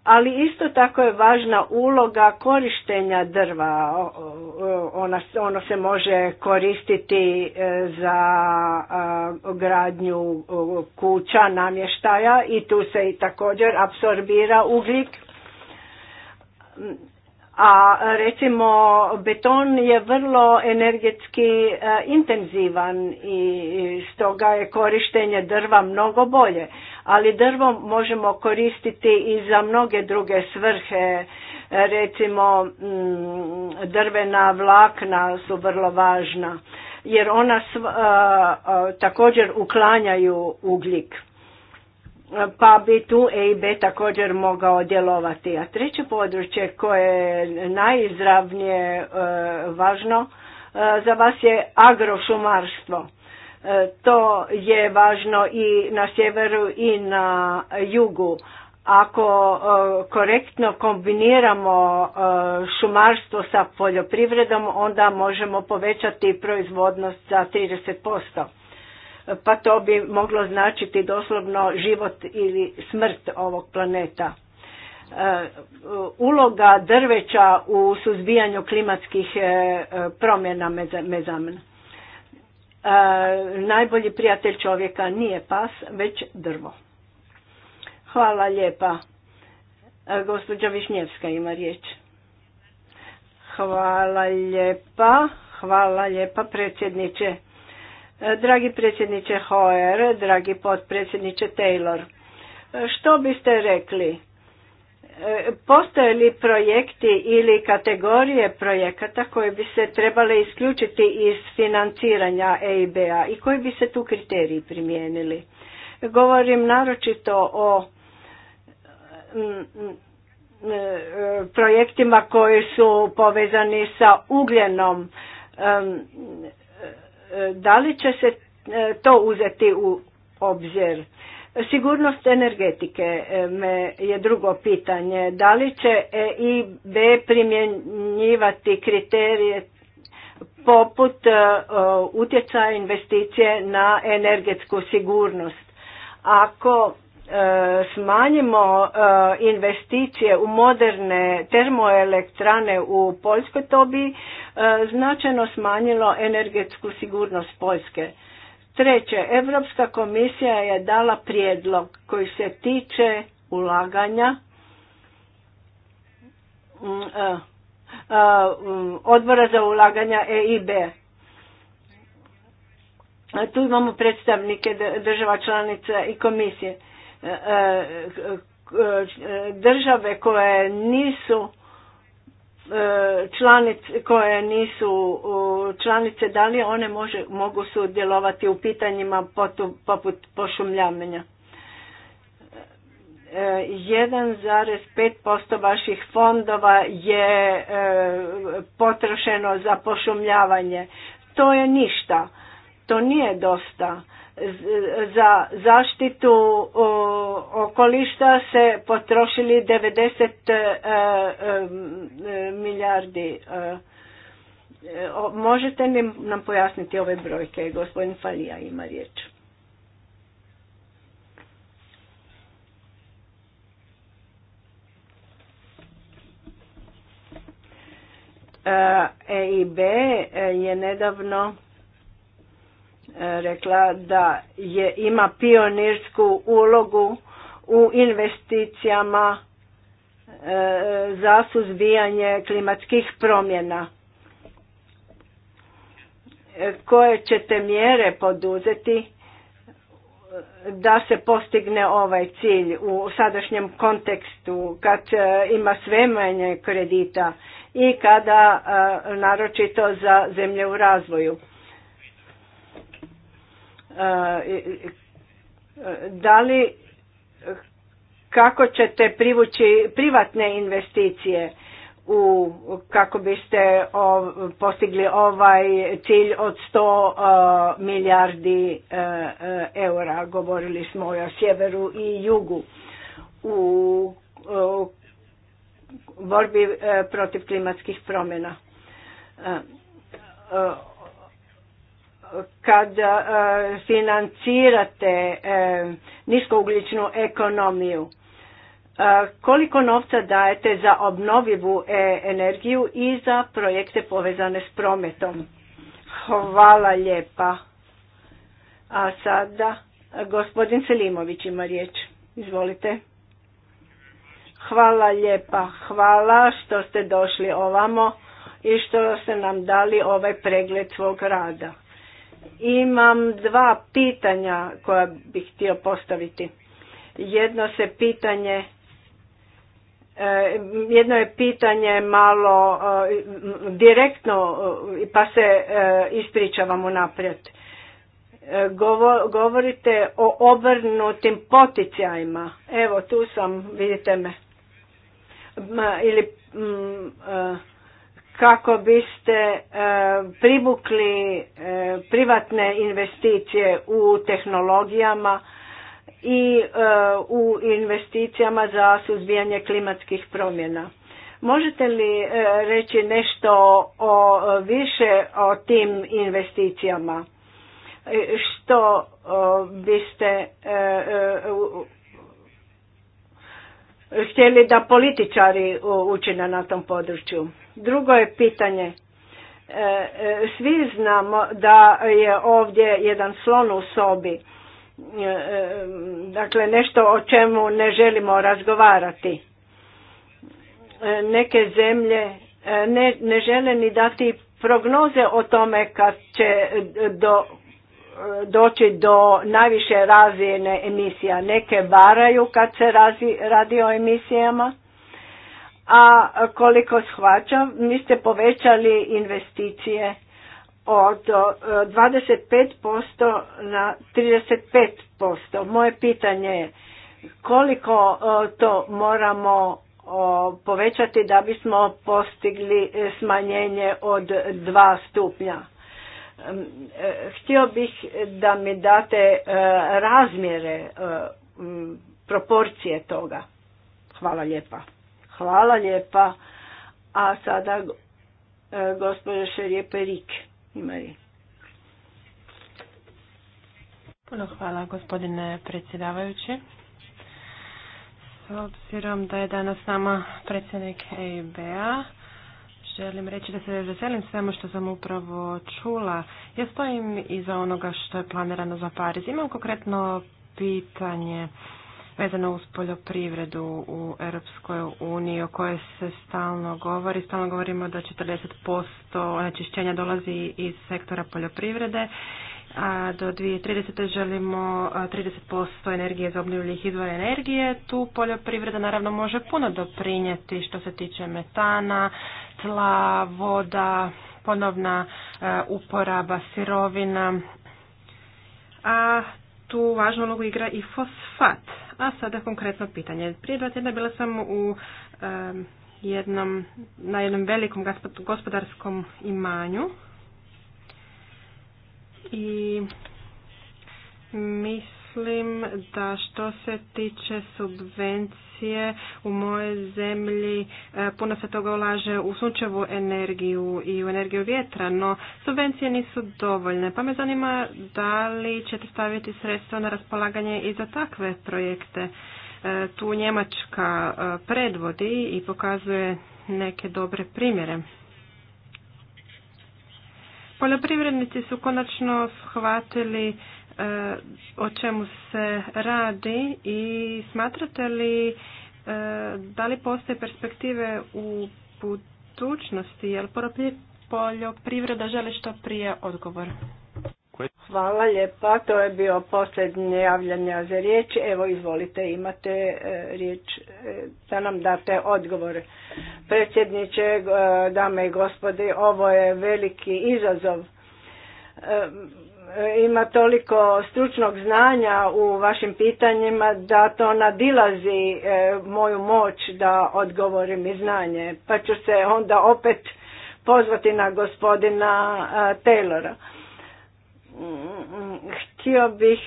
Ali isto tako je važna uloga korištenja drva. Ona, ono se može koristiti e, za gradnju kuća, namještaja i tu se i također apsorbira ugljik. A recimo beton je vrlo energetski e, intenzivan i stoga je korištenje drva mnogo bolje ali drvo možemo koristiti i za mnoge druge svrhe, recimo mm, drvena vlakna su vrlo važna jer ona također uklanjaju ugljik. Pa bi tu EIB također mogao djelovati. A treće područje koje je najizravnije e, važno e, za vas je agrošumarstvo E, to je važno i na sjeveru i na jugu. Ako e, korektno kombiniramo e, šumarstvo sa poljoprivredom, onda možemo povećati proizvodnost za 30%. Pa to bi moglo značiti doslovno život ili smrt ovog planeta. Uloga drveća u suzbijanju klimatskih promjena me E, najbolji prijatelj čovjeka nije pas, već drvo. Hvala lijepa. E, gospođa Višnjevska ima riječ. Hvala lijepa. Hvala lijepa predsjedniče. E, dragi predsjedniče Hoer, dragi potpredsjedniče Taylor, što biste rekli? postoje li projekti ili kategorije projekata koje bi se trebale isključiti iz financiranja EIB-a i koji bi se tu kriteriji primijenili? Govorim naročito o mm, mm, e, projektima koji su povezani sa ugljenom. E, da li će se e, to uzeti u obzir? Sigurnost energetike e, me je drugo pitanje. Da li će EIB primjenjivati kriterije poput e, utjecaja investicije na energetsku sigurnost? Ako e, smanjimo investicije u moderne termoelektrane u Poljskoj, to bi značajno smanjilo energetsku sigurnost Poljske. Treće, Europska komisija je dala prijedlog koji se tiče ulaganja mm, e, e, mm, odbora za ulaganja EIB. E, tu imamo predstavnike država članica i komisije. Države koje nisu članic koje nisu članice da li one može, mogu sudjelovati u pitanjima poput pošumljavanja. 1,5% e, vaših fondova je e, potrošeno za pošumljavanje. To je ništa. To nije dosta za zaštitu okolišta se potrošili 90 e, e, e, milijardi. Možete li nam pojasniti ove brojke? Gospodin Falija ima riječ. EIB je nedavno E, rekla da je ima pionirsku ulogu u investicijama e, za suzbijanje klimatskih promjena. E, koje ćete mjere poduzeti da se postigne ovaj cilj u sadašnjem kontekstu kad ima sve manje kredita i kada naročito za zemlje u razvoju? da li kako ćete privući privatne investicije u kako biste postigli ovaj cilj od 100 e, milijardi e, e, eura govorili smo o sjeveru i jugu u borbi protiv klimatskih promjena kada e, financirate e, niskougljičnu ekonomiju e, koliko novca dajete za obnovivu energiju i za projekte povezane s prometom. Hvala lijepa. A sada gospodin Selimović ima riječ. Izvolite. Hvala lijepa. Hvala što ste došli ovamo i što ste nam dali ovaj pregled svog rada. Imam dva pitanja koja bih htio postaviti. Jedno se pitanje e, jedno je pitanje malo e, direktno e, pa se ispričavam unaprijed. Govorite o obrnutim poticajima. Evo tu sam, vidite me. Ili mm, kako biste e, privukli e, privatne investicije u tehnologijama i e, u investicijama za suzbijanje klimatskih promjena. Možete li reći nešto o više o tim investicijama? Što biste htjeli da političari učine na tom području? Drugo je pitanje. E, e, svi znamo da je ovdje jedan slon u sobi, e, dakle nešto o čemu ne želimo razgovarati. Neke zemlje ne, ne žele ni dati prognoze o tome kad će do, doći do najviše razine emisija. Neke varaju kad se razi, radi o emisijama a koliko shvaćam niste povećali investicije od 25% e, na 35%. Moje pitanje je koliko e, to moramo povećati da bismo postigli e, smanjenje od dva stupnja. Htio bih da mi date razmjere proporcije toga. Hvala lijepa. Hvala lijepa. A sada e, gospođa Šerije Perik Imari. Puno hvala gospodine predsjedavajući. S obzirom da je danas s nama predsjednik EIB-a, želim reći da se veselim svemu što sam upravo čula. Ja stojim iza onoga što je planirano za Pariz. Imam konkretno pitanje vezano uz poljoprivredu u Europskoj uniji o kojoj se stalno govori. Stalno govorimo da 40% onečišćenja dolazi iz sektora poljoprivrede, a do 2030. želimo 30% energije za obnovljivih izvora energije. Tu poljoprivreda naravno može puno doprinijeti što se tiče metana, tla, voda, ponovna uporaba sirovina. A tu važnu ulogu igra i fosfat. A sada konkretno pitanje. Prije dva tjedna bila sam u jednom, na jednom velikom gospodarskom imanju i mislim da što se tiče subvencije u mojoj zemlji e, puno se toga ulaže u sunčevu energiju i u energiju vjetra, no subvencije nisu dovoljne. Pa me zanima da li ćete staviti sredstva na raspolaganje i za takve projekte. E, tu Njemačka e, predvodi i pokazuje neke dobre primjere. Poljoprivrednici su konačno shvatili E, o čemu se radi i smatrate li e, da li postoje perspektive u budućnosti jer poljoprivreda želi što prije odgovor. Hvala lijepa, to je bio posljednje javljanje za riječ. Evo izvolite, imate e, riječ da nam date odgovor. Predsjedniče, dame i gospodi, ovo je veliki izazov E, ima toliko stručnog znanja u vašim pitanjima da to nadilazi e, moju moć da odgovorim i znanje. Pa ću se onda opet pozvati na gospodina e, Taylora. Mm, htio bih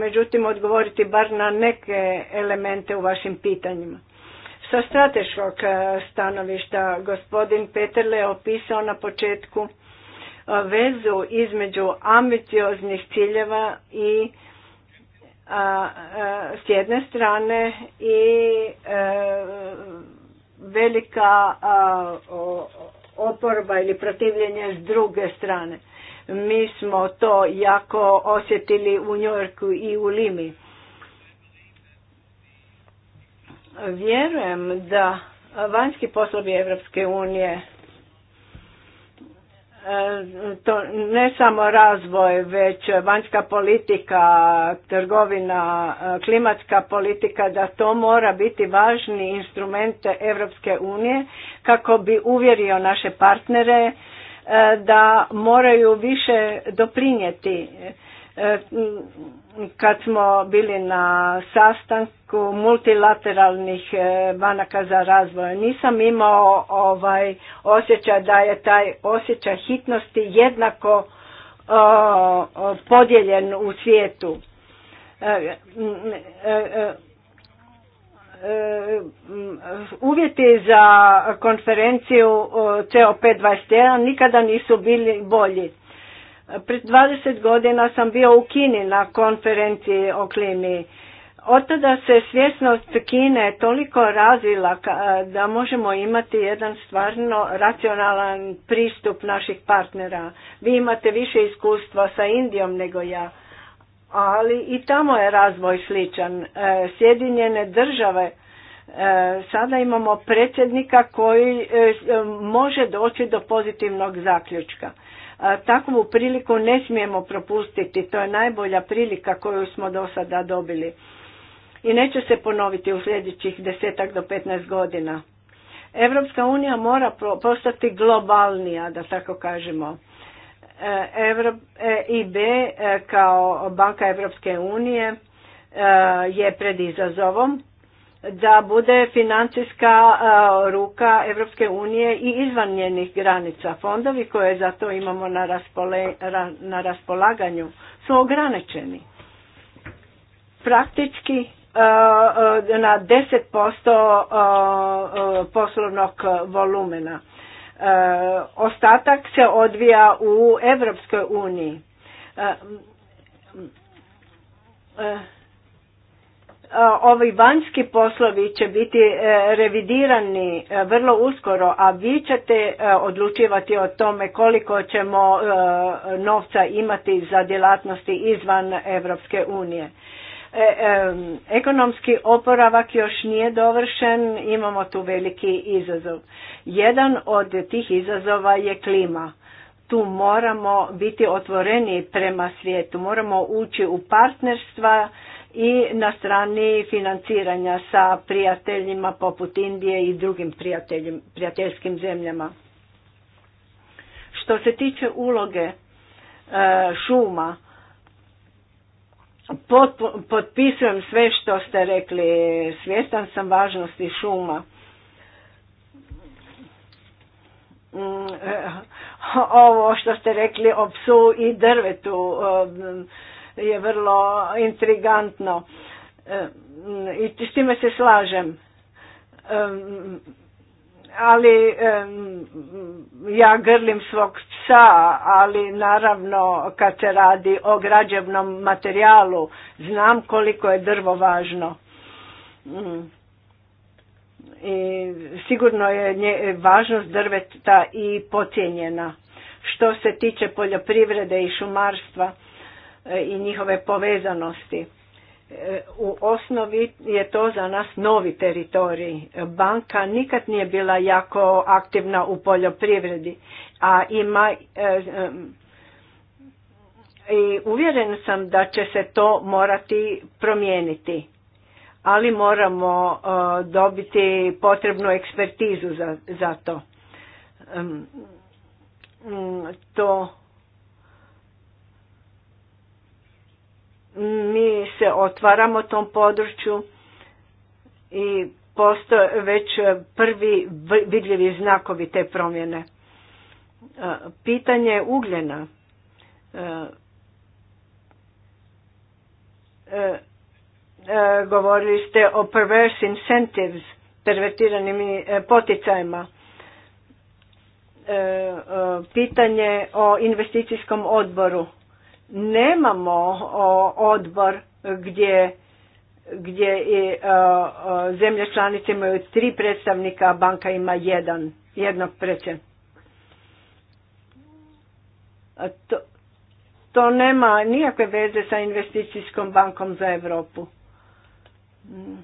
međutim odgovoriti bar na neke elemente u vašim pitanjima. Sa strateškog stanovišta gospodin Peterle je opisao na početku vezu između ambicioznih ciljeva i a, s jedne strane i e, velika oporba ili protivljenje s druge strane. Mi smo to jako osjetili u Njorku i u Limi. Vjerujem da vanjski poslovi Evropske unije to ne samo razvoj, već vanjska politika, trgovina, klimatska politika, da to mora biti važni instrument Europske unije kako bi uvjerio naše partnere e, da moraju više doprinijeti E, kad smo bili na sastanku multilateralnih e, banaka za razvoj nisam imao ovaj osjećaj da je taj osjećaj hitnosti jednako e, podijeljen u svijetu uvjeti za konferenciju COP21 nikada nisu bili bolji Pred 20 godina sam bio u Kini na konferenciji o klimi. Od tada se svjesnost Kine toliko razvila da možemo imati jedan stvarno racionalan pristup naših partnera. Vi imate više iskustva sa Indijom nego ja, ali i tamo je razvoj sličan. E, Sjedinjene države e, sada imamo predsjednika koji e, može doći do pozitivnog zaključka. Takvu priliku ne smijemo propustiti, to je najbolja prilika koju smo do sada dobili. I neće se ponoviti u sljedećih desetak do 15 godina. Evropska unija mora postati globalnija, da tako kažemo. E, e, i IB e, kao banka Evropske unije je pred izazovom da bude financijska ruka Europske unije i izvan njenih granica. Fondovi koje za to imamo na, na raspolaganju su ograničeni. Praktički na 10% poslovnog volumena. Ostatak se odvija u Europskoj uniji. E, ovi vanjski poslovi će biti e, revidirani e, vrlo uskoro, a vi ćete odlučivati o tome koliko ćemo novca imati za djelatnosti izvan Europske unije. Ekonomski oporavak još nije dovršen, imamo tu veliki izazov. Jedan od tih izazova je klima tu moramo biti otvoreni prema svijetu, moramo ući u partnerstva i na strani financiranja sa prijateljima poput Indije i drugim prijateljskim zemljama. Što se tiče uloge e, šuma, potpisujem sve što ste rekli, svjestan sam važnosti šuma. Mm, e, ovo što ste rekli o psu i drvetu, e, je vrlo intrigantno e, i s time se slažem. E, ali e, ja grlim svog psa, ali naravno kad se radi o građevnom materijalu znam koliko je drvo važno. Mm. I sigurno je važnost drveta i pocijenjena. Što se tiče poljoprivrede i šumarstva, E, i njihove povezanosti. E, u osnovi je to za nas novi teritorij. Banka nikad nije bila jako aktivna u poljoprivredi, a ima e, i uvjeren sam da će se to morati promijeniti. Ali moramo dobiti potrebnu ekspertizu za, za to. To mi se otvaramo tom području i postoje već prvi vidljivi znakovi te promjene. E, pitanje ugljena. E, e, govorili ste o perverse incentives, pervertiranim poticajima. Pitanje o investicijskom odboru nemamo odbor gdje gdje i zemlje članice imaju tri predstavnika, a banka ima jedan, jednog preče. To, to nema nikakve veze sa investicijskom bankom za Europu. Mm.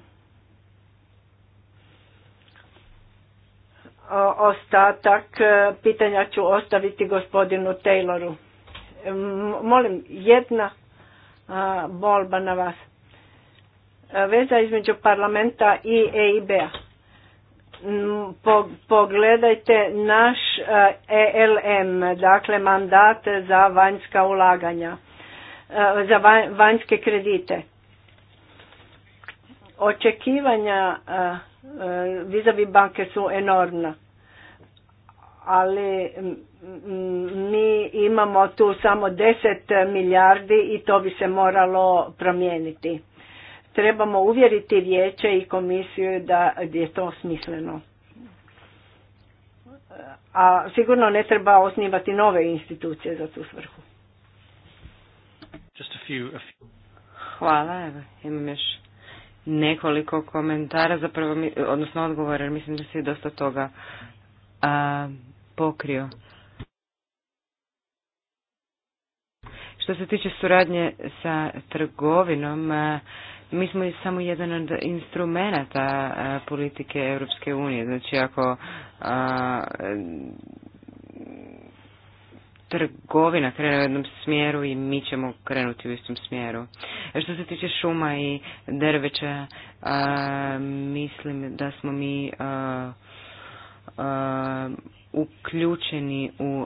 Ostatak e, pitanja ću ostaviti gospodinu Tayloru molim jedna bolba na vas. Veza između parlamenta i EIB-a. Mm, pogledajte naš ELM, dakle mandat za vanjska ulaganja, za vanjske kredite. Očekivanja vizavi banke su enormna ali mi imamo tu samo 10 milijardi i to bi se moralo promijeniti. Trebamo uvjeriti vijeće i komisiju da je to smisleno. A sigurno ne treba osnivati nove institucije za tu svrhu. Hvala, imam još nekoliko komentara, zapravo, odnosno odgovora, jer mislim da se dosta toga pokrio. Što se tiče suradnje sa trgovinom, eh, mi smo i samo jedan od instrumenata eh, politike Europske unije. Znači, ako eh, trgovina krene u jednom smjeru i mi ćemo krenuti u istom smjeru. E, što se tiče šuma i drveća, a, mislim da smo mi uključeni u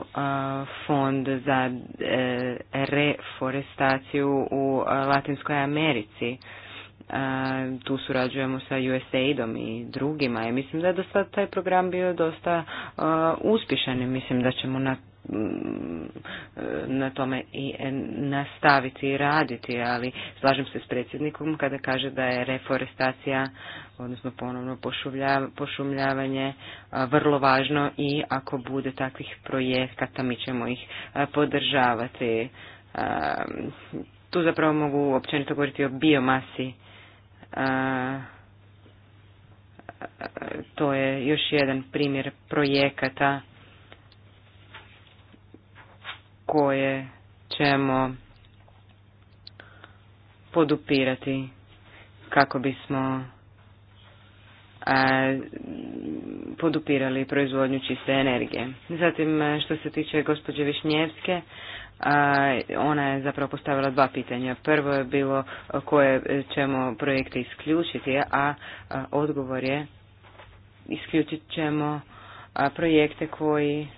fond za e, reforestaciju u Latinskoj Americi. tu surađujemo sa USAID-om i drugima i mislim da je do sad taj program bio dosta uspješan i mislim da ćemo na Mm, na tome i nastaviti i raditi, ali slažem se s predsjednikom kada kaže da je reforestacija, odnosno ponovno pošumljavanje vrlo važno i ako bude takvih projekata mi ćemo ih podržavati. Tu zapravo mogu općenito govoriti o biomasi. To je još jedan primjer projekata koje ćemo podupirati kako bismo podupirali proizvodnju čiste energije. Zatim, što se tiče gospođe Višnjevske, ona je zapravo postavila dva pitanja. Prvo je bilo koje ćemo projekte isključiti, a odgovor je isključit ćemo projekte koji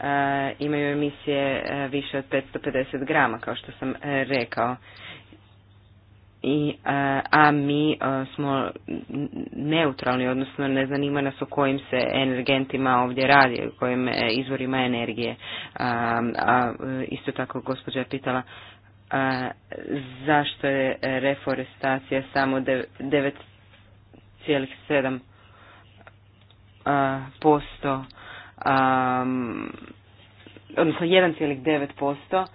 Eh, imaju emisije eh, više od 550 grama, kao što sam eh, rekao. I, a mi smo neutralni, odnosno ne zanima nas o kojim se energentima ovdje radi, o kojim izvorima energije. A, isto tako gospođa pitala zašto je reforestacija samo 9,7% posto um, odnosno 1,9%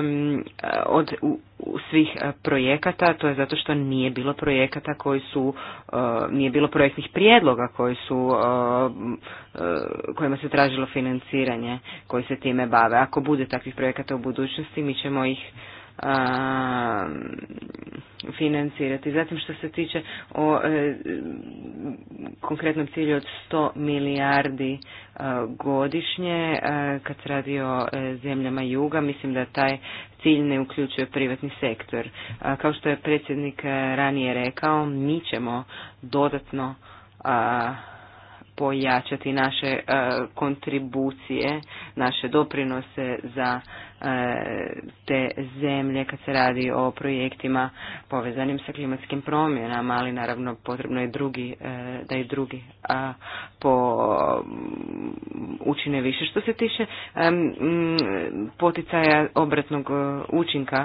um, od u, u svih e, projekata, to je zato što nije bilo projekata koji su, e, nije bilo projektnih prijedloga koji su, e, kojima se tražilo financiranje koji se time bave. Ako bude takvih projekata u budućnosti, mi ćemo ih financirati. Zatim što se tiče o e, konkretnom cilju od 100 milijardi e, godišnje e, kad se radi o zemljama juga, mislim da taj cilj ne uključuje privatni sektor. Kao što je predsjednik ranije rekao, mi ćemo dodatno pojačati naše e, kontribucije, naše doprinose za e, te zemlje kad se radi o projektima povezanim sa klimatskim promjenama, ali naravno potrebno je drugi, e, da i drugi po učine više. Što se tiče poticaja obratnog učinka,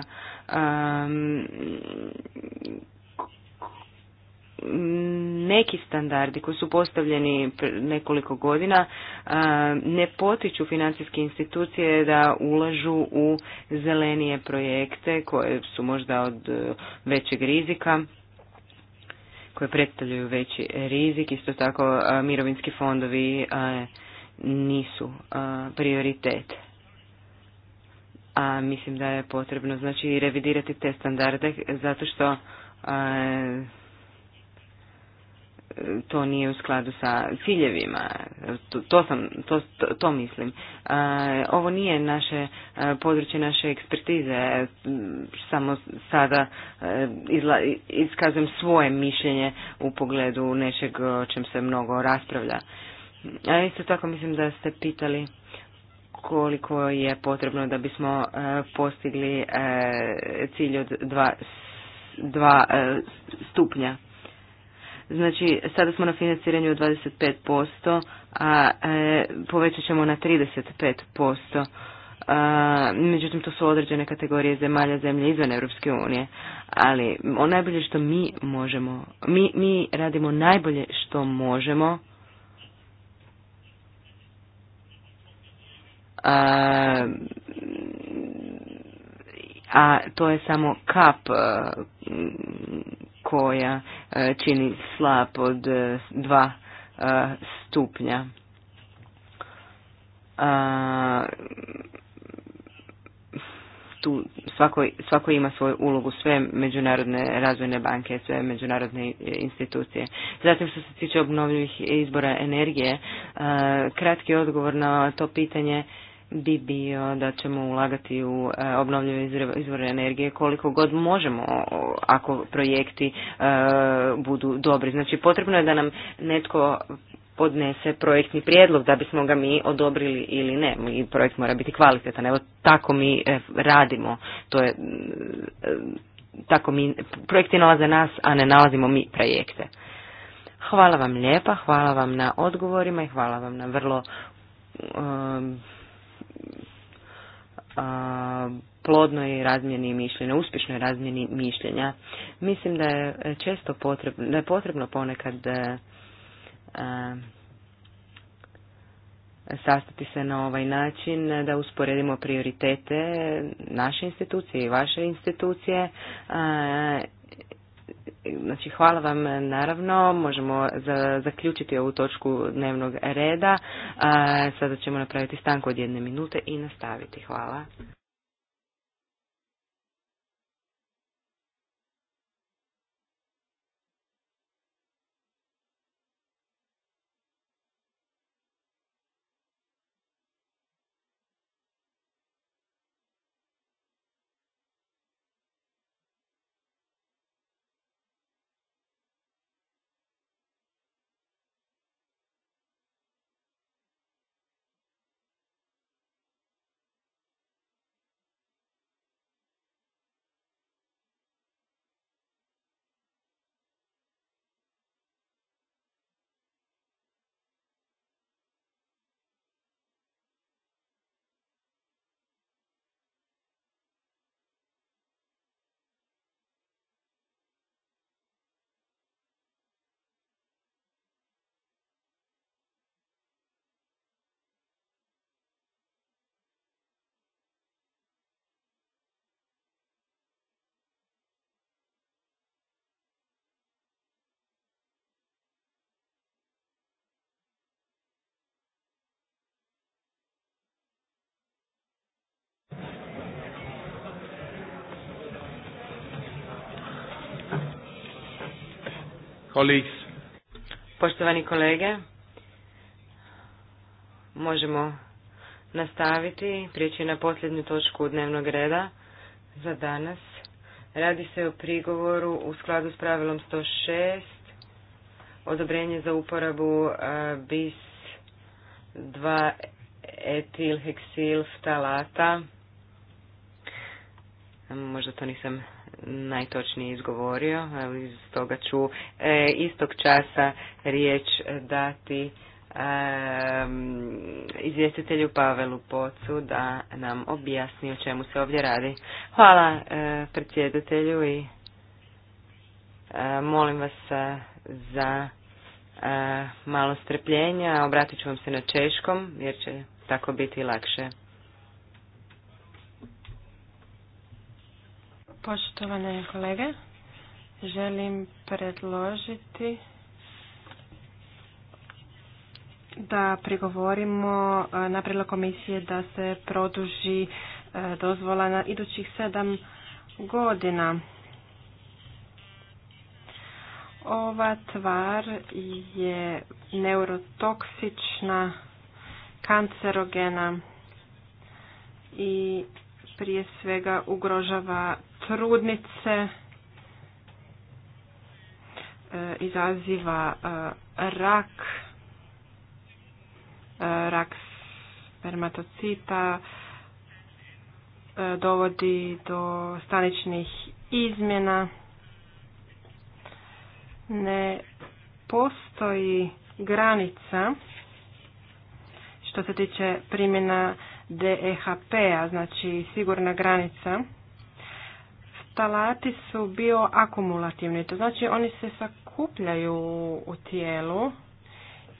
neki standardi koji su postavljeni nekoliko godina ne potiču financijske institucije da ulažu u zelenije projekte koje su možda od e, većeg rizika koje predstavljaju veći rizik. Isto tako mirovinski fondovi nisu prioritet. A mislim da je potrebno znači revidirati te standarde zato što to nije u skladu sa ciljevima. To, to sam, to, to mislim. Ovo nije naše područje naše ekspertize. E, samo sada e, izla, iskazujem svoje mišljenje u pogledu nečeg o čem se mnogo raspravlja. A isto tako mislim da ste pitali koliko je potrebno da bismo e, postigli cilj od dva, dva stupnja Znači, sada smo na financiranju 25%, a e, povećat ćemo na 35%. A, međutim, to su određene kategorije zemalja, zemlje izvan Europske unije. Ali najbolje što mi možemo, mi, mi radimo najbolje što možemo, a, a to je samo kap e, koja e, čini slab od e, dva stupnja. Tu svako, svako ima svoju ulogu, sve međunarodne razvojne banke, sve međunarodne institucije. Zatim što se tiče obnovljivih izbora energije, kratki odgovor na to pitanje bi bio da ćemo ulagati u e, obnovljive izvore energije koliko god možemo ako projekti e, budu dobri. Znači potrebno je da nam netko podnese projektni prijedlog da bismo ga mi odobrili ili ne. I projekt mora biti kvalitetan. Evo tako mi e, radimo. To je tako mi projekti nalaze nas, a ne nalazimo mi projekte. Hvala vam lijepa, hvala vam na odgovorima i hvala vam na vrlo plodnoj razmjeni mišljenja, uspješnoj razmjeni mišljenja. Mislim da je često potrebno, da je potrebno ponekad e, sastati se na ovaj način da usporedimo prioritete naše institucije i vaše institucije Znači, hvala vam naravno. Možemo zaključiti ovu točku dnevnog reda. Sada ćemo napraviti stanku od jedne minute i nastaviti. Hvala. colleagues. Poštovani kolege, možemo nastaviti, prijeći na posljednju točku dnevnog reda za danas. Radi se o prigovoru u skladu s pravilom 106, odobrenje za uporabu e, bis 2 etilheksil ftalata. Možda to nisam najtočnije izgovorio, ali stoga ću e, istog časa riječ dati izvjestitelju Pavelu Pocu da nam objasni o čemu se ovdje radi. Hvala e, predsjedatelju i e, molim vas za malo strpljenja. Obratit ću vam se na češkom jer će tako biti lakše. Poštovane kolege, želim predložiti da prigovorimo e, na prijedlog komisije da se produži e, dozvola na idućih sedam godina. Ova tvar je neurotoksična, kancerogena i prije svega ugrožava trudnice e, izaziva e, rak, e, rak spermatocita, dovodi do staničnih izmjena. Ne postoji granica što se tiče primjena DEHP-a, znači sigurna granica ftalati su bioakumulativni, to znači oni se sakupljaju u tijelu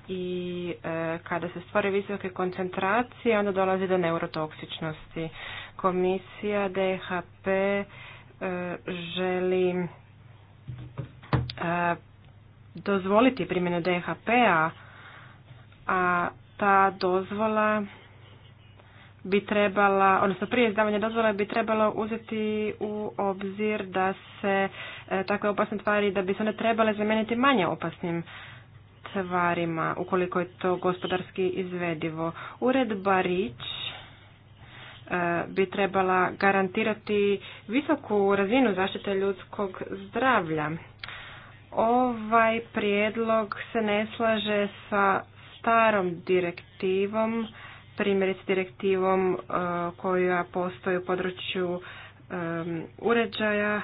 i e, kada se stvore visoke koncentracije onda dolazi do neurotoksičnosti. Komisija DHP e, želi e, dozvoliti primjenu DHP-a, a ta dozvola bi trebala, odnosno prije izdavanja dozvola bi trebalo uzeti u obzir da se e, takve opasne tvari, da bi se one trebale zamijeniti manje opasnim tvarima, ukoliko je to gospodarski izvedivo. Ured Barić e, bi trebala garantirati visoku razinu zaštite ljudskog zdravlja. Ovaj prijedlog se ne slaže sa starom direktivom primjerice direktivom e, koja postoji u području e, uređaja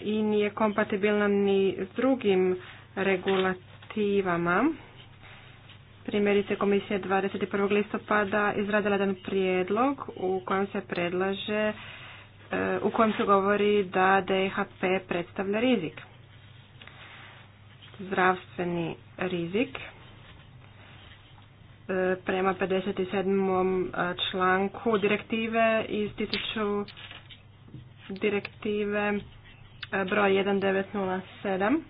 i nije kompatibilna ni s drugim regulativama. Primjerice komisija 21. listopada izradila jedan prijedlog u kojem se predlaže e, u kojem se govori da DHP predstavlja rizik. Zdravstveni rizik E, prema 57. E, članku direktive iz 1000 direktive e, broj 1907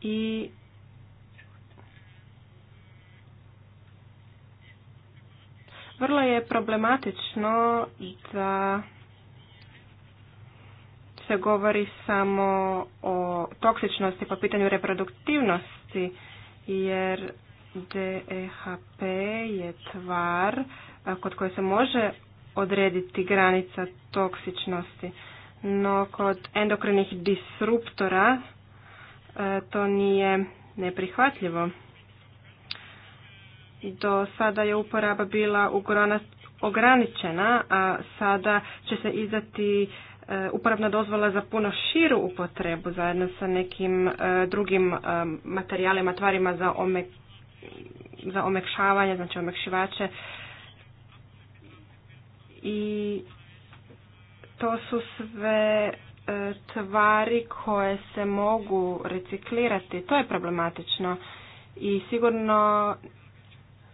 i vrlo je problematično da se govori samo o toksičnosti po pitanju reproduktivnosti jer DEHP je tvar kod koje se može odrediti granica toksičnosti, no kod endokrinih disruptora to nije neprihvatljivo. Do sada je uporaba bila ograničena, a sada će se izdati e, uporabna dozvola za puno širu upotrebu zajedno sa nekim e, drugim e, materijalima, tvarima za omega za omekšavanje, znači omekšivače i to su sve e, tvari koje se mogu reciklirati. To je problematično i sigurno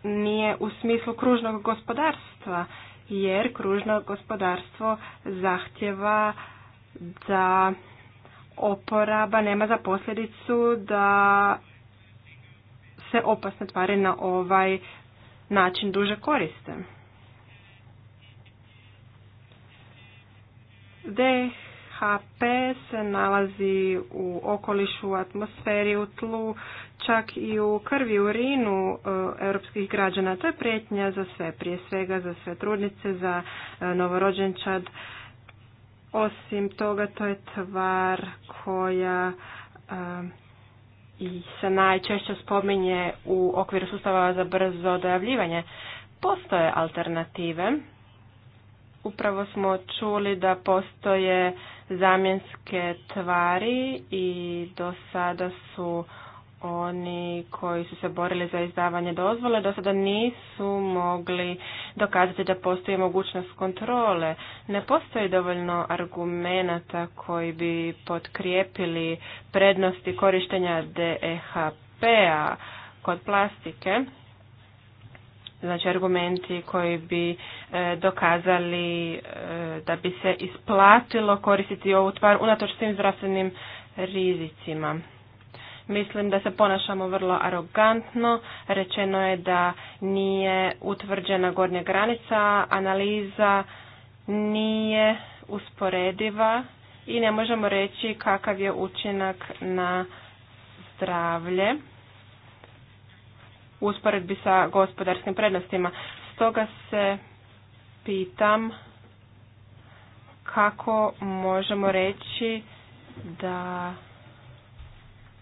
nije u smislu kružnog gospodarstva, jer kružno gospodarstvo zahtjeva da oporaba nema za posljedicu da se opasne tvari na ovaj način duže koriste. DHP se nalazi u okolišu, u atmosferi, u tlu, čak i u krvi, u urinu e, europskih građana. To je prijetnja za sve, prije svega za sve trudnice, za e, novorođenčad. Osim toga, to je tvar koja e, i se najčešće spominje u okviru sustava za brzo dojavljivanje. Postoje alternative. Upravo smo čuli da postoje zamjenske tvari i do sada su oni koji su se borili za izdavanje dozvole do sada nisu mogli dokazati da postoji mogućnost kontrole. Ne postoji dovoljno argumenata koji bi potkrijepili prednosti korištenja DEHP-a kod plastike. Znači argumenti koji bi e, dokazali e, da bi se isplatilo koristiti ovu tvar unatoč svim zdravstvenim rizicima. Mislim da se ponašamo vrlo arogantno. Rečeno je da nije utvrđena gornja granica, analiza nije usporediva i ne možemo reći kakav je učinak na zdravlje u usporedbi sa gospodarskim prednostima. Stoga se pitam kako možemo reći da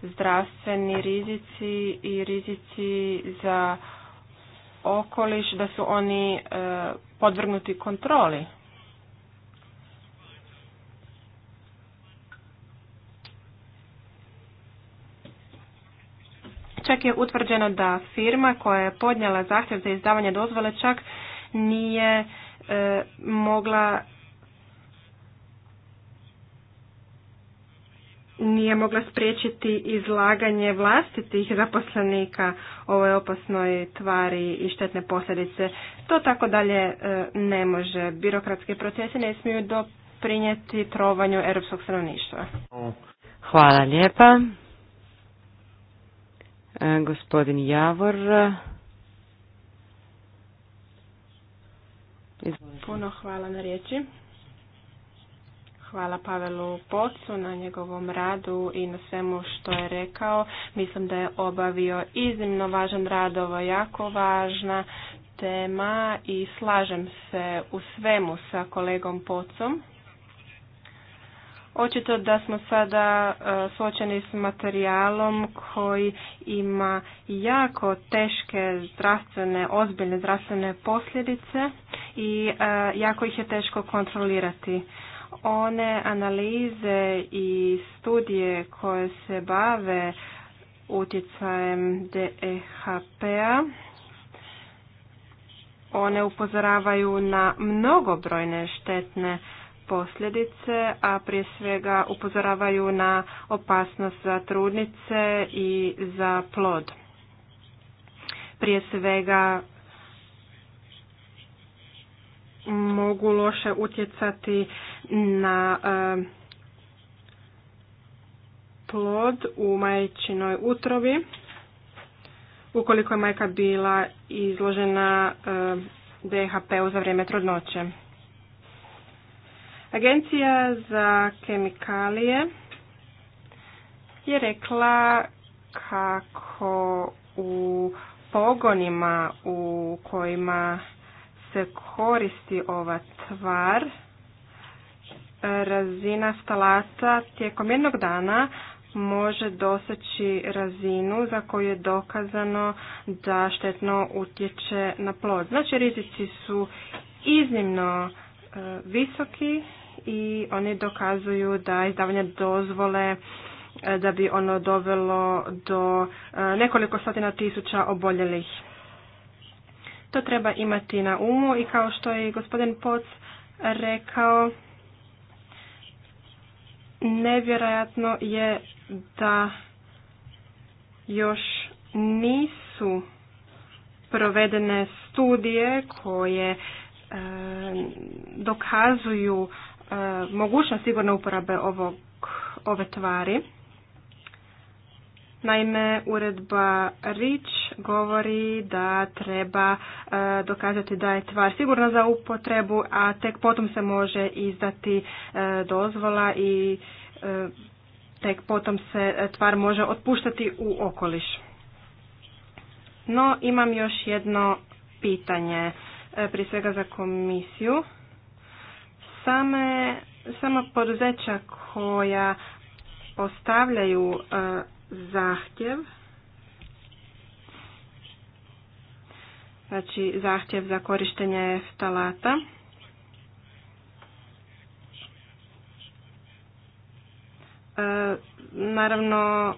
zdravstveni rizici i rizici za okoliš, da su oni e, podvrgnuti kontroli. Čak je utvrđeno da firma koja je podnijela zahtjev za izdavanje dozvole čak nije e, mogla nije mogla spriječiti izlaganje vlastitih zaposlenika ovoj opasnoj tvari i štetne posljedice. To tako dalje e, ne može. Birokratske procese ne smiju doprinijeti trovanju europskog stanovništva. Hvala lijepa. E, gospodin Javor. Puno hvala na riječi. Hvala Pavelu Pocu na njegovom radu i na svemu što je rekao. Mislim da je obavio iznimno važan rad, ovo je jako važna tema i slažem se u svemu sa kolegom Pocom. Očito da smo sada e, suočeni s materijalom koji ima jako teške zdravstvene, ozbiljne zdravstvene posljedice i e, jako ih je teško kontrolirati one analize i studije koje se bave utjecajem DEHP-a one upozoravaju na mnogobrojne štetne posljedice, a prije svega upozoravaju na opasnost za trudnice i za plod. Prije svega mogu loše utjecati na eh, plod u majčinoj utrovi. Ukoliko je majka bila izložena eh, DHP-u za vrijeme trudnoće. Agencija za kemikalije je rekla kako u pogonima u kojima se koristi ova tvar, razina stalata tijekom jednog dana može doseći razinu za koju je dokazano da štetno utječe na plod. Znači rizici su iznimno e, visoki i oni dokazuju da izdavanje dozvole e, da bi ono dovelo do e, nekoliko stotina tisuća oboljelih. To treba imati na umu i kao što je gospodin Poc rekao, nevjerojatno je da još nisu provedene studije koje e, dokazuju e, mogućnost sigurne uporabe ove tvari. Naime, uredba REACH govori da treba e, dokazati da je tvar sigurna za upotrebu, a tek potom se može izdati e, dozvola i e, tek potom se tvar može otpuštati u okoliš. No, imam još jedno pitanje, prije svega za komisiju. Same, sama poduzeća koja postavljaju zahtjev znači zahtjev za korištenje ftalata e, naravno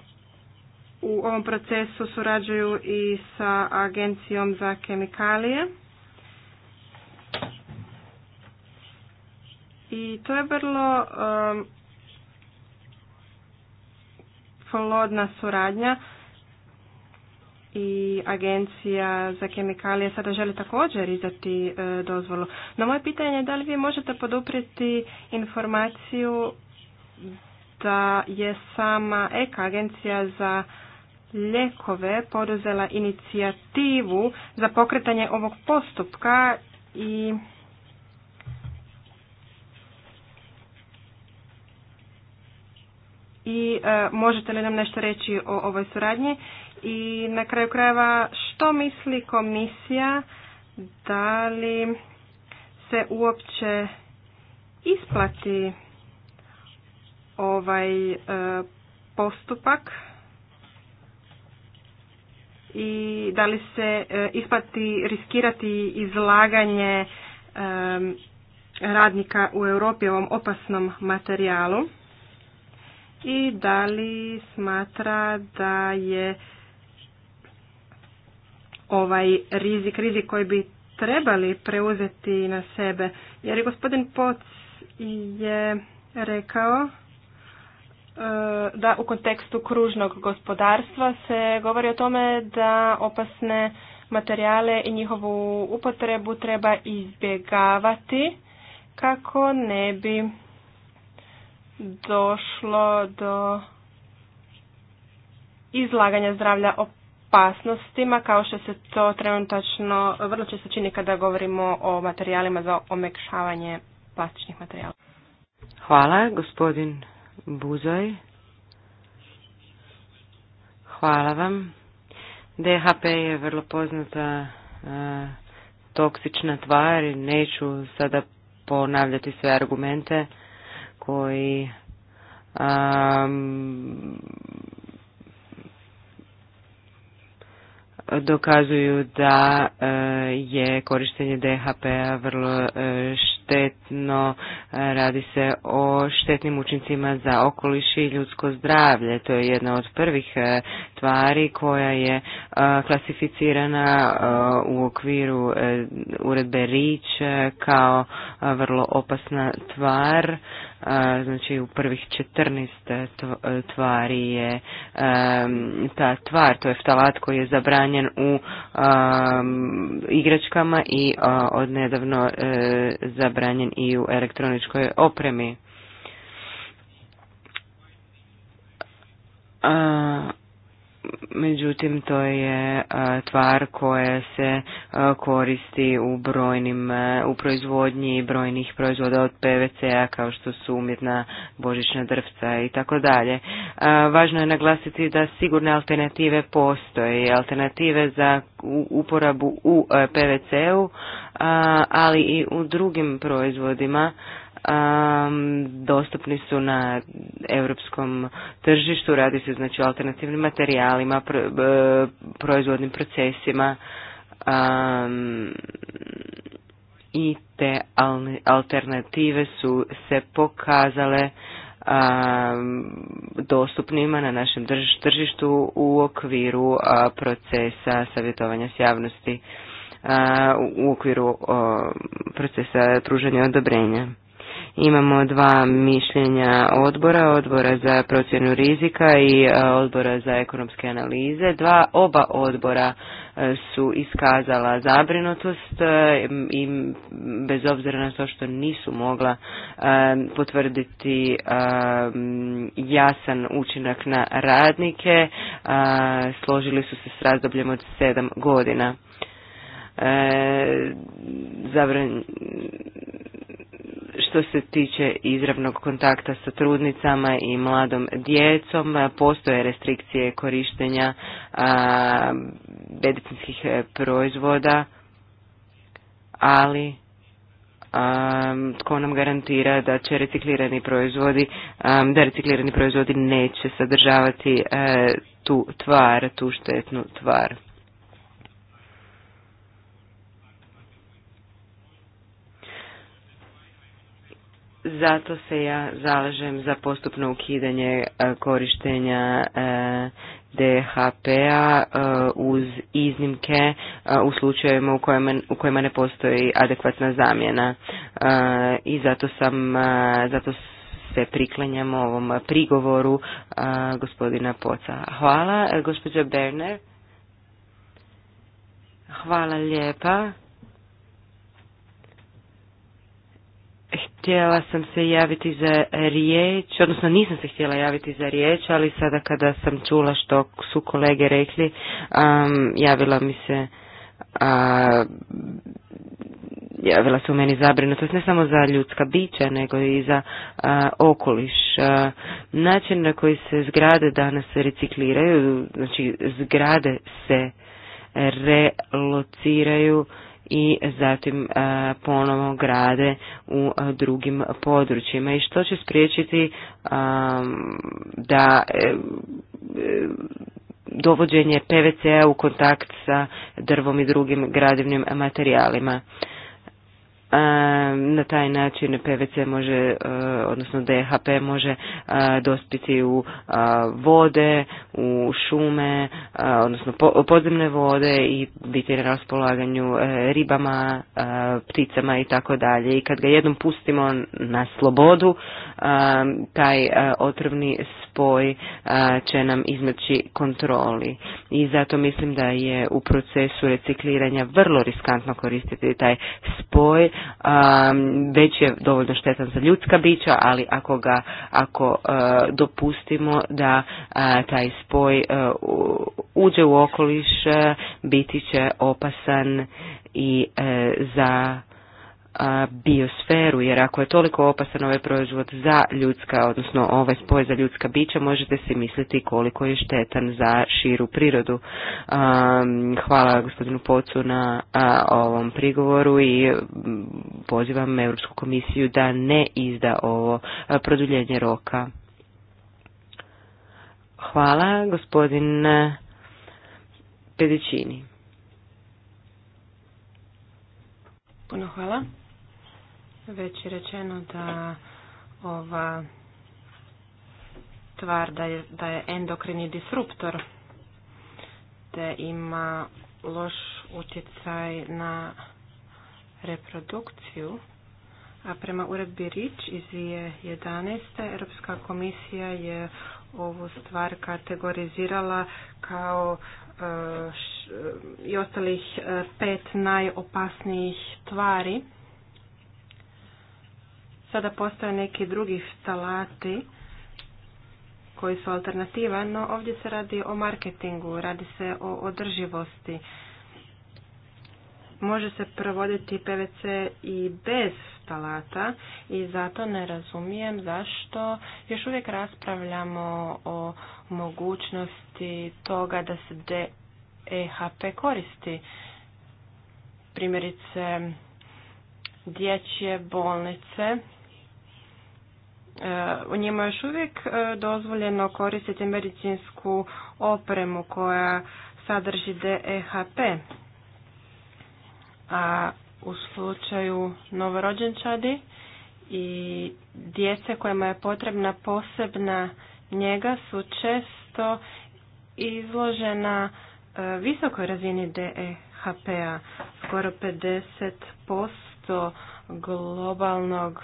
u ovom procesu surađuju i sa agencijom za kemikalije i to je vrlo plodna suradnja i agencija za kemikalije sada želi također izdati e, dozvolu. No moje pitanje je da li vi možete poduprijeti informaciju da je sama EKA agencija za ljekove poduzela inicijativu za pokretanje ovog postupka i i e, možete li nam nešto reći o ovoj suradnji i na kraju krajeva što misli komisija da li se uopće isplati ovaj e, postupak i da li se e, isplati riskirati izlaganje radnika u Europi ovom opasnom materijalu i da li smatra da je ovaj rizik, rizik koji bi trebali preuzeti na sebe. Jer i gospodin Poc je rekao e, da u kontekstu kružnog gospodarstva se govori o tome da opasne materijale i njihovu upotrebu treba izbjegavati kako ne bi došlo do izlaganja zdravlja opasnostima kao što se to trenutačno vrlo često čini kada govorimo o materijalima za omekšavanje plastičnih materijala. Hvala, gospodin Buzoj. Hvala vam. DHP je vrlo poznata e, toksična tvar i neću sada ponavljati sve argumente koji dokazuju da e, je korištenje dhp p-a vrlo e, štetno, e, radi se o štetnim učincima za okoliš i ljudsko zdravlje. To je jedna od prvih tvari koja je e, klasificirana e, u okviru e, uredbe Rič kao vrlo opasna tvar. Znači u prvih 14 tvari je ta tvar, to je ftalat koji je zabranjen u igračkama i odnedavno zabranjen i u elektroničkoj opremi međutim to je tvar koja se koristi u brojnim u proizvodnji brojnih proizvoda od PVC-a kao što su umjetna božićna drvca i tako dalje. Važno je naglasiti da sigurne alternative postoje, alternative za uporabu u e, PVC-u, ali i u drugim proizvodima dostupni su na europskom tržištu, radi se znači o alternativnim materijalima, e, proizvodnim procesima i te alternative su se pokazale dostupnima na našem tržištu u okviru procesa savjetovanja s javnosti, u okviru procesa pružanja odobrenja. Imamo dva mišljenja odbora, odbora za procjenu rizika i e, odbora za ekonomske analize. Dva oba odbora e, su iskazala zabrinutost e, i bez obzira na to što nisu mogla potvrditi jasan učinak na radnike, složili su se s razdobljem od sedam godina e, što se tiče izravnog kontakta sa trudnicama i mladom djecom, postoje restrikcije korištenja a, medicinskih e, proizvoda, ali a, tko nam garantira da će reciklirani proizvodi, a, da reciklirani proizvodi neće sadržavati e, tu tvar, tu štetnu tvar. zato se ja zalažem za postupno ukidanje e, korištenja e, DHP-a e, uz iznimke u slučajevima u kojima ne postoji adekvatna zamjena. I zato sam, zato se priklanjam ovom prigovoru gospodina Poca. Hvala, gospođa Berner. Hvala lijepa. Htjela sam se javiti za riječ, odnosno nisam se htjela javiti za riječ, ali sada kada sam čula što su kolege rekli, um, javila mi se a, javila se u meni zabrinutost ne samo za ljudska bića, nego i za okoliš. Uh, način na koji se zgrade danas recikliraju, znači zgrade se relociraju i zatim e, ponovo grade u e, drugim područjima i što će spriječiti e, da dovođenje PVC-a u kontakt sa drvom i drugim gradivnim materijalima na taj način PVC može, odnosno DHP može dospiti u vode, u šume, odnosno podzemne vode i biti na raspolaganju e, ribama, pticama i tako dalje. I kad ga jednom pustimo na slobodu, taj otrovni spoj će nam izmeći kontroli. I zato mislim da je u procesu recikliranja vrlo riskantno koristiti taj spoj već je dovoljno štetan za ljudska bića, ali ako ga ako e, dopustimo da e, taj spoj e, uđe u okoliš, biti će opasan i za biosferu, jer ako je toliko opasan ovaj proizvod za ljudska, odnosno ovaj spoj za ljudska bića, možete si misliti koliko je štetan za širu prirodu. Hvala gospodinu Pocu na ovom prigovoru i pozivam Europsku komisiju da ne izda ovo produljenje roka. Hvala gospodin Pedicini. hvala. Već je rečeno da ova tvar da je, da je endokrini disruptor te ima loš utjecaj na reprodukciju. A prema uredbi RIČ iz 2011. Europska komisija je ovu stvar kategorizirala kao e, i ostalih e, pet najopasnijih tvari Sada postoje neki drugi stalati koji su alternativa, no ovdje se radi o marketingu, radi se o održivosti. Može se provoditi PVC i bez stalata i zato ne razumijem zašto još uvijek raspravljamo o mogućnosti toga da se DEHP koristi. Primjerice, dječje bolnice u njima još uvijek e, dozvoljeno koristiti medicinsku opremu koja sadrži DEHP. A u slučaju novorođenčadi i djece kojima je potrebna posebna njega su često izložena e, visokoj razini DEHP-a, skoro 50% globalnog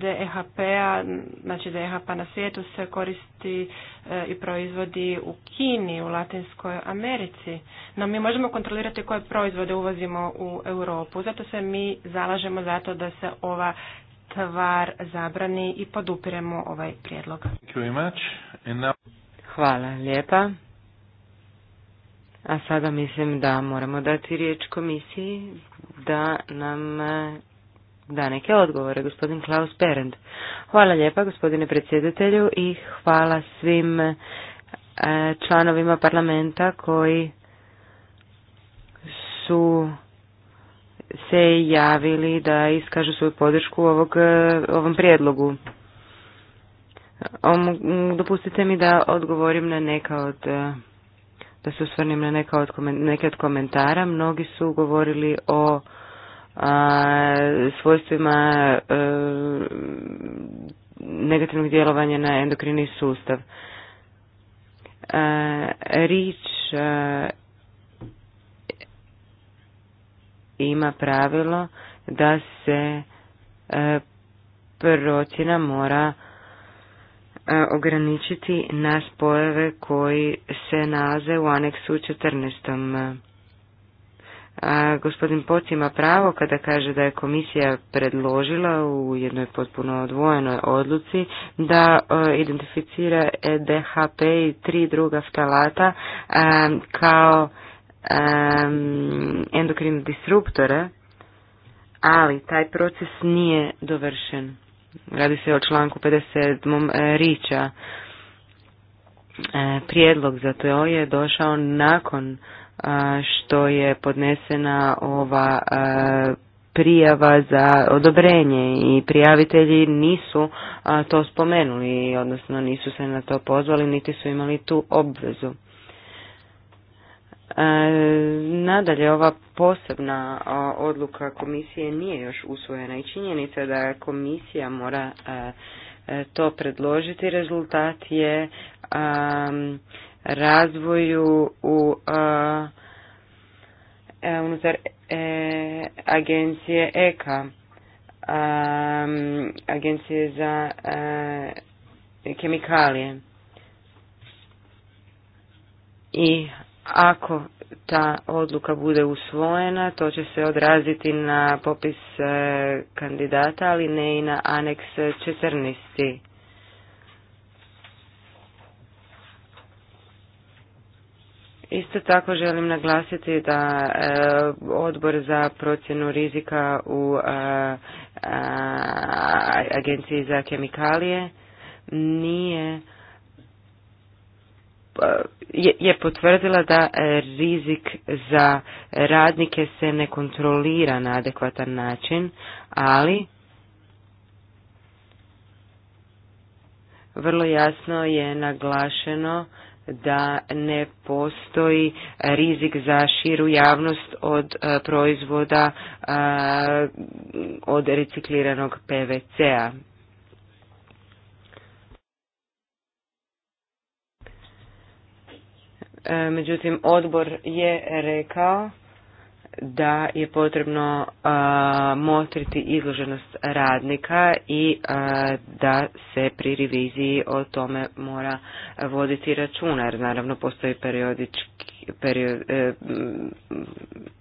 dhp e a znači DEHP na svijetu se koristi e, i proizvodi u Kini, u Latinskoj Americi. No mi možemo kontrolirati koje proizvode uvozimo u Europu. Zato se mi zalažemo za to da se ova tvar zabrani i podupiremo ovaj prijedlog. Hvala lijepa. A sada mislim da moramo dati riječ komisiji da nam da neke odgovore, gospodin Klaus Perend. Hvala lijepa gospodine predsjedatelju i hvala svim e, članovima parlamenta koji su se javili da iskažu svoju podršku ovog, e, ovom prijedlogu. Dopustite mi da odgovorim na neka od e, da se osvrnem na neka neke od komentara. Mnogi su govorili o svojstvima e, negativnog djelovanja na endokrini sustav. E, Rič e, ima pravilo da se procjena mora ograničiti na spojeve koji se nalaze u aneksu 14. A gospodin Poc ima pravo kada kaže da je komisija predložila u jednoj potpuno odvojenoj odluci da e, identificira e DHP i tri druga skalata e, kao endokrine disruptore, ali taj proces nije dovršen. Radi se o članku 57. Riča. Prijedlog za to je došao nakon što je podnesena ova prijava za odobrenje i prijavitelji nisu to spomenuli, odnosno nisu se na to pozvali, niti su imali tu obvezu. Nadalje, ova posebna odluka komisije nije još usvojena i činjenica da komisija mora to predložiti. Rezultat je razvoju u e, unutar e, agencije EKA, agencije za e, kemikalije. I ako ta odluka bude usvojena, to će se odraziti na popis kandidata, ali ne i na aneks 14. Isto tako želim naglasiti da e, odbor za procjenu rizika u e, e, agenciji za kemikalije nije je, je potvrdila da rizik za radnike se ne kontrolira na adekvatan način, ali vrlo jasno je naglašeno da ne postoji rizik za širu javnost od e, proizvoda e, od recikliranog PVC-a. E, međutim, odbor je rekao da je potrebno motriti izloženost radnika i da se pri reviziji o tome mora voditi računa jer naravno postoji period, e,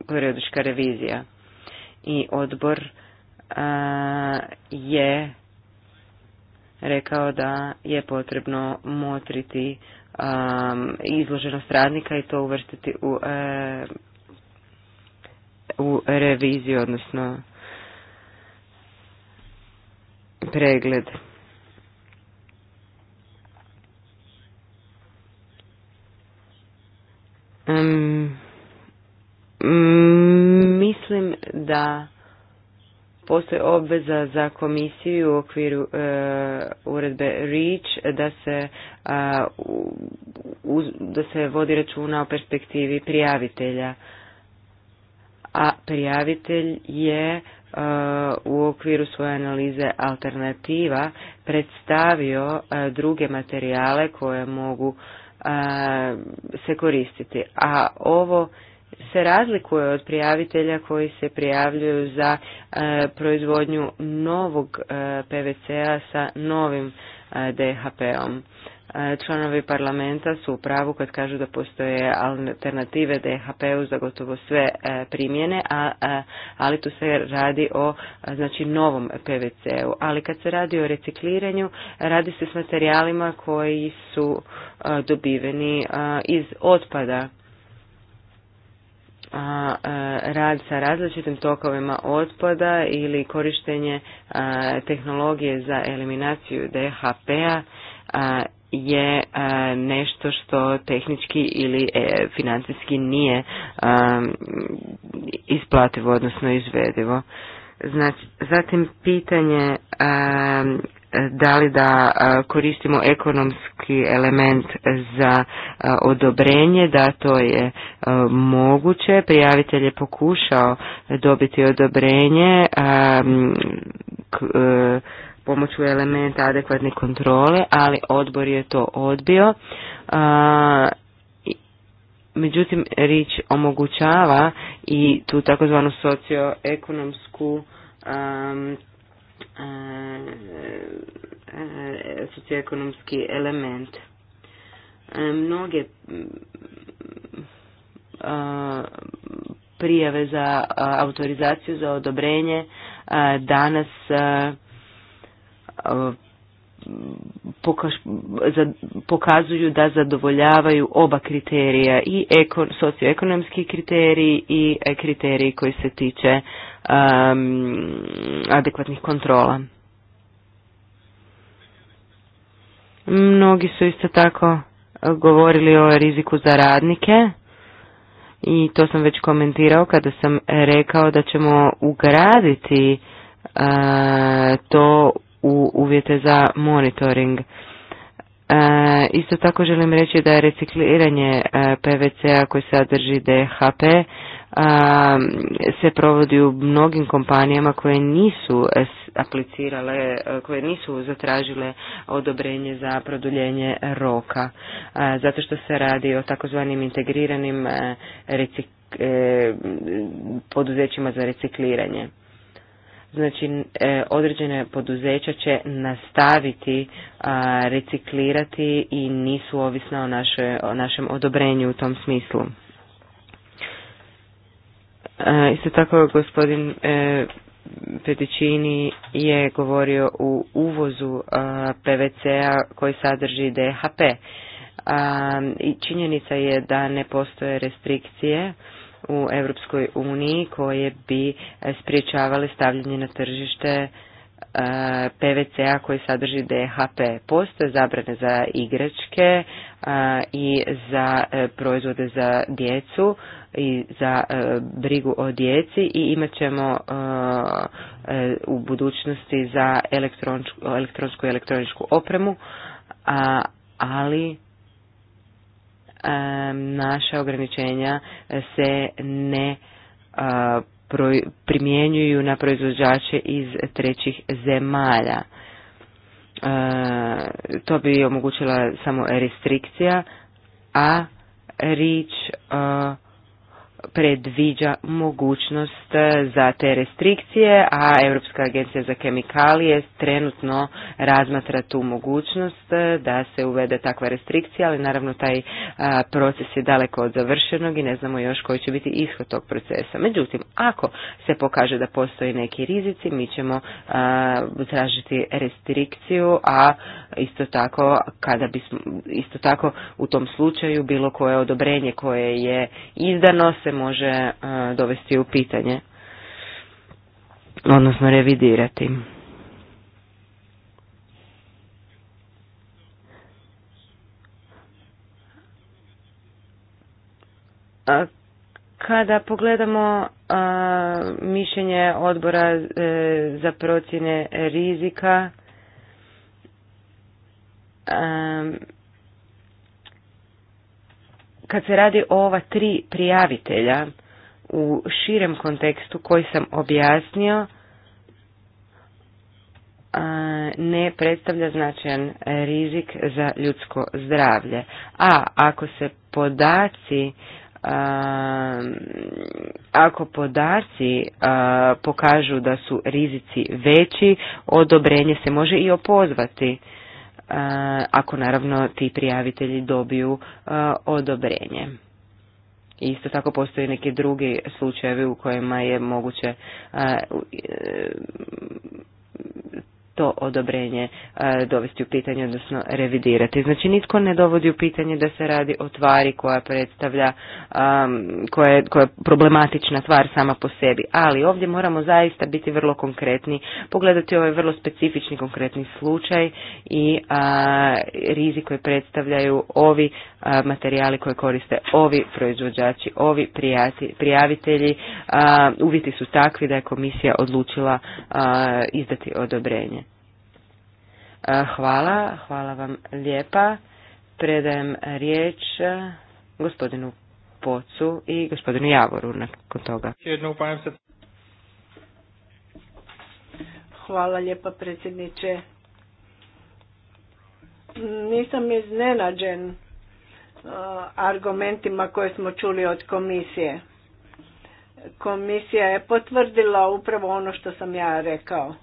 periodička revizija i odbor je rekao da je potrebno motriti izloženost radnika i to uvrstiti u e, u reviziji, odnosno pregled. mislim da postoje obveza za komisiju u okviru e, uredbe REACH da se, da se vodi računa o perspektivi prijavitelja a prijavitelj je e, u okviru svoje analize alternativa predstavio e, druge materijale koje mogu e, se koristiti. A ovo se razlikuje od prijavitelja koji se prijavljuju za proizvodnju novog PVC-a sa novim DHP-om. E, članovi parlamenta su u pravu kad kažu da postoje alternative DHP-u za gotovo sve e, primjene, a, e, ali tu se radi o znači, novom PVC-u. Ali kad se radi o recikliranju, radi se s materijalima koji su dobiveni iz otpada a rad sa različitim tokovima otpada ili korištenje tehnologije za eliminaciju DHP-a je e, nešto što tehnički ili e, financijski nije e, isplativo, odnosno izvedivo. Znači, zatim pitanje da li da koristimo ekonomski element za odobrenje, da to je moguće. Prijavitelj je pokušao dobiti odobrenje pomoću elementa adekvatne kontrole, ali odbor je to odbio. A, međutim, rič omogućava i tu takozvanu socioekonomsku e, socioekonomski element. E, mnoge prijave za autorizaciju, za odobrenje danas pokazuju da zadovoljavaju oba kriterija i socioekonomski kriteriji i kriteriji koji se tiče um, adekvatnih kontrola. Mnogi su isto tako govorili o riziku za radnike i to sam već komentirao kada sam rekao da ćemo ugraditi uh, to u uvjete za monitoring. E, isto tako želim reći da je recikliranje e, PVC-a koji sadrži DHP e, se provodi u mnogim kompanijama koje nisu aplicirale, e, koje nisu zatražile odobrenje za produljenje roka, e, zato što se radi o takozvanim integriranim recik, poduzećima za recikliranje. Znači, e, određene poduzeća će nastaviti reciklirati i nisu ovisna o, naše, našem odobrenju u tom smislu. E, isto tako, gospodin Peticini e, je govorio u uvozu PVC-a koji sadrži DHP. I činjenica je da ne postoje restrikcije u Europskoj uniji koje bi e, spriječavale stavljanje na tržište e, PVC-a koji sadrži DHP. Postoje zabrane za igračke e, i za proizvode za djecu i za brigu o djeci i imat ćemo u budućnosti za elektronsku i elektroničku opremu, ali naša ograničenja se ne primjenjuju na proizvođače iz trećih zemalja. To bi omogućila samo restrikcija, a rič predviđa mogućnost e, za te restrikcije, a Europska agencija za kemikalije trenutno razmatra tu mogućnost e, da se uvede takva restrikcija, ali naravno taj e, proces je daleko od završenog i ne znamo još koji će biti ishod tog procesa. Međutim, ako se pokaže da postoji neki rizici, mi ćemo tražiti restrikciju, a isto tako kada bismo isto tako u tom slučaju bilo koje odobrenje koje je izdano se može e, dovesti u pitanje, odnosno revidirati. kada pogledamo mišljenje odbora e, za procjene rizika, a, kad se radi o ova tri prijavitelja u širem kontekstu koji sam objasnio, ne predstavlja značajan rizik za ljudsko zdravlje. A ako se podaci ako podaci pokažu da su rizici veći, odobrenje se može i opozvati. Eh, ako naravno ti prijavitelji dobiju eh, odobrenje. Isto tako postoje neki drugi slučajevi u kojima je moguće eh, to odobrenje e, dovesti u pitanje, odnosno revidirati. Znači nitko ne dovodi u pitanje da se radi o tvari koja predstavlja, koja je, koja problematična tvar sama po sebi, ali ovdje moramo zaista biti vrlo konkretni, pogledati ovaj vrlo specifični konkretni slučaj i rizik koje predstavljaju ovi materijali koje koriste ovi proizvođači, ovi prijavitelji, uvjeti su takvi da je komisija odlučila izdati odobrenje. E, hvala, hvala vam lijepa. Predajem riječ e, gospodinu Pocu i gospodinu Javoru nakon toga. Hvala lijepa predsjedniče. Nisam iznenađen e, argumentima koje smo čuli od komisije. Komisija je potvrdila upravo ono što sam ja rekao.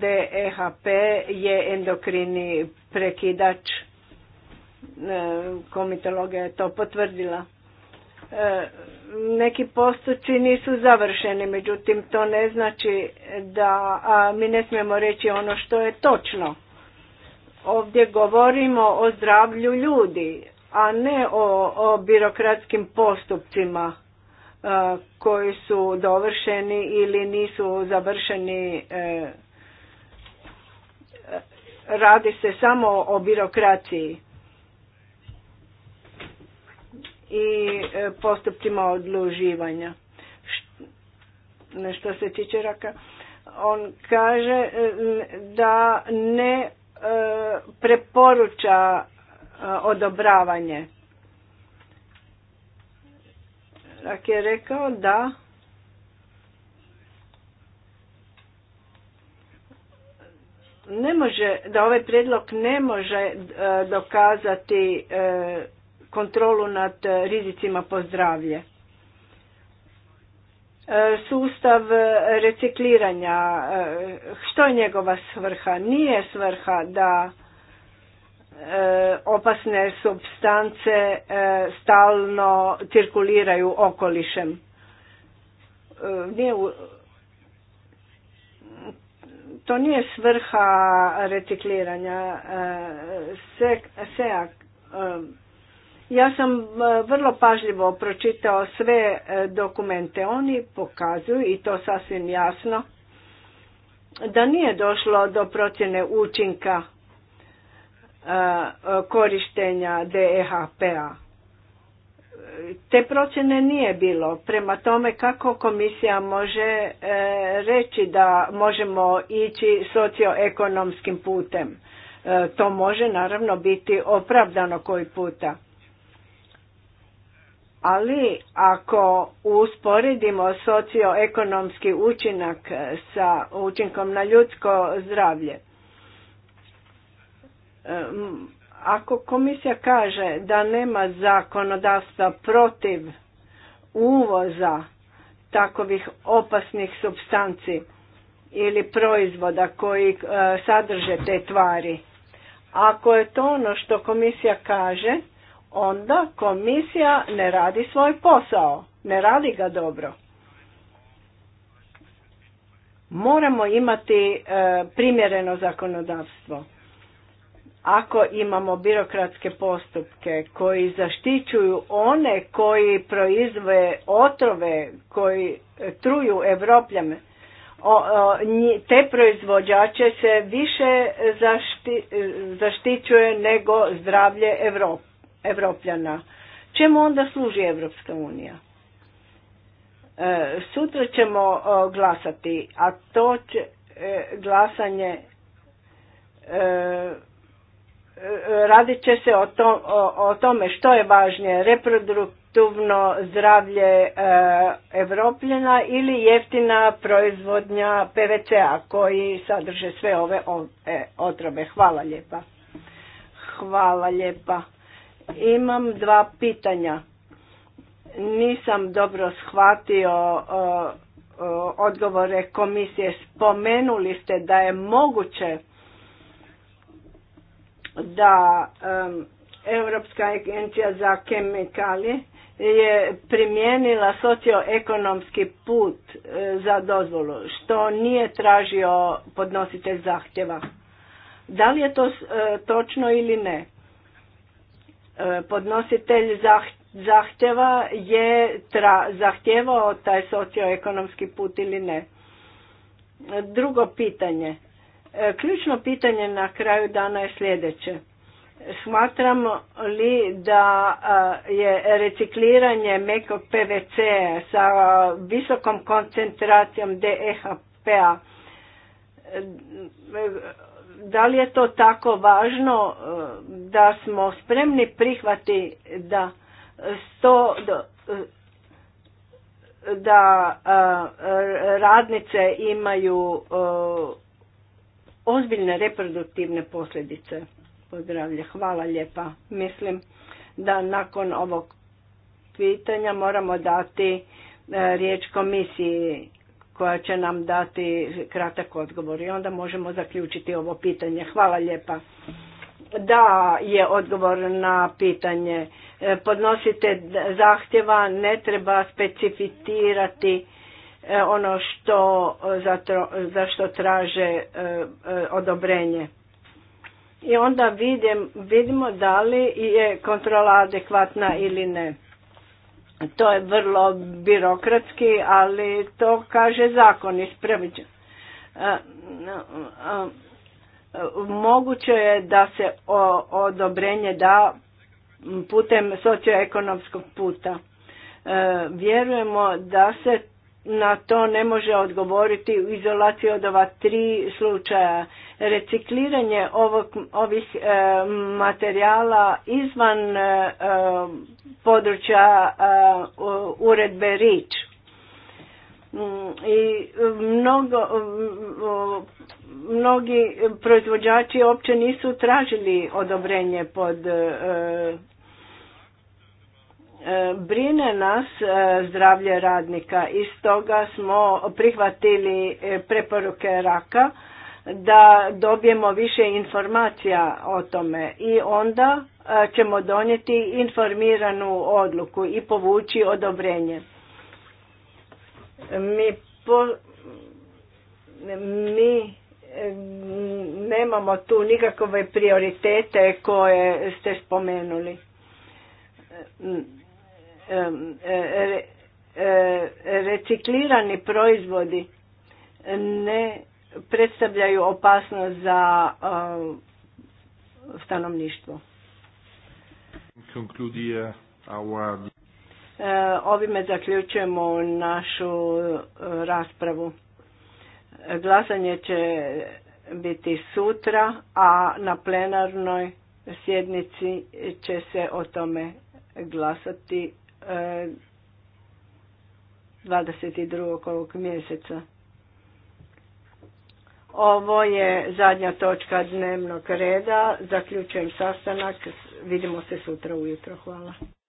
DEHP je endokrini prekidač. E, Komitologija je to potvrdila. E, neki postupci nisu završeni, međutim to ne znači da a mi ne smijemo reći ono što je točno. Ovdje govorimo o zdravlju ljudi, a ne o, o birokratskim postupcima e, koji su dovršeni ili nisu završeni radi se samo o birokraciji i e, postupcima odluživanja. Što se tiče raka, on kaže e, da ne e, preporuča odobravanje. Rak je rekao da ne može, da ovaj predlog ne može e, dokazati e, kontrolu nad rizicima po zdravlje. E, sustav recikliranja, što je njegova svrha? Nije svrha da opasne substance stalno cirkuliraju okolišem. Nije to nije svrha recikliranja e, se, e, ja sam e, vrlo pažljivo pročitao sve dokumente oni pokazuju i to sasvim jasno da nije došlo do procjene učinka korištenja DEHPA te procjene nije bilo. Prema tome kako komisija može e, reći da možemo ići socioekonomskim putem. E, to može naravno biti opravdano koji puta. Ali ako usporedimo socioekonomski učinak e, sa učinkom na ljudsko zdravlje, ako komisija kaže da nema zakonodavstva protiv uvoza takovih opasnih substanci ili proizvoda koji e, sadrže te tvari, ako je to ono što komisija kaže, onda komisija ne radi svoj posao, ne radi ga dobro. Moramo imati e, primjereno zakonodavstvo. Ako imamo birokratske postupke koji zaštićuju one koji proizve otrove, koji truju Evropljame, te proizvođače se više zaštićuje nego zdravlje Evrop, Evropljana. Čemu onda služi Evropska unija? E, sutra ćemo glasati, a to će e, glasanje e, radit će se o, to, o, tome što je važnije, reproduktivno zdravlje e, Evropljena ili jeftina proizvodnja PVC-a koji sadrže sve ove otrobe. E, Hvala lijepa. Hvala lijepa. Imam dva pitanja. Nisam dobro shvatio e, odgovore komisije. Spomenuli ste da je moguće da um, Europska agencija za kemikalije je primijenila socioekonomski put eh, za dozvolu, što nije tražio podnositelj zahtjeva. Da li je to eh, točno ili ne? Eh, podnositelj zahtjeva je tra, zahtjevao taj socioekonomski put ili ne? Drugo pitanje E, ključno pitanje na kraju dana je sljedeće. Smatramo li da e, je recikliranje mekog PVC sa visokom koncentracijom DEHP-a, e, da li je to tako važno da smo spremni prihvati da da radnice imaju ozbiljne reproduktivne posljedice pozdravlje. Hvala lijepa. Mislim da nakon ovog pitanja moramo dati e, riječ komisiji koja će nam dati kratak odgovor i onda možemo zaključiti ovo pitanje. Hvala lijepa. Da je odgovor na pitanje. E, Podnosite zahtjeva, ne treba specificirati E, ono što, e, za što traže e, odobrenje. I onda vidim, vidimo da li je kontrola adekvatna ili ne. To je vrlo birokratski, ali to kaže zakon ispraviđen. Moguće je da se odobrenje da putem socioekonomskog puta. Vjerujemo da se na to ne može odgovoriti u izolaciji od ova tri slučaja. Recikliranje ovih e, materijala izvan e, područja e, uredbe Rič i mnogo, mnogi proizvođači uopće nisu tražili odobrenje pod E, brine nas e, zdravlje radnika i stoga smo prihvatili e, preporuke raka da dobijemo više informacija o tome i onda ćemo donijeti informiranu odluku i povući odobrenje. Mi, mi nemamo tu nikakve prioritete koje ste spomenuli E, e, reciklirani proizvodi ne predstavljaju opasnost za stanovništvo. E, ovime zaključujemo našu raspravu. Glasanje će biti sutra, a na plenarnoj sjednici će se o tome glasati 22. ovog mjeseca. Ovo je zadnja točka dnevnog reda. Zaključujem sastanak. Vidimo se sutra ujutro. Hvala.